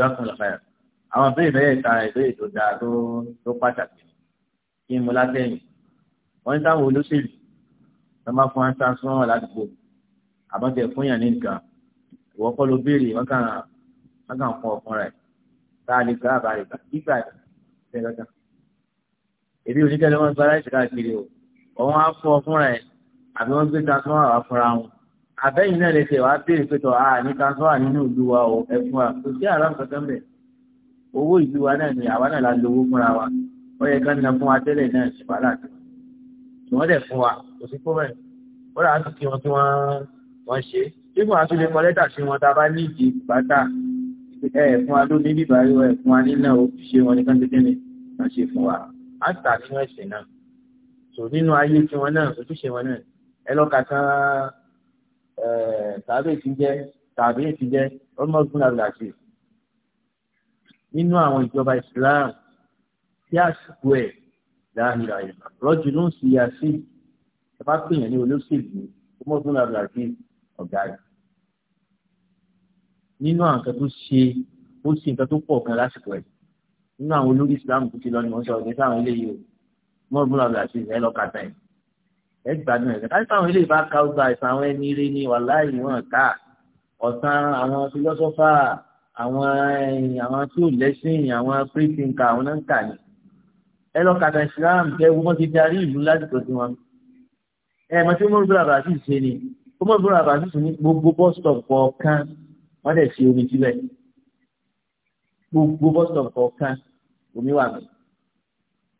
ìdákùn ìlànà àwọn ìbéèrè bẹ́ẹ̀ ta ìbéèrè tó dáa tó tó pàtàkì kí n mo látẹ̀yìn wọ́n ní táwọn olóṣèlú tó máa fún ansa sún wọn ládùúgbò àbọ̀tẹ̀ fún yàn ní nǹkan ìwọ kọ́ ló béèrè wọ́n kàn wọ́n kàn fún ọkàn rẹ̀ tá a lè gbá àbá rẹ̀ gbà gbígbà rẹ̀ lọ́jà. èmi ò ní kẹ́lẹ́ wọn gba láìsí káàkiri o ọ̀wọ́n á fún ọkàn rẹ̀ àbí wọ́n gbé ta sún àwọn afúnra àbẹ́yìn náà lè ṣe wàá béèrè pé tọ́ a ní transfer nínú ìlú wa o ẹ wa kò sí àrà kankan bẹ̀ owó ìlú wa náà ni àwa náà la lo owó fúnra wa ó yẹ ká nà fún wa tẹ́lẹ̀ náà ṣe wàhálà tó wọ́n dẹ̀ fún wa kò sí kóbẹ̀ ó rà á tún kí wọn kí wọ́n ṣe é bí wọ́n á tún lè kọ lẹ́tà sí wọn tá a bá ní ìdí bàtà ẹ fún wa ló ní bíbá yóò fún wa Eh, tàbí ìtìjẹ́ tàbí ìtìjẹ́ ọlọ́gbọ́n làlàṣẹ. nínú àwọn ìjọba Islam tí àsìkò ẹ̀ dáhìrà ẹ̀ rọ́jò ló ń sì yà sí ẹ bá pèèyàn ní olóṣèlú ọlọ́gbọ́n làlàṣẹ ọ̀gá rẹ̀. nínú àwọn kan tó ṣe ó sì nǹkan tó pọ̀ kan lásìkò ẹ̀ nínú àwọn olórí Islam tó ti lọ ni wọ́n sọ ọ̀gá sáwọn eléyìí o mọ́ọ̀bùn làlàṣẹ ẹ̀ lọ́kàtà ẹ̀ ẹ gbádùn ẹ̀ káyọ̀ táwọn ilé ìbá ka ọgbà ìfà àwọn ẹni rí ni wàláì wọn ká ọ̀sán àwọn fílọ́sọ́fà àwọn eh, àwọn tí ò lẹ́sìn àwọn free thinker àwọn náà ń kà ní. ẹ lọ kàtà Islam jẹ́ wọ́n ti darí ìlú lásìkò sí wọn. ẹ mọ̀ tí mo rú bàbá sì ṣe ni ó mọ̀ rú bàbá sì ṣe ní gbogbo bus stop kọ̀ọ̀kan wọ́n dẹ̀ ṣe omi síbẹ̀ gbogbo bus kọ̀ọ̀kan omi wà mí.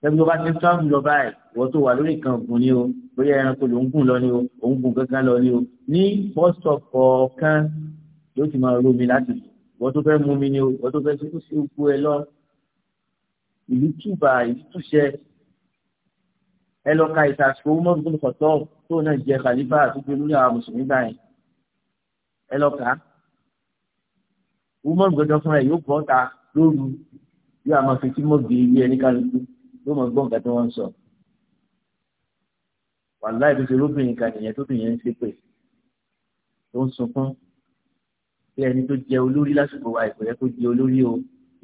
ẹgbẹ́ bóyá ẹranko ló ń gùn lọ ni o ò ń gùn kankan lọ ni o ní bọ́sọ̀ kọ̀ọ̀kan yóò ti máa romi láti wọ́n tó fẹ́ mú mi ni o wọ́n tó fẹ́ sókú sí oko ẹ lọ ìlú túbà ìlú túṣẹ ẹ lọ ka ìtàkùn owó mọ́tò tó kọ̀tọ́ tó náà jẹ kàlífà àtúntò lórí àwọn mùsùlùmí gbà yẹn ẹ lọ kà á wọ́n gbọ́dọ̀ fúnra yóò bọ́ ta lóru yóò àmọ́ fi tí mọ́gì ilé ẹni kálukú yóò mọ̀ gbọ́ nǹkan tí wọ́n sọ wàláì tó ṣe lóbìnrin kan nìyẹn tóbìnrin ń ṣépè tó ń sunkún bí ẹni tó jẹ olórí lásìkò wa ìkò yẹ kó jẹ olórí o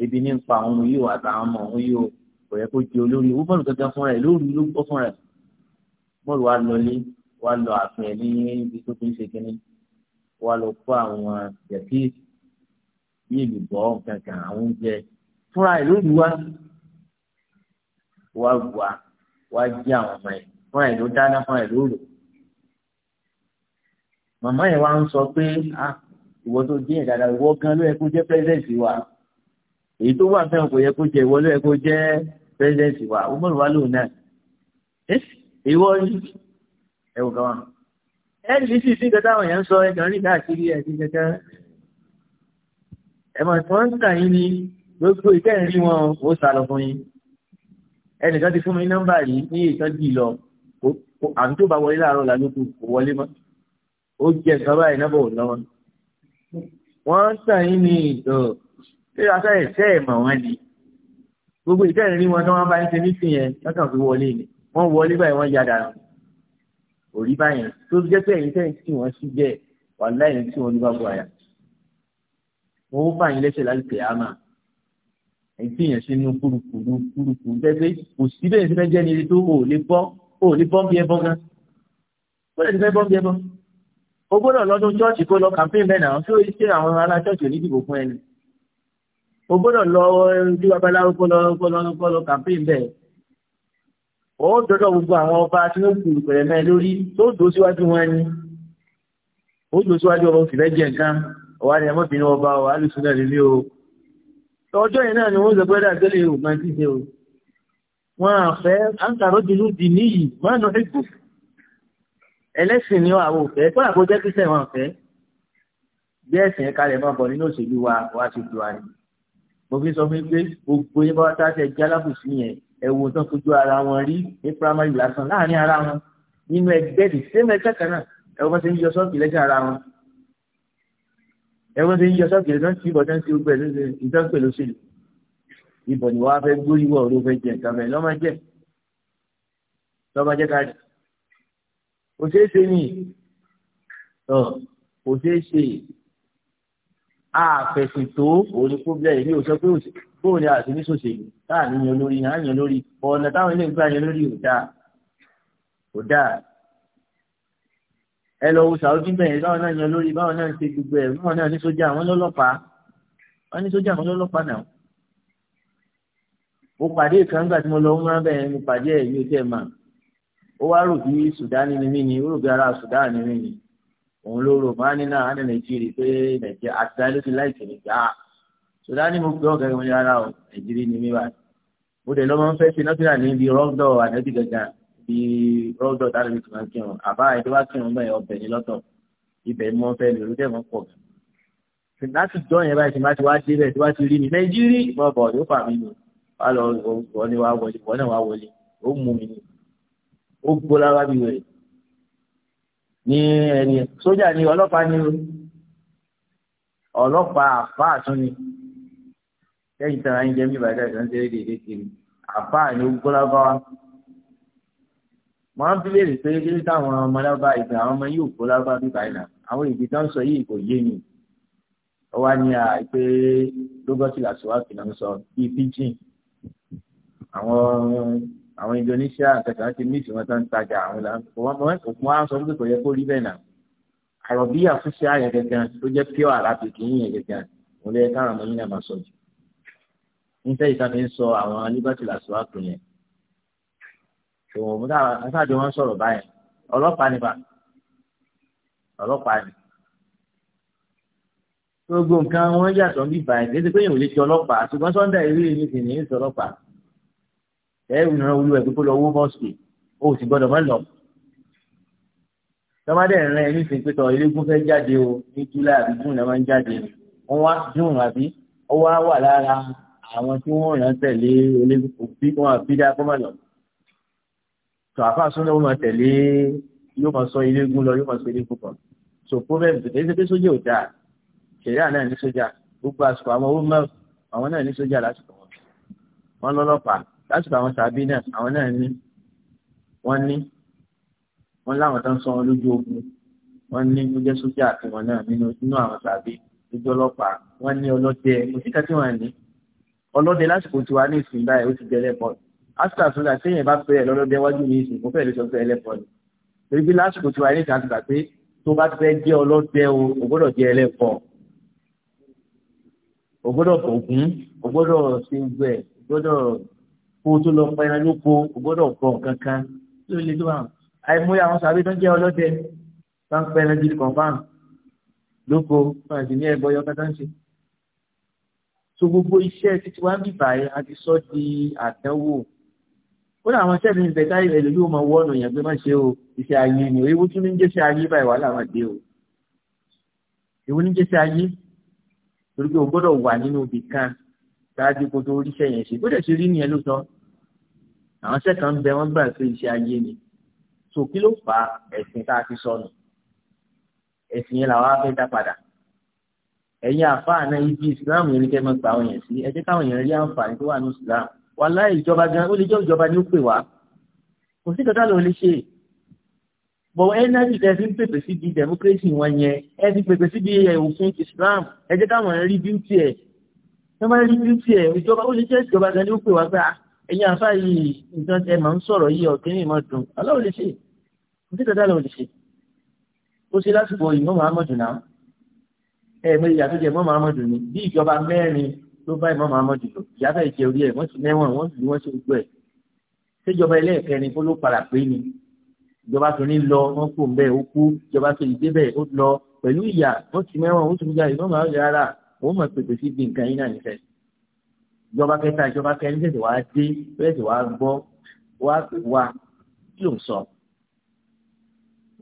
ebi ní ń pa òun yìí o àtàwọn ọmọ òun yìí o ìkò kó jẹ olórí o bọ́ọ̀lù kankan fúnra ẹ̀ lóru ló gbọ́ fúnra ẹ̀ bọ́ọ̀lù wa lọlé wa lọ àfin ẹ̀ ní ibi tó fi ń ṣe kínní wa lọ kó àwọn jẹ̀kí bí èlùbọ́ kankan àwọn oúnjẹ fúnra ẹ̀ lóru wa wa wà wa jẹ́ àwọn ọmọ ẹ̀ wọn ẹ̀ ló dáná wọn ẹ̀ ló lò màmá yẹn wá ń sọ pé ah ìwọ tó jẹ́ yẹn dáadáa ìwọ gan ló yẹ kó jẹ́ pẹ́sidẹ̀ntì wa èyí tó wà fẹ́ràn kò yẹ kó jẹ́ ìwọ ló yẹ kó jẹ́ pẹ́sidẹ̀ntì wa ó mọ̀lúwa lòun náà ìwọ yìí ẹ wò káwọn ẹni yìí sì sí nǹkan táwọn èèyàn ń sọ ẹ̀kàn rí káàkiri ẹ̀sìn kankan ẹ̀mọ̀ tí wọ́n ń tà yín ni gbogbo ìkẹ́rin rí wọn ó sá fún yín ẹnìkan ti fún mi nọ́mbà yìí ní ìtọ́jú ìlọ àti tó bá wọlé láàárọ̀ la ló kù kò wọlé mọ́ ó jẹ nǹkan báyìí náà bọ̀ lọ́wọ́ wọ́n ń tàn yín ní ìtọ̀ ṣé aṣáyẹ̀ ṣẹ́ ẹ̀ mọ̀ wọ́n ni gbogbo ìtẹ́rìn rí wọn tí wọ́n bá ń ṣe mítìn yẹn lọ́kàn fi wọlé ni wọ́n wọlé báyìí wọ́n yá dànù òrí báyìí tó jẹ́ pé ẹ̀yin tẹ́yìn tí wọ́n sì jẹ́ wà láyìn tí wọ́n ní bá bọ̀ àyà wọ́n ó báyìí lẹ́sẹ̀ lálùpẹ̀ àmà ẹ̀yin tí yẹn ṣe ń kúrukùrú kúrukùrú tẹ́ pé kò síbẹ̀ ìṣẹ́fẹ́ jẹ́ ni tó o lè bọ́ ò ní bọ́m̀bì ẹbọ gan ó lè ti fẹ́ bọ́m̀bì ẹbọ o gbọ́dọ̀ lọ́dún chọ́ọ̀chì kó lọ campaign bẹ́ẹ̀ náà tí ó ṣe àwọn ará chọ́ọ̀chì onídìbò fún ẹni o gbọ́dọ̀ lọ ojú babaláwo kó lọ kó lọ kó lọ campaign bẹ́ẹ̀ ó dọ́dọ̀ gbogbo àwọn ọba tí ó kù pẹ̀lẹ́ mẹ́ lórí tó dó síwájú wọn ni ó dó síwájú ọba òfìfẹ́ jẹ nǹkan ọ̀wá ni ẹmọ́bìnrin ọba ọ̀ alùsùn náà nílé o ọjọ́ yẹn náà ni wọ́n sọ pé dáadé lè rò máa ti ṣe o wọn àfẹ́ àǹtàrọ́jìlú dì níyì máa nù ẹ̀kú ẹlẹ́sìn ni àwọn òfẹ́ kó àkójẹ́ kíṣẹ́ wọn àfẹ́ bí ẹ̀sìn ẹ̀ka rẹ̀ máa bọ̀ nínú òṣèlú wa wá ti dùn àná mo fi sọ fún pé gbogbo yín bá wá tá a ṣe jálábùsí yẹn ẹ̀wò tán fojú ara wọn rí ní primary lásán láàrin ara wọn nínú ẹgbẹ́ the same ẹgbẹ́ kan náà ẹ̀wọ́n ti ń yọ sọ́ọ̀kì lẹ́sẹ̀ ara wọn ẹ̀wọ́n ti ń yọ sọ́ọ̀kì lẹ́sẹ̀ tí ìbọn tán ti gbẹ ìtàn pẹ̀lú òṣèlú ibọ̀ ni wàá fẹ́ gbórí wọ̀ ló fẹ́ jẹ nǹkan fẹ́ lọ́mọ jẹ lọ́mọ jẹ káàdì kò ṣeé ṣe ni kò ṣeé ṣe àfẹ̀sìn tó òní pọ́blẹ̀ yìí ò sọ pé bóun ni àti ní sòṣèlú táà ní yan lórí náà yan lórí ọ̀nà táwọn ilé ìgbà yan lórí ò dáa ò dáa ẹ lọ wo sàwọ́dí bẹ́ẹ̀ báwọn náà yan lórí báwọn náà ń ṣe gbogbo ẹ̀ báwọn náà ní sójà àwọn lọ́lọ́pàá wọ́n ní sójà àwọn lọ́lọ́pàá náà mo pàdé ìkan gbà tí mo lọ wọn bẹ́ẹ̀ mo pàdé ẹ̀ mi tẹ́ ma ó wá rò bí sùdáni ni mí ni ó rò bí ara sùdáni ni mí ni òun ló rò máa ní náà á ní nàìjíríà pé nàìjíríà àtìláyé ló ti láìsí ní gbà sùdáni mo gbé ọ̀gá ìwọ̀n yàrá o nàìjíríà ni mí wà mo dẹ̀ lọ́mọ ń fẹ́ ṣe nọ́tìrà ní ibi rọ́gbọ̀ àdẹ́bí gàgà ibi rọ́gbọ̀ dáadáa ti máa kírun àbá ẹ̀ kírun bẹ́ẹ̀ ọbẹ̀ wà lọ wọ́n ni wà wọlé wọ́n o wà wọlé ó mú mi ni o gbó lára bí wẹ̀rẹ̀ ní ẹni sójà ni ọlọ́pàá ni ọlọ́pàá àfa àtún ni kẹ́yìn tán ayé jẹ́ mi bàtà ìtàn tẹ́lẹ̀ dédé kiri àfa ni ó gbó lára wa wọ́n á fi léèrè pé kí ló táwọn ọmọ lábá ìgbà àwọn ọmọ yóò gbó lára bí báyìí náà àwọn èdè tó ń sọ yìí kò yé mi ó wá ní àìpé lógọ́sì làṣọ wá fi náà sọ bíi pidgin àwọn àwọn Indonesia àtẹ̀sán ti mix wọn tán tajà àwọn là wọn wọn wọn á sọ wípé kò yẹ kó rí bẹ́ẹ̀ náà àròbíyà fún ṣe àyẹ̀ gẹ́gẹ́ tó jẹ́ pure Arabic yín yẹn gẹ́gẹ́ òun lè kára ọmọ yín náà máa sọ jù níṣẹ́ ìta fi ń sọ àwọn liberty làṣọ àpò yẹn òun àtàjọ wọn sọ̀rọ̀ báyẹn ọlọ́pàá ni bá ọlọ́pàá ni gbogbo nǹkan wọn yàtọ̀ bí báyìí kí ẹ ti pé yòó lè ṣe ọlọ́pàá ṣùgbọ́n Sunday ìrírí mi sì ní í sọ ọlọ́pàá ẹ̀rù náà olú ẹ̀ pípọ́ lọ wó mọ́sùkì ó sì gbọ́dọ̀ má lọ. tọ́mádé rẹ̀ ní ìsìn pé tọ́ eléégún fẹ́ jáde o ní july àbí june náà máa ń jáde wọ́n wá june àbí ó wá wà lára àwọn tí wọ́n rán tẹ̀lé eléégún kò bí wọ́n àbí dá kọ́ má lọ. tọ́ àfa súnlẹ̀ wọ́n máa tẹ̀lé yóò máa sọ eléégún lọ yóò máa sọ eléégún kan. so problem tẹ̀lé ṣe pé sójà ò dáa ṣẹ̀dá náà ní sójà gbogbo àsìkò àwọn owó mọ́ àwọn náà lásìkò àwọn sàbí náà àwọn náà ní wọ́n ní wọ́n láwọn tó ń sọ wọn lójú ogun wọ́n ní ó jẹ́ sójà àti wọn náà nínú inú àwọn sàbí lójú ọlọ́pàá wọ́n ní ọlọ́dẹ òsìkà tí wọ́n ní ọlọ́dẹ lásìkò tí wàá ní ìsìn báyìí ó ti jẹ́ lẹ́pọ̀ àṣìkò àtúndà téèyàn bá pẹ́ lọ́lọ́dẹ wájú ní ìsìn kó fẹ́ẹ́ lè sọ ni torí bí lásìkò tí wàá ní ìsìn àtúndà pé tó bá fẹ́ jẹ́ ọlọ́dẹ o ò gbọ́dọ̀ jẹ́ ẹlẹ́pọ̀ ò gbọ́dọ̀ ṣe gbẹ ò kó o tó lọ pẹran lóko o gbọ́dọ̀ kọ nǹkan kan tí o lè tó àwọn àìmọye àwọn sàbí tó ń jẹ́ ọlọ́dẹ bá ń pẹran gidi kọ̀ọ̀fàm lóko fún àti ní ẹ̀bọ yọ kankan ṣe. so gbogbo iṣẹ́ títí wá ń bìbà yẹn a ti sọ di àdánwò ó ní àwọn iṣẹ́ ń bẹ táyé rẹ̀ lórí ọmọ wọ́ọ̀nù yẹn pé má ṣe o iṣẹ́ ayé ni ewu tún ní jẹ́ iṣẹ́ ayé báyìí wàhálà máa dé o ewu ní jẹ́ iṣẹ́ ayé torí pé o gbọ́dọ̀ wà nínú ibì kan ṣáájú kó tó ríṣẹ́ yẹn ṣe bó dẹ̀ ṣe rí nìyẹn ló sọ àwọn sẹ́kà ń bẹ wọ́n gbà pé iṣẹ́ ayé ni so kí ló fà á ẹ̀sìn tá a ti sọnù ẹ̀sìn yẹn làwọn afẹ́ dá padà ẹ̀yin àfáà náà ibi islam yẹn ní kẹ́ máa gba àwọn yẹn sí ẹ jẹ́ káwọn yẹn rí àǹfààní tó wà ní islam wàláì ìjọba gan ó lè jẹ́ ìjọba ni ó pè wá kò sí kankan ló lè ṣe bọ̀ ẹnẹ́bì tẹ́ fi ń pèpè síbi democracy wọn yẹn ẹ fi pèpè síbi òfin islam ẹ jẹ́ káwọn yẹn rí bíútì ẹ̀ wọ́n máa ń rí bí tiẹ̀ ìjọba ó lè jẹ́ ìjọba gan ni ó pè wá pé ẹ̀yin àfa yìí nǹkan ẹ̀ máa ń sọ̀rọ̀ yìí ọ̀kẹ́ ní ìmọ̀ dùn aláwọ̀ lè ṣe ní tẹ̀tẹ̀ aláwọ̀ lè ṣe ó ṣe lásìkò ìmọ̀ Muhammadu náà ẹ̀ mọ ìyá tó jẹ ìmọ̀ Muhammadu ni bí ìjọba mẹ́rin ló bá ìmọ̀ Muhammadu lò ìyá fẹ́ jẹ orí ẹ̀ wọ́n ti mẹ́wọ̀n wọ́n sì wọ́n ṣe gbogbo ẹ̀ ṣéjọba ẹlẹ́ẹ̀kẹrin kó ló padà pé ni ìjọba tó ní lọ wọ́n kò ń bẹ́ẹ̀ ó kú ìjọba tó ìdébẹ̀ ó lọ pẹ̀lú ìyá wọ́n ti mẹ́wọ̀n ó tún jà ìmọ̀ Muhammadu rárá wọ́n mọ̀ pé pèsè bí nǹkan yín náà nífẹ̀ẹ́ ìjọba kẹta ìjọba kẹrin tẹ̀sẹ̀ wá dé tẹ̀sẹ̀ wá gbọ́ wá wá kí ló ń sọ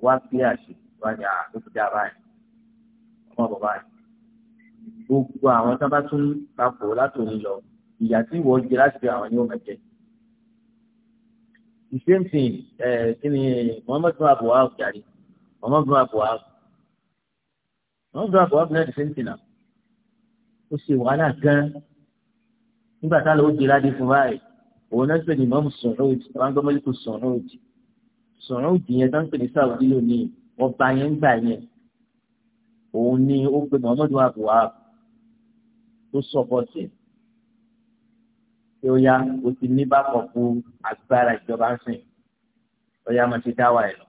wá pé àṣẹ wá ní àkókòdá báyìí ọmọ bàbá yìí gbogbo àwọn tó bá tún papọ̀ látòun lọ ìyá tí ìwọ jẹ láti fi àwọn ni ó máa jẹ the same thing kí ni Muhammad bin abu awf jàre Muhammad bin abu awf Muhammad bin abu awf náà the same thing náà ó ṣe wàhálà gan nígbà táwọn ó dira dé fún báyìí òun náà pè ní mọ́mù sọ̀rọ̀ọ̀dì wọn gbọ́ mọ́lẹ́kù sọ̀rọ̀ọ̀dì sọ̀rọ̀ọ̀dì yẹn tó ń pè ní sáwọ́dí lónìí ọba yẹn ń gbà yẹn òun ni ó pe Muhammadu Buhari tó sọ̀pọ̀tì tí ó yá o ti ní bákọ̀ọ̀kú agbára ìjọba ń sìn ọ̀yá máa ti dáwà ẹ̀ lọ.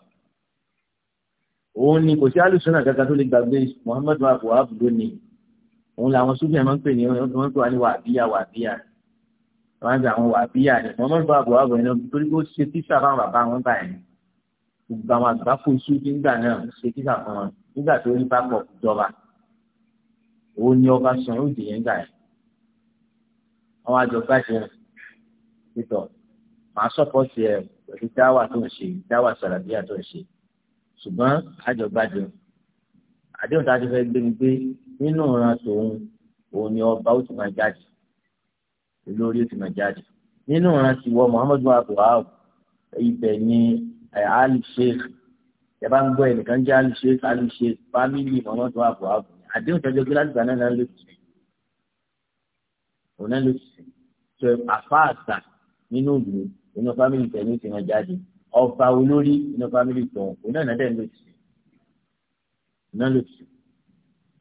òun ni kò sí alùsùn náà gàgà tó lè gbàgbé Muhammadu Buhari lónìí òun làwọn súnfẹ̀ máa ń pè ní wọ́n ń pè ní wàbíyà wàbíyà wọ́n ń àwọn wàbíyà ni wọ́n máa ń bá àbọ̀ àbọ̀ yẹn náà torí ó ṣe tíṣà fáwọn bàbá wọn bá yẹn gbogbo àwọn àgbà fún iṣu nígbà náà ṣe tíṣà fún wọn nígbà tó ní pápọ̀ ìjọba òun ni ọba sàn ó dè yẹn gbà yẹn àwọn àjọ gbàṣẹ títọ̀ màá sọ̀pọ̀ sí ẹ pẹ̀lú dáwà tó ń ṣe dáwà sàràbíyà tó ń ṣe ṣùgbọ́n àjọ gbàjọ àdéhùn tá a ti fẹ́ gbé ni pé nínú ìran tòun òun ni ọba ó ti máa jáde olórí ó ti máa jáde nínú ìran tiwọ muhammadu abuhari ibẹ̀ ni eh, ali sheikh ẹ bá ń gbọ́ ẹnìkan jẹ́ ali sheikh ali sheikh fámìlì muhammadu abuhari àdéhùn tẹ́jọ́ gbé láti gbaná náà ló ti sè òun náà ló ti sè tó àfa àṣà nínú ìlú inú fámìlì tẹ̀ ló ti máa jáde ọba olórí inú fámìlì tòun òun náà náà dẹ̀ ló ti sè iná ló ti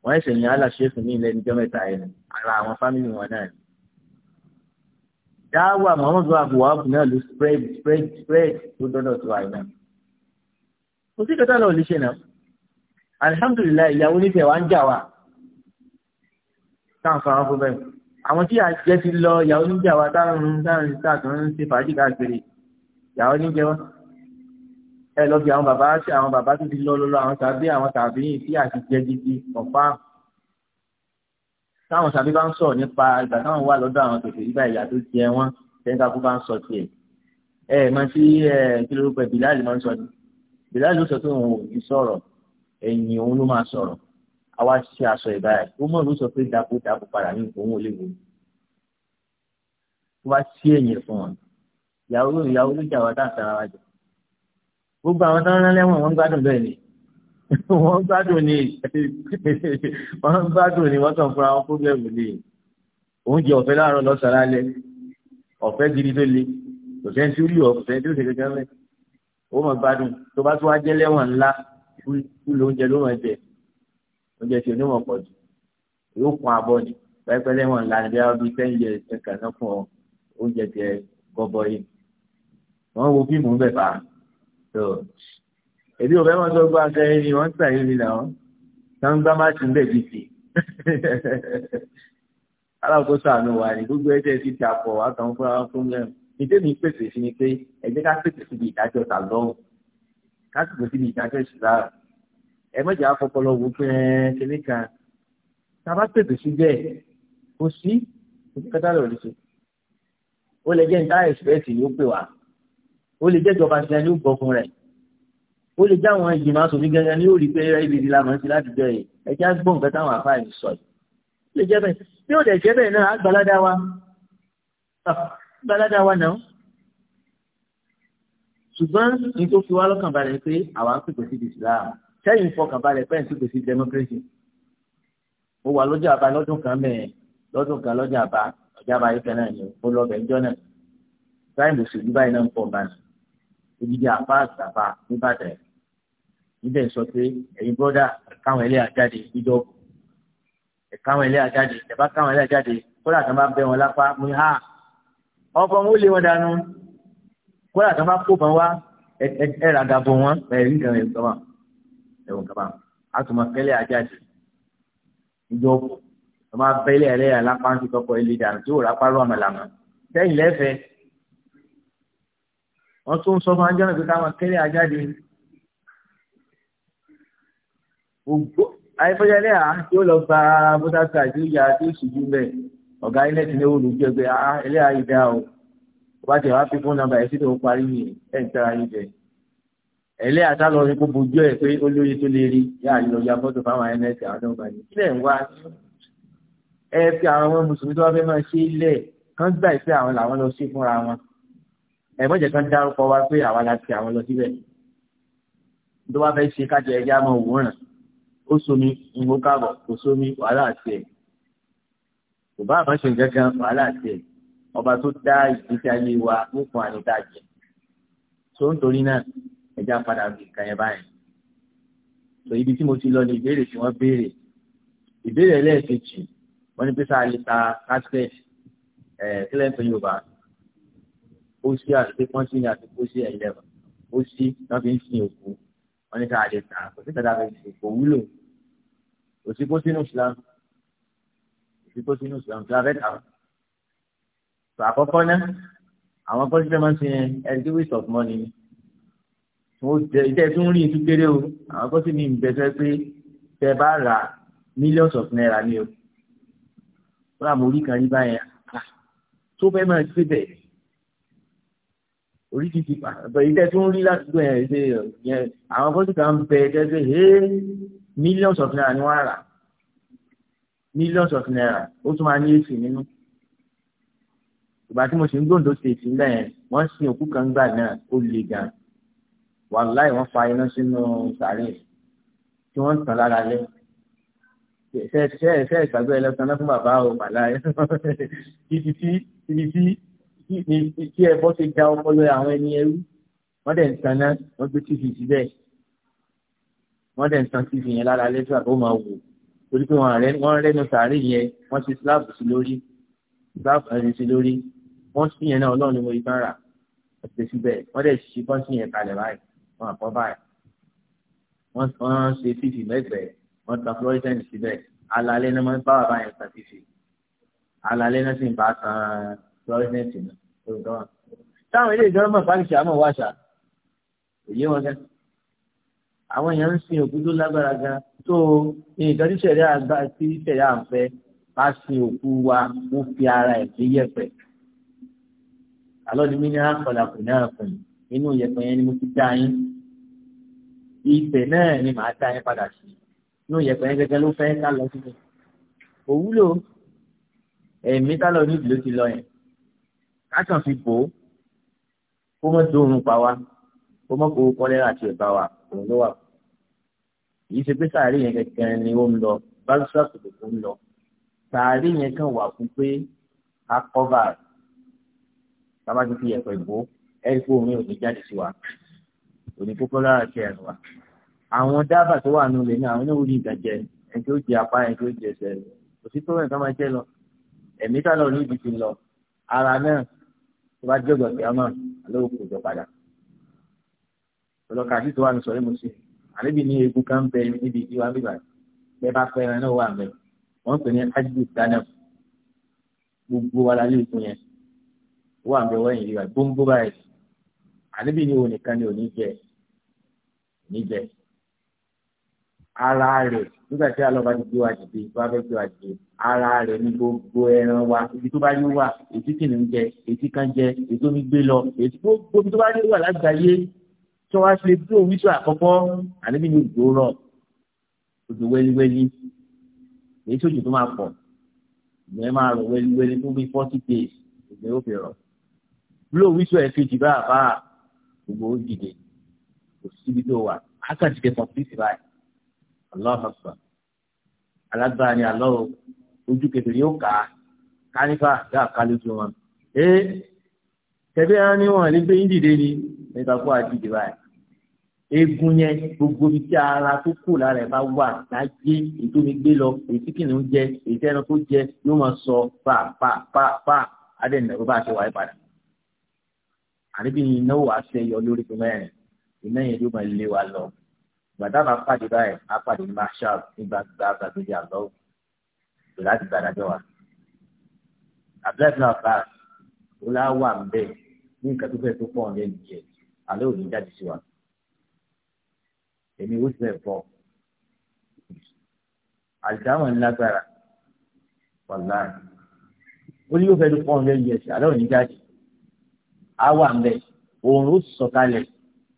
wọ́n ẹ̀sẹ̀ yẹn aláṣẹ́fù ní ilẹ̀ níjọ́ mẹ́ta yẹn ara àwọn fámìlì wọn náà dáwà muhammadu abuwabu náà ló spread spread spread tó dọ́dọ̀ tó àìná kò sí kẹta náà ò lè ṣe náà alihamudulilayi ìyàwó nífẹ̀ẹ́ wa ń jà wá táwọn fáwọn fún bẹ́ẹ̀ àwọn tí àjẹ ti lọ ìyàwó níjà wa táwọn táwọn táwọn ń ṣe fàájì káàkiri ìyàwó níjẹ wọn ẹ lọ bí àwọn bàbá ṣe àwọn bàbá tó ti lọ lọ àwọn tàbí àwọn tàbí yìí tí àti jẹ gidi ọ̀pá táwọn tàbí bá ń sọ̀rọ̀ nípa ìgbà táwọn wà lọ́dọ̀ àwọn tòṣè nígbà ìyá tó jẹ wọn tẹ́ńkà kó bá ń sọ tiẹ̀ ẹ mọ sí ẹ kí ló pẹ bìláàlì máa ń sọ ni bìláàlì ló sọ pé òun ò ní sọ̀rọ̀ ẹ̀yìn òun ló máa sọ̀rọ̀ àwa ṣe aṣọ ìbára ó mọ̀ ló gbogbo àwọn tó ń rán lẹ́wọ̀n wọ́n ń gbádùn bẹ́ẹ̀ ni wọ́n ń gbádùn ni wọ́n ń gbádùn ni wọ́n kàn fúnra wọn fúrúlẹ̀mù ni oúnjẹ ọ̀fẹ́ láàárọ̀ lọ́sàn-án alẹ́ ọ̀fẹ́ gidi tó le kò sẹ́ni tí ó lù kò sẹ́ni tí ó ṣe kankan mẹ́ ó mọ̀ gbádùn tó bá tó wá jẹ́ lẹ́wọ̀n ńlá kú lo ló mọ̀ jẹ oúnjẹ tí onímọ̀ pọ̀ jù yóò kún abọ́ ni pẹ́pẹ́ lẹ́wọ̀n ńlá ni bí wọ́n bí ten years ẹ̀ka fún ọ oúnjẹ tẹ gọbọ yìí wọ́n wo fíìmù ń bẹ̀ tó èdè òfẹ́ máa sọ gbọ́ akẹ́ ni wọ́n ń tà yín nínú àwọn tán gbá má ti ń bẹ̀ bí ti aláàkó sànù wa ni gbogbo ẹ̀jẹ̀ ti ti àpọ̀ wá kàn fún àwọn fúnlẹ̀ ìdẹ́mi pèsè sí ni pé ẹ̀jẹ̀ ká pèsè síbi ìdájọ́ tà lọ́wọ́ ká sì pèsè síbi ìdájọ́ ìṣúra ẹ mọ̀jà afọpọlọ wò pé ẹ kíní kan tá a bá pèsè sí bẹ́ẹ̀ kò sí kò sí kátà lọ́ọ́ lè ṣe ó lè jẹ́ ní táyà ìṣúrẹ́sì ni ó pè wá ó lè jẹ́ ìjọba gẹ́gẹ́ ní ògbọ́kun rẹ̀ ó lè jẹ́ àwọn ìgbìmọ̀ asòfin gẹ́gẹ́ ní òrí pé ibi ìdí la mọ̀ sí láti jẹ́ yìí ẹ jẹ́ àgbọ̀n nǹkan táwọn àfáà yìí sọ yìí ó lè jẹ́ bẹ́ẹ̀ bí ó dẹ̀ jẹ́ bẹ́ẹ̀ náà àgbàládá wa àgbàládá wa náà ṣùgbọ́n ní tó fi wá lọ́kàn balẹ̀ pé àwa ń pèpè sí Islam sẹ́yìn fọkàn balẹ̀ pé ń pèpè sí democracy mo wà lọ́jọ́ àbá lọ́dún kan mẹ́ẹ̀ lọ́dún kan lọ́jọ́ àbá ọjà àbá yìí kan náà ni mo lọ bẹ̀ ń jọ́ náà táìmù òṣèlú báyìí náà ń pọ̀ báyìí odidi àpá àgbàpá nìbàdàn níbẹ̀ sọ pé ẹ̀yin bọ́dà káwọn ẹlẹ́yà jáde ìjọ káwọn ẹlẹ́yà jáde ẹ̀bá káwọn ẹlẹ́yà jáde kódà tó bá bẹ wọn lápá mo ní ha ọkọ̀ wọn ó lé wọn dànù kódà tó bá kó bọ̀ wá ẹ̀ ràgà bọ̀ wọn ẹ̀rí ìgbà ẹ̀rù kaba ẹ̀rù kaba àtùmọ̀ ẹlẹ́yà jáde ìjọ tó bá bẹ ẹlẹ́yà lápá ń ti tọkọ ẹlẹ́yà dànù tí ò wọ́n tún sọ fún ajọ́nà pé káwọn kẹ́lẹ́ àjáde ògbó ayífọ́jẹ́lẹ́ à tí ó lọ gba bótákà tí ó yà tí ó sì jú bẹ́ẹ̀ ọ̀gá ilé ti ní olùgbé pé ah ilé ah, ayé dá o wá tẹ̀ wá fi fún nọ́mbà ẹ̀ sí tó parí ní ẹ̀ ń tẹ́ra yín jẹ ẹ̀lẹ́ àtàlọ́ ni kò bójú ẹ̀ pé olóye tó lè rí yá àlọ́ ya fọ́tò fáwọn ẹ̀nẹ́sì àwọn ọmọ yìí kílẹ̀ ń wá ẹ fi àwọn mùsùlùmí tó wá fẹ́ máa ṣe ilẹ̀ kan gbà pé àwọn làwọn lọ sí fúnra wọn ẹ̀mọ́jẹ̀ kan dárúkọ wá pé àwa la ti àwọn lọ síbẹ̀ tó bá fẹ́ ṣe kájọ ẹja mọ òwúrọ̀ ó somi ìwọ káàbọ̀ kò somi wàhálà àti ẹ̀ kò bá àmọ́ ṣe nǹkan kan wàhálà àti ẹ̀ ọba tó dá ìgbésí ayé wa ló fún àníta jẹ tó ń torí náà ẹja padà fi kàn yẹn báyìí tó ibi tí mo ti lọ ní ìbéèrè tí wọ́n béèrè ìbéèrè ẹlẹ́ẹ̀kejì wọ́n ní pé ó sí àti pọ́n sí àti kó sí ẹ̀yẹ rẹ̀ ó sí wọ́n fi ń sin òkú wọ́n ní ká lè tà kò sí kàdá fẹ́ sin òkú wúlò kò sí kó sínú Islam kò sí kó sínú Islam tí a fẹ́ tà tó àkọ́kọ́ náà àwọn pọ́sítẹ́ máa ń sin ẹ̀dí waste of money wọ́n jẹ ìdẹ́ tó ń rí ìtú kéré o àwọn pọ́sítẹ́ mi ń bẹ fẹ́ pé tẹ bá ra millions of naira ni o wọ́n àmọ́ orí kan rí báyẹn ah, tó fẹ́ máa ṣe bẹ́ẹ̀ orí ti ti pa bẹ̀ ilẹ̀ tó ń rí ládùúgbò yẹn ṣe yẹn àwọn fọ́tò kan bẹ tẹ́sẹ̀ hé millions of naira ni wọ́n rà millions of naira ó tún máa ní èsì nínú ìgbà tí mo ṣe ń gbòǹdó state ńlẹ̀ yẹn wọ́n sin òkú kan gbà náà ó le gan wàláì wọ́n fa iná sínú sàárẹ̀ tí wọ́n ń tàn lára lẹ́ ṣe ṣe ṣe ìgbàgbọ́ ẹlẹ́sìn náà fún bàbá o wàláì títí tí títí tí kí ẹbọ ṣe da ọpọlọ àwọn ẹni ẹrú wọ́n dẹ̀ ń tan náà wọ́n gbé tv síbẹ̀ wọ́n dẹ̀ ń tan tv yẹn lára lẹ́tọ́ àbó máa wò torí pé wọ́n rẹ́nu sàárè yẹn wọ́n ṣe slab sí lórí slab ẹni sí lórí wọ́n sì yẹn náà ọlọ́run ni mo ibà rà ẹ̀ṣẹ̀ síbẹ̀ wọ́n dẹ̀ ṣe bọ́ǹsì yẹn kalẹ̀ báyìí wọ́n àpọ̀ báyìí wọ́n ṣe tv mẹ́gbẹ̀ẹ́ wọ́n tan fluorescent síbẹ̀ alalẹ́ náà máa ń bá bàbá yẹn tan tv alalẹ́ náà sì ń florence náà orúkọ wa táwọn ilé ìjọba mọ̀ fáríṣì àmọ́ wá ṣá òye wọn gan àwọn èèyàn ń sin òkú tó lágbára gan tó nǹkan tí sẹ̀rí àgbà tí sẹ̀rí àǹfẹ́ bá sin òkú wa ó fi ara ẹ̀ sí yẹ̀pẹ̀ alọ́ni mi ní àkọlàkù náà fún inú yẹ̀pẹ̀ yẹn ni mo ti dá yín ibẹ̀ náà ni màá dá yín padà sí inú yẹ̀pẹ̀ yẹn gẹ́gẹ́ ló fẹ́ ká lọ sí mi òwúlò ẹ̀mí tá lọ nídìí ló ti lọ yẹn kásán fi bò ó kó mọ́ dóorun pa wá kó mọ́ kó kọ́lẹ́rà tiẹ̀ bá wa òun ló wà. èyí ṣe pé sàárè yẹn kankan ni ó ń lọ bárúsà kòtòkó ń lọ sàárè yẹn kan wà fún pé a kọ́bà bàbá ti fi ẹ̀pẹ̀ bò ó ẹ̀rí kó omi ò ní jáde sí wa òní kó kọ́lẹ́rà tiẹ̀ wa. àwọn dábàá tó wà nílé náà àwọn oníwòlì ìgbàjẹ ẹni tó jẹ apá ẹni tó jẹ ẹsẹ̀ òsì tó rẹ̀ ká máa jẹ lọ ẹ̀mí tá lọ ní ìdí ti lọ ara náà tó bá jẹ́ ọ̀gbọ̀n kìámà alẹ́ òkú ìjọ padà ọlọ́ka àti tó wà ní sọ̀rọ̀ mo ṣe àlébi ní egun kan bẹ níbi ìdíwá bíbà bẹ́ẹ̀ bá fẹ́ ẹran náà wà mẹ́ wọ́n pè ní ájú dáná gbogbo wa lálẹ́ ìkún yẹn wà mẹ́ wọ́n yìí rà gbóngbó báyìí àlébi ní òun nìkan ni òní jẹ òní jẹ ara rẹ̀ nígbà tí alọ́ba ti gbé wa dìde tó a fẹ́ gbé wa dìde ara rẹ̀ ní gbogbo ẹran wa ibi tó bá ní wà ètí kìnnì ń jẹ ètí kan jẹ ètò mi gbé lọ ètí gbogbo ibi tó bá ní wà lágbàáyé tí wọ́n á ṣe bí òun ìṣó àkọ́kọ́ àníbi ní òjò rọ̀ òjò wẹ́líwẹ́lí èyí tí òjò tó máa pọ̀ ìgbẹ́ máa rọ̀ wẹ́líwẹ́lí fún bíi forty days ìgbẹ́ ó fi rọ̀ bí òun ẹ̀ kejì bá àbá gbogbo ó dìde kò síbi tó wà á kàn ti báyìí. Allahu Akbar alágbára ni àlọ́ o ojú kẹfẹ́ yóò kà á kánífà dáa ká lójú wọn. ẹ tẹ̀bí ara ni wọn lè gbé yín dìde ni nípa kó àdìdì báyìí. eegun yẹn gbogbo ibi tí ara tó kù lára ẹ bá wà láyé ètò mi gbé lọ ètí kìnìún jẹ ètí ẹran tó jẹ yóò máa sọ pa pa pa pa adẹ́nà bó bá ṣe wáyé padà. àríbi ìnáwó àṣeyọ lórí fún mẹ́rin ìnáyẹn yóò máa lé wa lọ gbàdá máa pàdé báyìí á pàdé ní marshal nígbà gbà gbàgede àlọ́ òkè láti gbàdájọ́ wa. abdulhasan abbas ó lá wà ń bẹ̀ ní nǹkan tó fẹ́ tó pọ̀ lẹ́nu jẹ alẹ́ òní jáde sí wa. èmi ó ti bẹ̀ bọ̀ àlìdáwọn ńlágbára wàlá ó ní yóò fẹ́ tó pọ̀ lẹ́nu jẹ alẹ́ òní jáde á wà ń bẹ̀ òun ó sọ̀kalẹ̀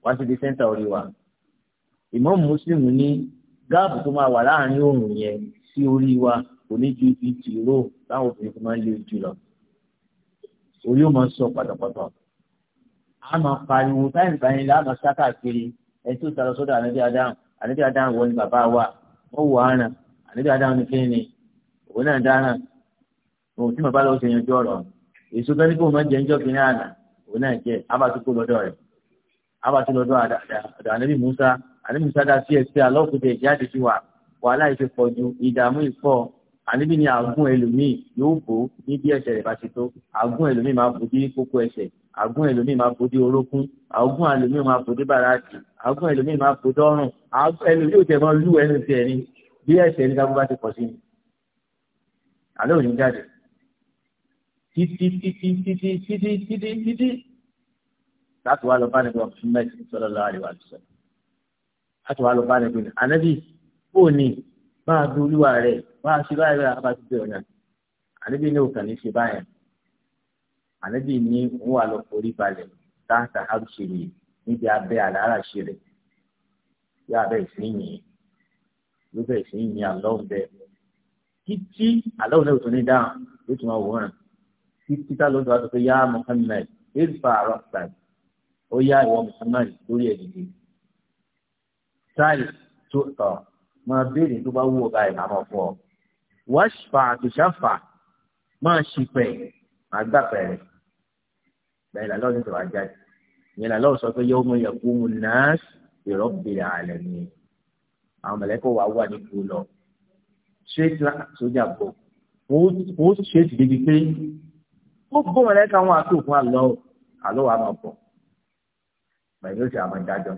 wá sí di sẹ́ńtà orí wa. Imam Muslim ní gáàbù tó máa wà láàrin oòrùn yẹn sí orí wa kò ní ju ibi tìró táwọn obìnrin kan máa ń lé ojú lọ orí ó máa ń sọ pátápátá a máa pariwo táyìn báyìí la máa sá káàkiri ẹni tó ta lọ sọ́dọ̀ ànábì adáhùn ànábì adáhùn wọ ni bàbá wa wọ́n wọ aràn ànábì adáhùn ni kíni òun náà dáràn òun tí màbá lọ ṣe yanjú ọ̀rọ̀ èso tó ní kó o máa jẹ ń jọ kiri àná òun náà jẹ abàtí lọ́dọ̀ àdà ànábì musa ànábì musa dá sí ẹsẹ̀ alọ́kùnrin ìjáde sí wa wàhálà ìfẹ́ pọ̀jù ìdààmú ìfọ̀ ànábì ni àgún ẹlòmíì yóò bò ní bí ẹsẹ̀ rẹ̀ bá ti tó àgún ẹlòmíì máa bò dé kókó ẹsẹ̀ àgún ẹlòmíì máa bò dé orókún àgún ẹlòmíì máa bò dé bàràkì àgún ẹlòmíì máa bò dọ́rùn ẹlòmíì ò tẹ̀ mọ́ lú ẹnu tiẹ̀ ni bí ẹsẹ̀ ní kábó bá ti pọ̀ sí ni àlọ́ òní jáde títí títí títí láti wá lọ bá níbi Muhammad sallallahu alaihi wasallam láti wá lọ bá níbi ànábì ó ní máa du olúwa rẹ̀ máa ṣe báyìí rẹ̀ abájú bẹ̀rẹ̀ náà ànábì ní òkà ní ṣe báyìí ànábì ní òun wà lọ forí balẹ̀ táǹtà àrùṣe rẹ̀ níbi abẹ́ àlàárà ṣe rẹ̀ bí abẹ́ ìsìn yìí ló bẹ̀rẹ̀ sí yìn àlọ́hùn bẹ́ẹ̀ títí àlọ́hùn náà tó ní dáhùn ló tún wá wòran títí tá ló wá sọ pé yá Muhammad irfa rọ́pàdì ó yá ìwọ Muhammad lórí ẹ̀ nìyí sáàlì tó tọ̀ máa béèrè tó bá wú ọba ẹ̀ máa mọ̀ fún ọ wáṣfà àtúnṣàfà máa ṣìpẹ̀ àgbàpẹ̀rẹ̀ bẹ́ẹ̀ lálọ́ ní tòwá jáde ìyẹn lálọ́ sọ pé yóò mú yẹ̀kú mu náà ìrọ́bìrì àlẹ́ ni àwọn mẹ̀lẹ́kọ̀ wà wà ní kú lọ straight sójà bọ̀ ó straight débi pé ó gbọ́ mẹ̀lẹ́kọ̀ àwọn àtòkùn àlọ́ àlọ́ wà máa bọ̀ pẹ̀lú òsì àwọn ìdájọ́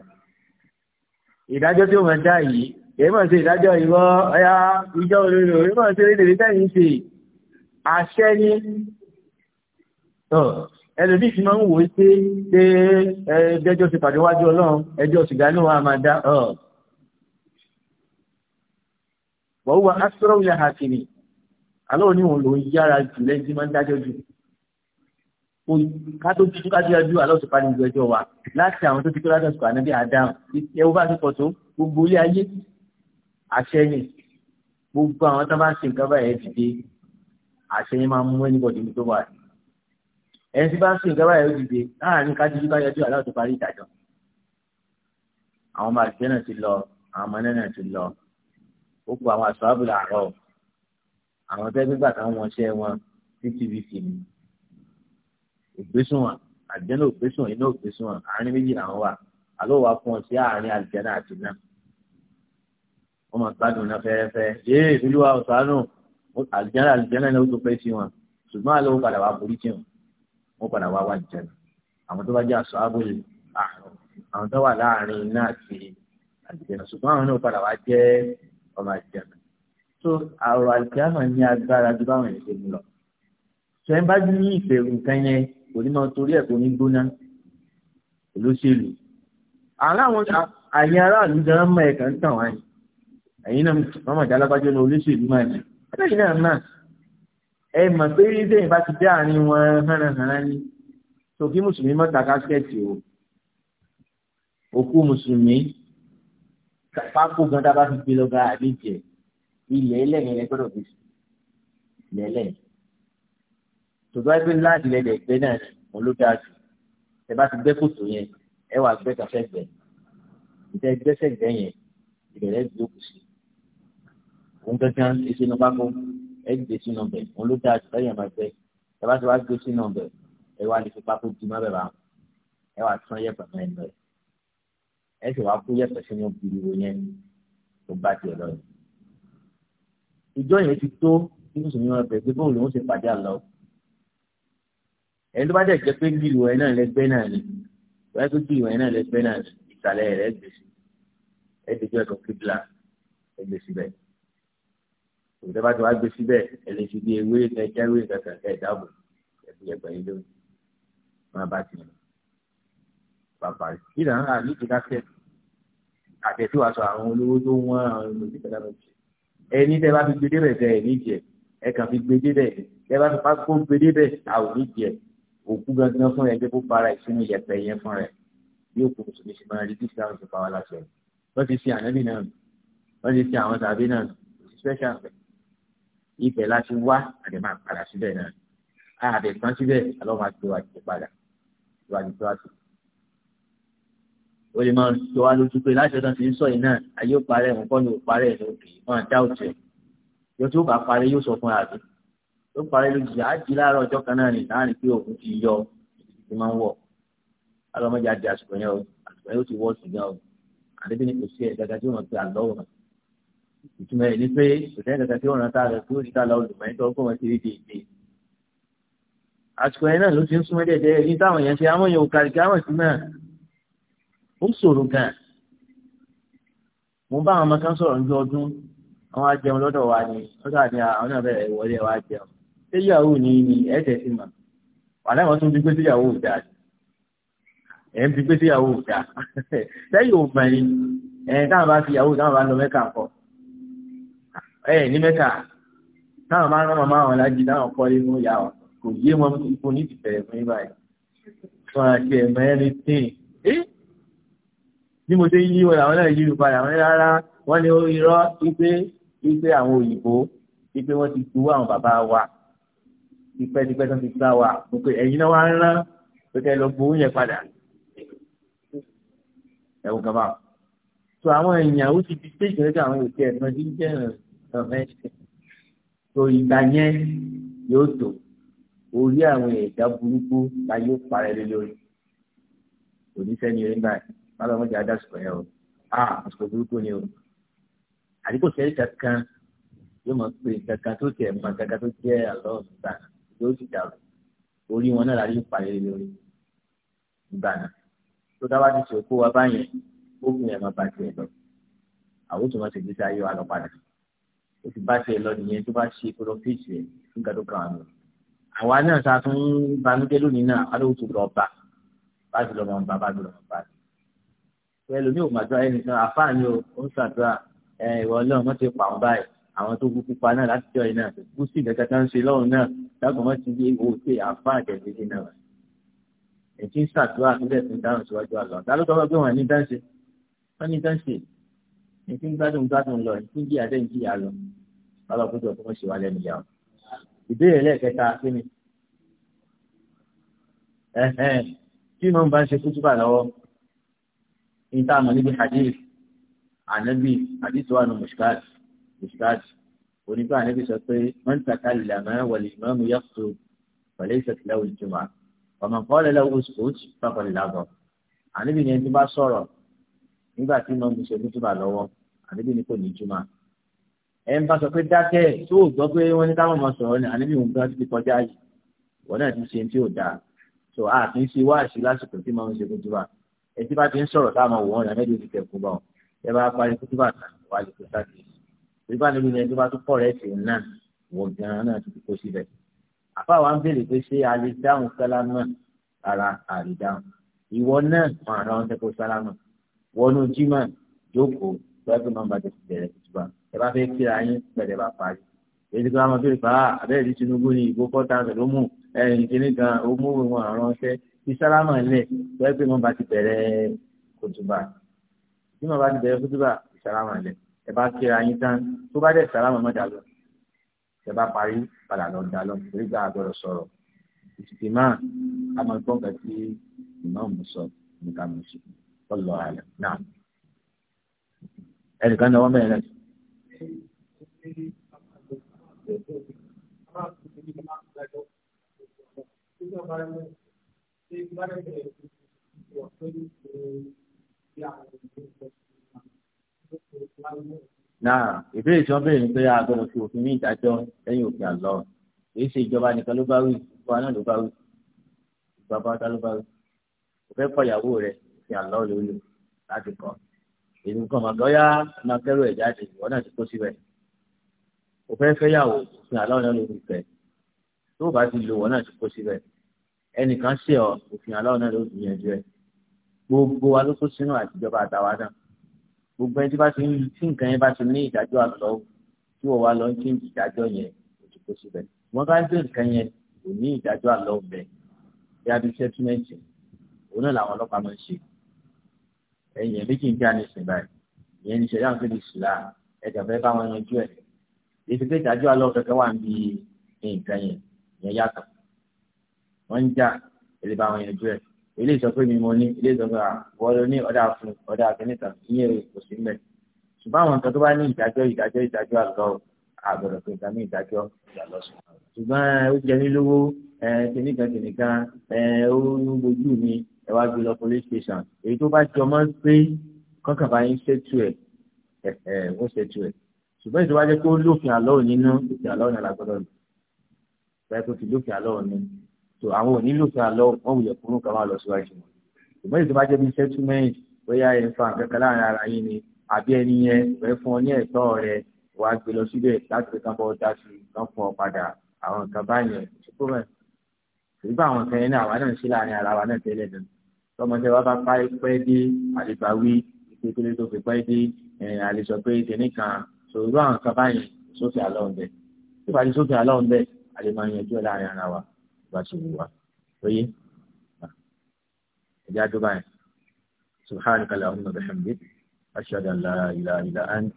ìdájọ́ tí ó máa dá yìí èyí máa ṣe ìdájọ́ ìwọ ọ̀yá ìjọ olóró èyí máa ṣe rédèrè tẹ́yìn ṣe àṣẹ ní ẹlòmíì fi máa ń wò ó pé ẹjọ́ ti pàdé wájú ọlọ́run ẹjọ́ sìgá náà wà máa dá wọ́n wá asọ́rọ̀ ìyá hakimi alóòní wọn ló ń yára jù lẹ́yìn tí máa ń dájọ́ jù kátó tí ká jẹ́jú alọ́sùpá ní ìjọ ẹjọ́ wa láti àwọn tó ti kó látọ̀sùpá níbi àdáhùn ẹwú bá ti pọ̀ tó gbogbo ilé ayé àṣẹyìn gbogbo àwọn tó bá ń ṣe nǹkan báyẹn dìde àṣẹyìn máa mú ẹni bọ̀dì tó wà ní. ẹni tí bá ń ṣe nǹkan báyẹn dìde láàrin ká jẹ́jú ká jẹ́jú alọ́sùpá ní ìdájọ́. àwọn ọmọ àgbẹ̀ náà ti lọ àwọn ọmọ náà ti lọ ó kó àwọn àṣọ àbúlà àárọ̀ àwọn tẹ́gbẹ́gbà táwọn ọmọ ògbésùnwọ̀n àjẹ́nà ògbésùnwọ̀n iná ògbésùnwọ̀n àárín méjì làwọn wà àlọ́ wa fún ọ sí àárín àlùjáná àti náà wọ́n máa gbádùn náà fẹ́ẹ́fẹ́ yéé ìlúwa ọ̀sánù àlùjáná àlùjáná ni ó tó pẹ́ sí wọn ṣùgbọ́n àlọ́ padà wá borí tí wọn wọ́n padà wá wá jẹun àwọn tó bá jẹ́ aṣọ abúlé àrùn àwọn tó wà láàrin iná àti àlùjáná ṣùgbọ́n àwọn náà padà wá jẹ́ ọmọ àlùjáná tó àrùn àlùjáná ní agbára ju báwọn ènìyàn ṣe ń lọ ṣẹ́ ní ìfẹ̀rù nǹkan yẹn kò ní máa torí ẹ̀ kò ní gbóná olóṣèlú aláwọn àyìn aráàlú gan mọ ẹ̀kan ń tàn wáyé ẹ̀yin náà mọ̀mọ́ ìdálábájọ́ ní olóṣèlú máa ní ẹ̀yin náà náà ẹ mọ̀ pé ìdẹ́yìn bá ti dé àárín wọn hánahànà ni tó kí mùsùlùmí mọ́ta káṣíkẹ́ẹ̀tì o òkú mùsùlùmí pákó gan tá a bá fi gbé lọ́gà àdéjẹ ilẹ̀ ẹlẹ́yìn ẹgbẹ́dọ̀ fi ilẹ̀ ẹlẹ́yìn tòtò wáyé pé láàdì lẹ́dẹ̀ gbé náà ni mo ló dáa jù ẹ bá ti gbẹ́ kòtò yẹn ẹ wàá gbẹ́ kàfẹ́ gbẹ́ ìtẹ́ gbẹ́sẹ̀ gbẹ́ yẹn ìbẹ̀rẹ̀ gbé òkú sí òun kankan ṣe sínú pákó ẹ gbé sínú ọbẹ̀ mo ló dáa jù lẹ́yìn àmà gbẹ́ ẹ bá ti wá gbé sínú ọbẹ̀ ẹ wá ní fi pákó di má bẹ̀rẹ̀ àwọn ẹ wàá tán yẹ̀pẹ̀ náà ẹ̀ ẹ sì wá kú yẹ̀pẹ̀ sínú bìrìwò yẹn tó bá tiẹ̀ lọ ìjọ yẹn ti tó kí mùsùlùmí wọn bẹ̀ gbé bóòlù ó ti pàdé àlọ́ ẹni tó bá dẹ̀ jẹ́ pé bí ìwẹ̀ náà lẹ́gbẹ́ náà ni wáyé pé bí ìwẹ̀ náà lẹ́gbẹ́ náà ni ìsàlẹ̀ rẹ̀ gbèsè ẹ̀ẹ́dẹ̀gbẹ́ ẹ̀kọ́ kíbla ẹgbẹ́ síbẹ̀ òtẹ́bá tó wá gbé síbẹ̀ ẹlẹ́sìn bíi ewé kẹjáwé kàkàkẹ́ ìdáàbò ẹ̀fí ẹgbẹ́ yìí lónìí máa bá ti yàn bàbá ìdá náà nídìí dákẹ́ àtẹ̀tí wàá sọ àwọn olówó tó wọ́n àwọn olóògbé kẹta lọ jẹ ẹni tẹ́ bá fi gbé débẹ̀ tẹ́ ẹ̀ nídìí ẹ̀ ẹ̀ kàn fi gbé débẹ̀ tẹ́ bá fi pákó gbé débẹ̀ àwọn nídìí òkú gangan fún rẹ̀ débò para ìsinmi ìyẹ̀pẹ̀ yẹn fún rẹ̀ yóò kó mùsùlùmí sí máa rí bí islam ti pa wá láṣẹ wọ́n ti ṣe ànábì náà wọ́n ti ṣe àwọn tàbí náà ìṣẹ́ṣà ibẹ̀ láti wá àti máa padà síbẹ̀ náà àbẹ̀ kan síbẹ̀ àlọ́ máa tó àti padà tó àti tó àti. o lè máa tó wa lójú pé láti ọ̀dọ̀ tí ń sọ yìí náà ayé ó parẹ́ òun kọ́ ni ò parẹ́ ẹ̀ lókè máa dá òtún ẹ̀ yóò tó bá parẹ́ yóò sọ fún àbí tó parí lójijì á jí láàárọ̀ ọjọ́ kan náà ní láàrin pé òkú ti yọ ti máa ń wọ̀ alọ́mọdé àti àsùkò yẹn o àsùkò yẹn ó ti wọ́ ṣùgbọ́n o àdébí ni kò sí ẹ̀ gàgà tí wọ́n ti àlọ́ wọn ìtumọ̀ ẹ̀ ní pé kò sẹ́yìn gàgà tí wọ́n rántá rẹ̀ tó rí tálá olùmọ̀ ẹ̀ tó kọ́ wọn ti rí dèédé àsìkò yẹn náà ló ti ń súnmọ́ dẹ́dẹ́ ní táwọn yẹn ṣe àwọn yòó kárí káwọn sí náà ó ṣòro gan mo bá àwọn ọmọ kan sọ̀rọ̀ ní ọdún àwọn ajẹun ṣé ni ni ẹ̀ẹ́dẹ̀ ti mọ̀ wàhálà wọn tún ti gbé sí ìyàwó òdà ẹ̀ ń ti gbé sí ìyàwó òdà sẹ́yìn ò mọ̀ ẹ̀ táwọn bá fi ìyàwó táwọn bá lọ mẹ́kà kọ ẹ̀ ní mẹ́kà táwọn bá rán màmá àwọn lájí táwọn kọ́ inú ìyá wọn kò yé wọn ipò ní ti bẹ̀rẹ̀ fún yín báyìí wọn àti ẹ̀mọ́ ẹni tíì bí mo ṣe yí wọn làwọn náà yí wọn padà wọn rárá wọn ni irọ́ wípé wípé àwọn òyìnbó wípé wọ́n ti tu àwọn bàbá wa tipẹ́tipẹ́ tó ti gbá wa mo pe ẹ̀yin náà wá ń rán pé kẹ́ ẹ lọ gbowó yẹn padà ẹ wò kaba so àwọn èèyàn ó ti fi stage rẹ àwọn òkè ẹ̀sán tí ń jẹ́ ẹ̀rọ̀mẹ́ so ìgbà yẹn yóò tó orí àwọn ẹ̀dá burúkú la yóò parẹ́ lé lórí oníṣẹ́ni rẹ̀ náà lọ́lọ́mọdé adásùkọ̀ yẹn o ah àsùkò burúkú ni o àdìgbò sẹ́yìn kankan yóò mọ̀ pé kankan tó tiẹ̀ mọ̀ kankan tó jẹ́ àlọ́ ọ̀sán yóò sì dàrú orí wọn náà láti parí lórí ìgbà náà tó dáwà ti ṣe òkú wa báyẹn ó fi hàn máa bá tiẹ̀ lọ àwọn tó máa ṣe gbèsè ayé wa lọ padà ó ti bá tiẹ̀ lọ nìyẹn tó bá ṣe kó lọ fèsì ẹ̀ nígbà tó kàn án lọ àwa náà sá tún banújẹ́ lónìí náà wà lóòótọ́ lọ bá bá ti lọ máa bá bá ti lọ máa bá ti pẹ̀lú mi ò ẹnìkan àfáàní o ó ń ṣàdúrà ẹ ìwọ Ọlọ́run mọ ti pa báyìí àwọn tó kúkú pa náà láti jọ yìí náà kú sí ìdẹ́ka tá ń ṣe lọ́run náà dákun mọ́ ti di ewu òkè àfa àjẹsíkì náà ètí ń ṣàtúwà nílẹ̀ tó ń dáhùn síwájú àlọ́ ta ló tọ́wọ́ pé wọ́n ní dáńṣe wọ́n ní dáńṣe ètí ń gbádùn gbádùn lọ ètí ń jìyà dẹ́yìn jìyà lọ ọlọ́ kó jọ kó wọ́n ṣe wá lẹ́nu yà ìbéèrè lẹ́ẹ̀kẹta kí ni tí mo bá ń ṣe kútúbà lọ́wọ́ ní táwọn níbi hadith ànábì hadith wà nù mùsùlùmí ustaz onígbà níbi sọ pé man takallama wal imamu yakhutub falaysat lahu al-jum'ah wa man qala lahu uskut faqad lagha àníbi ni ẹni bá sọ̀rọ̀ nígbà tí mo ṣe ní túbà lọ́wọ́ àníbi ni kò ní jùmọ̀ ẹ ń bá sọ pé dákẹ́ tó o gbọ́ pé wọ́n ní káwọn máa sọ̀rọ̀ ni àníbi òun gbọ́n ti kọjá yìí wọ́n náà ti ṣe tí ò dáa so a kì í ṣe wáàṣí lásìkò tí mo ṣe ní túbà ẹ tí bá ti ń sọ̀rọ̀ táwọn wò wọ́n ní àmẹ́bí ti tẹ̀kú bá wọn ẹ bá parí kútúbà tán wà á lè kó sáà kìí ìgbà níbi ni ẹjọ́ bá tún kọ̀ rẹ̀ sí náà wọ̀ gan-an náà ti kó síbẹ̀. àfa wa ń béèrè pé ṣé a lè dáhùn sálámà ara àrídáhùn ìwọ náà fún ara wọn tẹ́kọ̀ sálámà wọnú jimá jókòó gbẹ́gbẹ́ máa ń bàjẹ́ ti bẹ̀rẹ̀ ìtura ẹ bá fẹ́ kíra yín pẹ̀lẹ́ bá parí. èyí tó máa béèrè fàá abẹ́rẹ́ ah, ní Tinubu ni ìbò kọ́ta ló mú ẹ̀yìn gan ó mú ìwọ̀n àrùn ẹ bá kíra yín tán tó bá dẹ̀ sálámà mọ́ dà lọ ẹ bá parí padà lọ dà lọ torí gbà àgbọ̀rọ̀ sọ̀rọ̀ ìtìtì máa a máa gbọ́ nǹkan tí ìmáàmù sọ nǹkan mú sí ọlọ́ àlẹ́ náà ẹnìkan náà wọ́n mẹ́rin náà náà ìbéèrè tí wọ́n béèrè ni pé a gbọ́dọ̀ fi òfin ní ìdájọ́ lẹ́yìn òfin àlọ́ èyí ṣe ìjọba nìkan ló bá wí ìjọba náà ló bá wí ìjọba pátá ló bá wí kò fẹ́ kọ̀yàwó rẹ̀ òfin àlọ́ ló lò láti kọ́ èyí nǹkan màgọ́yà máa kẹ́rù ẹ̀ jáde ìwọ náà ti kó síbẹ̀ kò fẹ́ fẹ́yàwó òfin àlọ́ náà ló fi fẹ́ tó bá ti lò wọ́n náà ti kó síbẹ̀ ẹnìkan ṣe ọ òfin àlọ́ náà ló fi yẹn jẹ gbogbo wa ló kó sínú àtijọba àtàwa náà gbogbo ẹni tí bá ti ń tí nǹkan yẹn bá ti ní ìdájọ́ àlọ́ tí wọ́n wá lọ ń change ìdájọ́ yẹn kò ti kó síbẹ̀ wọ́n bá ń gbé nǹkan yẹn kò ní ìdájọ́ àlọ́ bẹ̀ bí a bí sẹ́túmẹ̀ntì òun náà làwọn ọlọ́pàá máa ń ṣe ẹ̀yìn ẹ̀ méjì ń já ní ìsìn báyìí ìyẹn ní sẹ́dáhùn tó lè sùn láà ẹ̀jẹ̀ fẹ́ bá wọn yanjú ẹ̀ ilé ìsọpé mi mo ní ilé ìsọpé àwọn ah, ló ní ọ̀dà fún ọ̀dà kìnìkan ìyẹn kò sí mẹ́ ṣùgbọ́n àwọn nǹkan tó bá ní ìdájọ́ ìdájọ́ ìdájọ́ àlọ́ àgbọ̀dọ̀ pé nǹkan ní ìdájọ́ ìyàlọ́ ṣùgbọ́n ó jẹ mí lówó kìnìkan kìnìkan ó ń gbojú mi ẹ wá gbé lọ police station èyí tó bá jọ mọ́ pé kọ́kàn bá yín ṣètù ẹ̀ ẹ̀ wọ́n ṣètù ẹ̀ ṣùgbọ́n ìtọ́wájẹ́ pé ó lófin àlọ́ òní ná òfin àlọ́ òní tó àwọn onílò kan lọ wọn wùyẹ kúrú kan máa lọ síwájú wọn ṣùgbọ́n èyí tó bá jẹ́ bí settlement bóyá ẹ fa kankan láàrin ara yín ni àbí ẹni yẹn rẹ fún ọ ní ẹ̀tọ́ rẹ wà á gbé lọ síbẹ̀ láti pé kán bọ́ dá sí kán fún ọ padà àwọn nǹkan báyẹn ṣùgbọ́n bẹ́ẹ̀ ṣùgbọ́n àwọn nǹkan yẹn náà àwa náà ṣe láàrin ara wa náà tẹ́lẹ̀ náà tọmọṣẹ́ wa bá pẹ́ dé àlebàwí ìpèkélé tó fi pẹ́ dé àlesọ pé tẹ̀lé kan ṣòro àwọn nǹkan báyẹn sófin àlọ́ ń tí ìbàdí sófin àlọ́ ń bẹ̀ máa yanjú láàrin ara wa. bá ṣe wù wá lóye ẹjẹ àjọba yẹn subhanahu wa ta'ala bihamdik ashhadu an la ilaha illa ant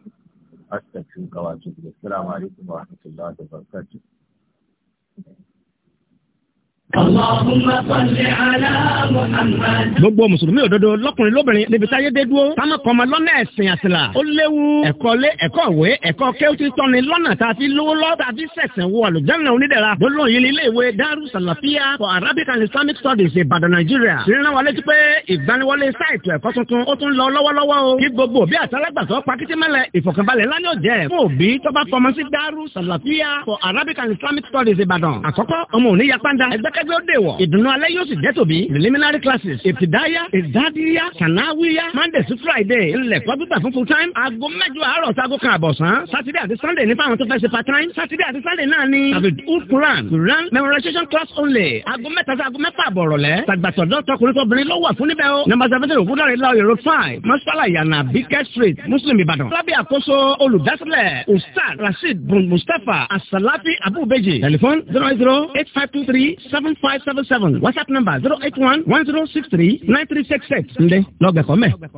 astaghfiruka wa atubu ilayk assalamu alaikum wa rahmatullahi wa barakatuh gbogbo mùsùlùmí òdodo lọkùnrin lóbìnrin níbi táyé dé dúró táwọn kan máa lọ́nà ẹ̀sìn àṣìlá ó léwu ẹ̀kọ́ lé ẹ̀kọ́ ìwé ẹ̀kọ́ kéwùtì tọ́ni lọ́nà tá a fi lówó lọ́ tá a fi sẹ̀sìn wo àlùjáná onídẹ̀ra lọ́lọ́run yìí ní ilé ìwé Daru Salafia for Arabic and Islamic Studies Ìbàdàn Nàìjíríà ìrìnà wa létí pé ìgbaniwọlé sáìtì ẹ̀kọ́ tuntun ó tún lọ lọ́wọ́lọ́wọ́ o kí gbogbo bí àtàlágbàtọ́ pakitimẹ́lẹ̀ ìfọ̀kànbalẹ̀ ńlá ni ó jẹ́ fún òbí tó bá fọmọ sí Daru Salafia for Arabic and Islamic Studies Ìbàdàn àkọ́kọ́ ọmọ òní yapanda ẹgbẹ́ kákẹ́gbẹ́ ó dè wọ̀. ìdùnnú alẹ́ yóò sì jẹ́ tòbí. preliminary classes ìtìdáyà ìdádíyà kànáwíyà monday sí friday ńlẹ̀kọ́ gbígbà fún full time. aago mẹ́jọ àárọ̀ sago kan àbọ̀sán. saturday àti sunday ní fáwọn tó fẹ́ ṣe part time. saturday àti sunday náà ni. abidul quran quran memorization class only. aago mẹ́ta sí aago mẹ́fà àbọ̀rọ̀ lẹ̀. tàgbàtọ̀dọ̀ tọkùnrin tobìnrin ló wà fún níbẹ̀ o. number seventeen ògúndàrí láòyè road five masala yana bikẹ́ street muslim ìbàdàn. lábẹ́ àkóso olùdásílẹ̀ ustaz rasheed bun mustapha asalafi abubeji. Telephone zero eight zero eight five two three seven. 7577. WhatsApp number 081 1063 9366. Ǹde lọ́gbẹ̀kọ́ mẹ́.